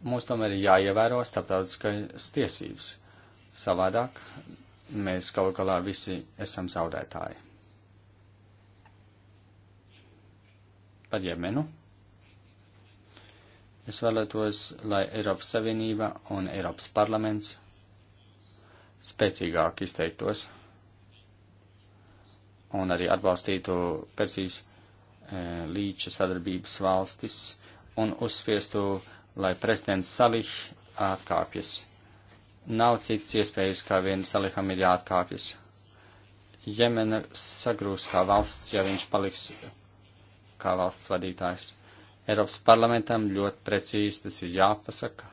mums tomēr ir jāievēro starptautiskais tiesības. Savādāk mēs kaut galā visi esam zaudētāji. Par Jemenu. Es vēlētos, lai Eiropas Savienība un Eiropas parlaments spēcīgāk izteiktos un arī atbalstītu Persijas e, līča sadarbības valstis un uzspiestu lai prezidents Salih atkāpjas. Nav cits iespējas, kā vien Saliham ir jāatkāpjas. Jemena sagrūs kā valsts, ja viņš paliks kā valsts vadītājs. Eiropas parlamentam ļoti precīzi tas ir jāpasaka,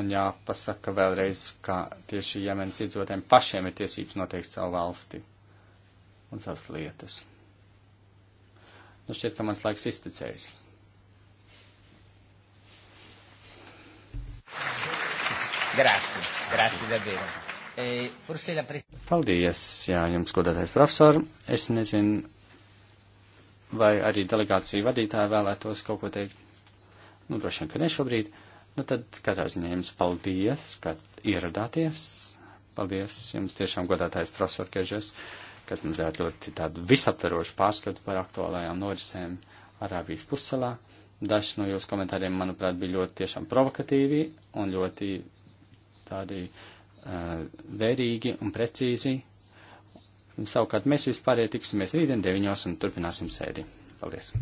un jāpasaka vēlreiz, ka tieši Jemenas iedzīvotājiem pašiem ir tiesības noteikt savu valsti un savas lietas. Nu šķiet, ka mans laiks izticējis. Grazie, grazie davvero. E, forse la pres... Paldies, jā, jums, godātais profesor. Es nezinu, vai arī delegācija vadītāja vēlētos kaut ko teikt. Nu, droši vien, ka ne šobrīd. Nu, tad katrā ziņā jums paldies, ka ieradāties. Paldies jums tiešām, godātais profesor Kežes, kas mums dēļ ļoti tādu visaptverošu pārskatu par aktuālajām norisēm Arābijas pussalā. Daži no jūsu komentāriem, manuprāt, bija ļoti tiešām provokatīvi un ļoti tādi uh, vērīgi un precīzi. Savukārt mēs vispārēji tiksimies rītdien deviņos un turpināsim sēdi. Paldies!